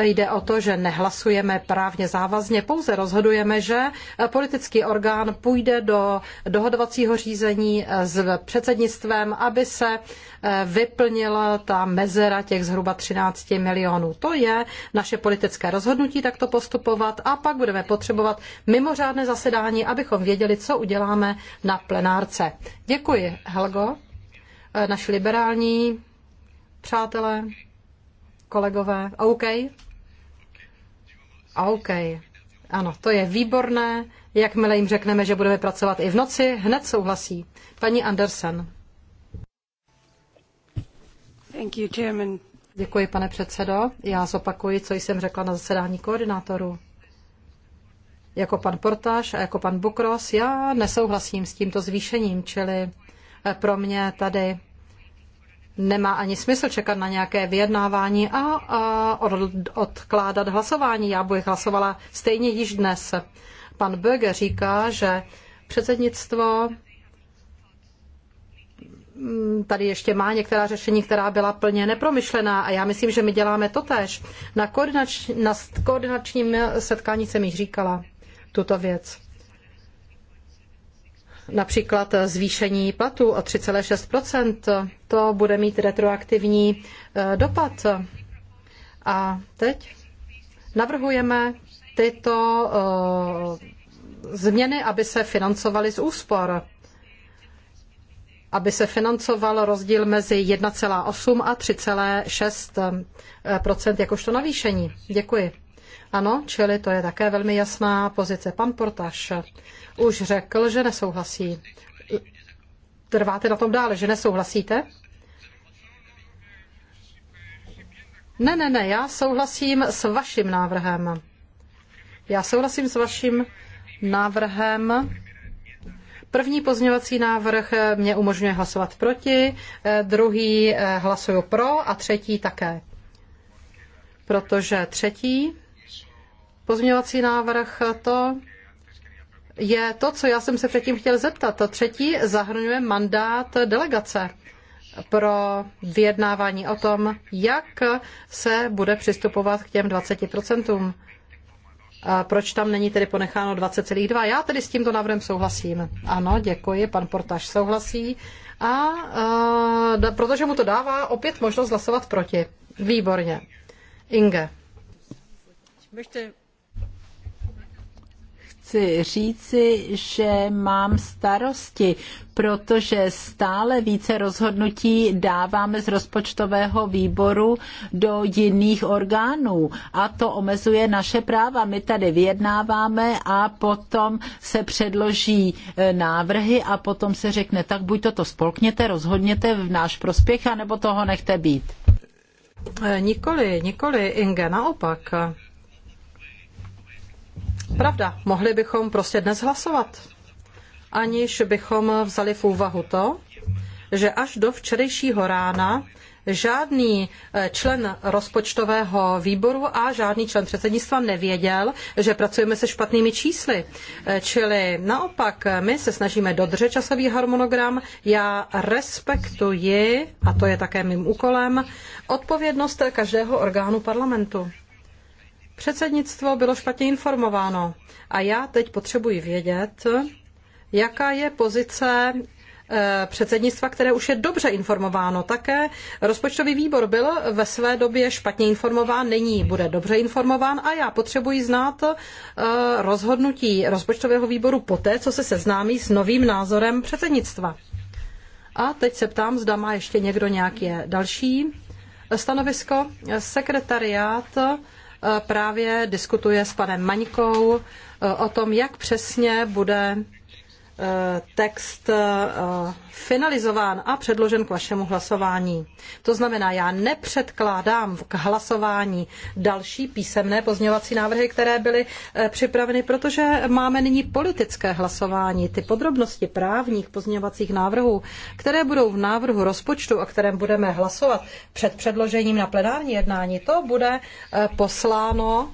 Jde o to, že nehlasujeme právně závazně, pouze rozhodujeme, že politický orgán půjde do dohodovacího řízení s předsednictvem, aby se eh, vyplnila ta mezera těch zhruba 13 milionů. To je naše politické rozhodnutí takto postupovat a pak budeme potřebovat mimořádné zasedání, abychom věděli, co uděláme na plenárce. Děkuji, Helgo, eh, naši liberální přátelé, kolegové. OK? OK. Ano, to je výborné. Jakmile jim řekneme, že budeme pracovat i v noci, hned souhlasí. Paní Andersen. Thank you, Chairman. Děkuji, pane předsedo. Já zopakuji, co jsem řekla na zasedání koordinátorů. Jako pan Portáš a jako pan Bukros, já nesouhlasím s tímto zvýšením, čili pro mě tady nemá ani smysl čekat na nějaké vyjednávání a, a odkládat hlasování. Já bych hlasovala stejně již dnes. Pan Böge říká, že předsednictvo mm, tady ještě má některá řešení, která byla plně nepromyšlená a já myslím, že my děláme to tež. Na, koordinač, na koordinačním setkání jsem již říkala tuto věc. Například zvýšení platu o 3,6 to bude mít retroaktivní eh, dopad. A teď navrhujeme tyto eh, změny, aby se financovaly z úspor aby se financoval rozdíl mezi 1,8 a 3,6 eh, jakožto navýšení. Děkuji. Ano, čili to je také velmi jasná pozice. Pan Portaš už řekl, že nesouhlasí. Trváte na tom dále, že nesouhlasíte? Ne, ne, ne, já souhlasím s vaším návrhem. Já souhlasím s vaším návrhem. První pozměňovací návrh mě umožňuje hlasovat proti, eh, druhý eh, hlasuju pro a třetí také. Protože třetí pozměňovací návrh, to je to, co já jsem se předtím chtěl zeptat. To třetí zahrnuje mandát delegace pro vyjednávání o tom, jak se bude přistupovat k těm 20%. A proč tam není tedy ponecháno 20,2? Já tedy s tímto návrhem souhlasím. Ano, děkuji, pan Portaž souhlasí. A, e, a protože mu to dává opět možnost hlasovat proti. Výborně. Inge chci říci, že mám starosti, protože stále více rozhodnutí dáváme z rozpočtového výboru do jiných orgánů a to omezuje naše práva. My tady vyjednáváme a potom se předloží e, návrhy a potom se řekne, tak buď toto spolkněte, rozhodněte v náš prospěch, anebo toho nechte být. E, nikoli, nikoli, Inge, naopak. Pravda, mohli bychom prostě dnes hlasovat, aniž bychom vzali v úvahu to, že až do včerejšího rána žádný eh, člen rozpočtového výboru a žádný člen předsednictva nevěděl, že pracujeme se špatnými čísly. Eh, čili naopak, eh, my se snažíme dodržet časový harmonogram. Já respektuji, a to je také mým úkolem, odpovědnost každého orgánu parlamentu. Předsednictvo bylo špatně informováno a já teď potřebuji vědět, jaká je pozice eh, předsednictva, které už je dobře informováno. Také rozpočtový výbor byl ve své době špatně informován, nyní bude dobře informován a já potřebuji znát eh, rozhodnutí rozpočtového výboru poté, co se seznámí s novým názorem předsednictva. A teď se ptám, zda má ještě někdo nějaké další stanovisko. Sekretariát Eh, právě diskutuje s panem Maňkou eh, o tom, jak přesně bude Eh, text eh, finalizován a předložen k vašemu hlasování. To znamená, já nepředkládám k hlasování další písemné pozměňovací návrhy, které byly eh, připraveny, protože máme nyní politické hlasování. Ty podrobnosti právních pozměňovacích návrhů, které budou v návrhu rozpočtu, o kterém budeme hlasovat před předložením na plenární jednání, to bude posláno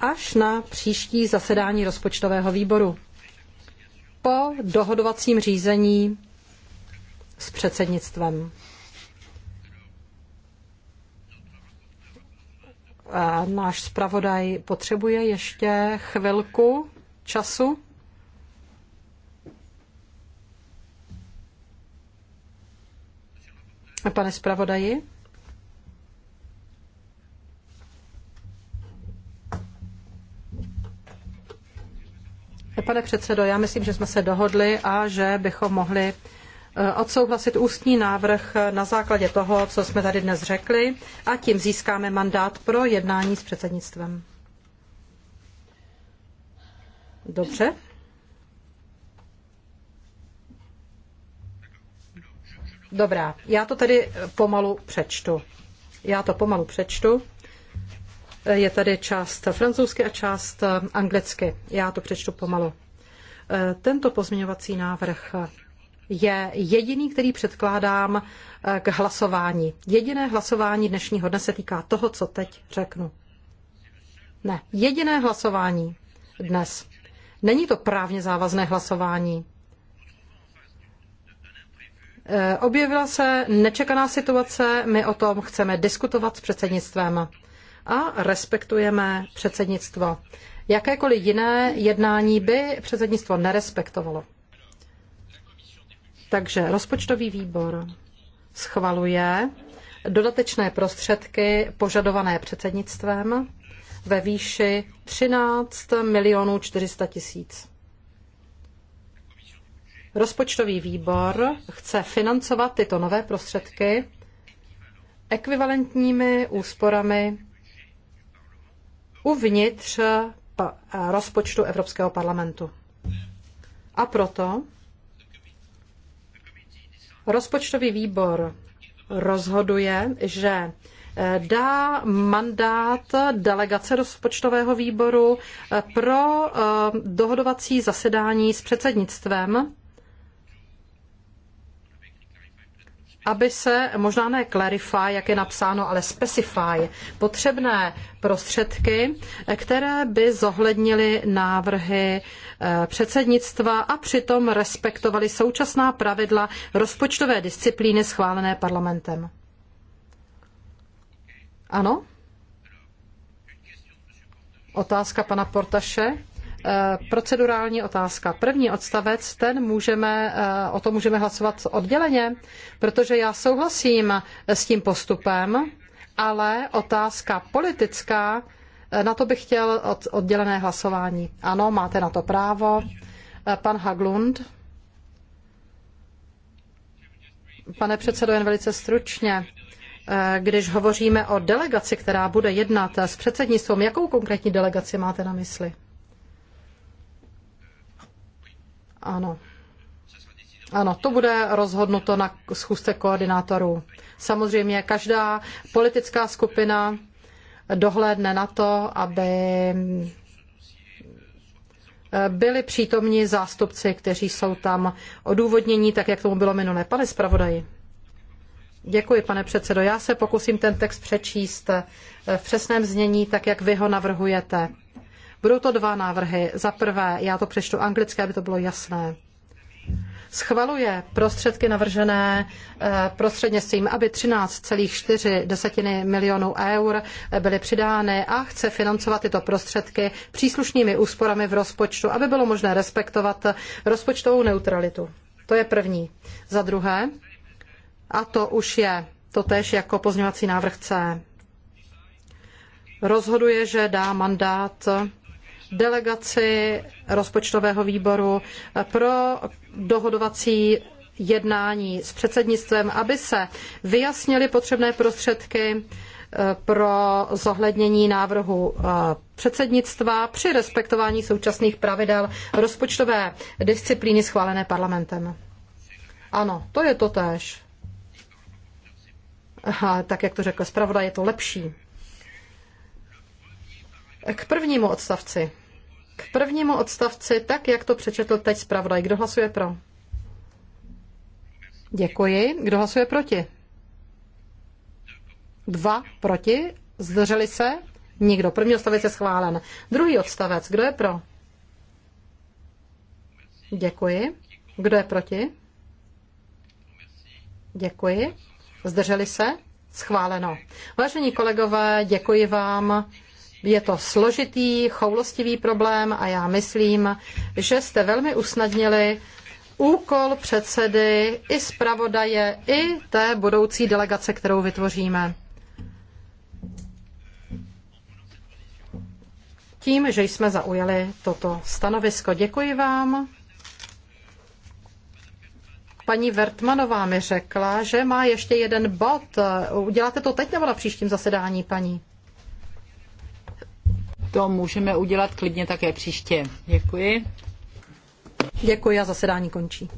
až na příští zasedání rozpočtového výboru po dohodovacím řízení s předsednictvem. A náš zpravodaj potřebuje ještě chvilku času. Pane zpravodaji? Pane předsedo, já myslím, že jsme se dohodli a že bychom mohli eh, odsouhlasit ústní návrh na základě toho, co jsme tady dnes řekli a tím získáme mandát pro jednání s předsednictvem. Dobře. Dobrá, já to tedy pomalu přečtu. Já to pomalu přečtu. Je tady část francouzsky a část anglicky. Já to přečtu pomalu. Eh, tento pozměňovací návrh je jediný, který předkládám eh, k hlasování. Jediné hlasování dnešního dne se týká toho, co teď řeknu. Ne, jediné hlasování dnes. Není to právně závazné hlasování. Eh, objevila se nečekaná situace, my o tom chceme diskutovat s předsednictvem a respektujeme předsednictvo. Jakékoliv jiné jednání by předsednictvo nerespektovalo. Takže rozpočtový výbor schvaluje dodatečné prostředky požadované předsednictvem ve výši 13 milionů 400 tisíc. Rozpočtový výbor chce financovat tyto nové prostředky ekvivalentními úsporami uvnitř eh, rozpočtu Evropského parlamentu. A proto rozpočtový výbor rozhoduje, že eh, dá mandát delegace rozpočtového výboru eh, pro dohodovací zasedání s předsednictvem aby se možná ne clarify, jak je napsáno, ale specify potřebné prostředky, které by zohlednily návrhy eh, předsednictva a přitom respektovaly současná pravidla rozpočtové disciplíny schválené parlamentem. Ano? Otázka pana Portaše. Eh, procedurální otázka. První odstavec, ten můžeme, eh, o tom můžeme hlasovat odděleně, protože já souhlasím s tím postupem, ale otázka politická, eh, na to bych chtěl oddělené hlasování. Ano, máte na to právo. Pan Haglund. Pane předsedo, jen velice stručně když hovoříme o delegaci, která bude jednat s předsednictvím, jakou konkrétní delegaci máte na mysli? Ano. Ano, to bude rozhodnuto na schůzce koordinátorů. Samozřejmě každá politická skupina dohlédne na to, aby byli přítomni zástupci, kteří jsou tam odůvodnění, tak jak tomu bylo minulé. Pane zpravodaji. Děkuji, pane předsedo. Já se pokusím ten text přečíst v přesném znění, tak jak vy ho navrhujete. Budou to dva návrhy. Za prvé, já to přečtu anglicky, aby to bylo jasné schvaluje prostředky navržené eh, prostřednictvím, aby 13,4 milionů eur eh, byly přidány a chce financovat tyto prostředky příslušnými úsporami v rozpočtu, aby bylo možné respektovat rozpočtovou neutralitu. To je první. Za druhé, a to už je totéž jako pozňovací návrh C. Rozhoduje, že dá mandát delegaci rozpočtového výboru pro dohodovací jednání s předsednictvem, aby se vyjasnily potřebné prostředky eh, pro zohlednění návrhu eh, předsednictva při respektování současných pravidel rozpočtové disciplíny schválené parlamentem. Ano, to je to též. Aha, tak jak to řekl zpravodaj, je to lepší. K prvnímu odstavci. K prvnímu odstavci, tak jak to přečetl teď zpravodaj. Kdo hlasuje pro? Děkuji. Kdo hlasuje proti? Dva proti. Zdrželi se? Nikdo. První odstavec je schválen. Druhý odstavec. Kdo je pro? Děkuji. Kdo je proti? Děkuji. Zdrželi se? Schváleno. Vážení kolegové, děkuji vám je to složitý, choulostivý problém a já myslím, že jste velmi usnadnili úkol předsedy i zpravodaje, i té budoucí delegace, kterou vytvoříme. Tím, že jsme zaujali toto stanovisko. Děkuji vám. Paní Vertmanová mi řekla, že má ještě jeden bod. Uděláte to teď nebo na příštím zasedání, paní? to můžeme udělat klidně také příště. Děkuji. Děkuji a zasedání končí.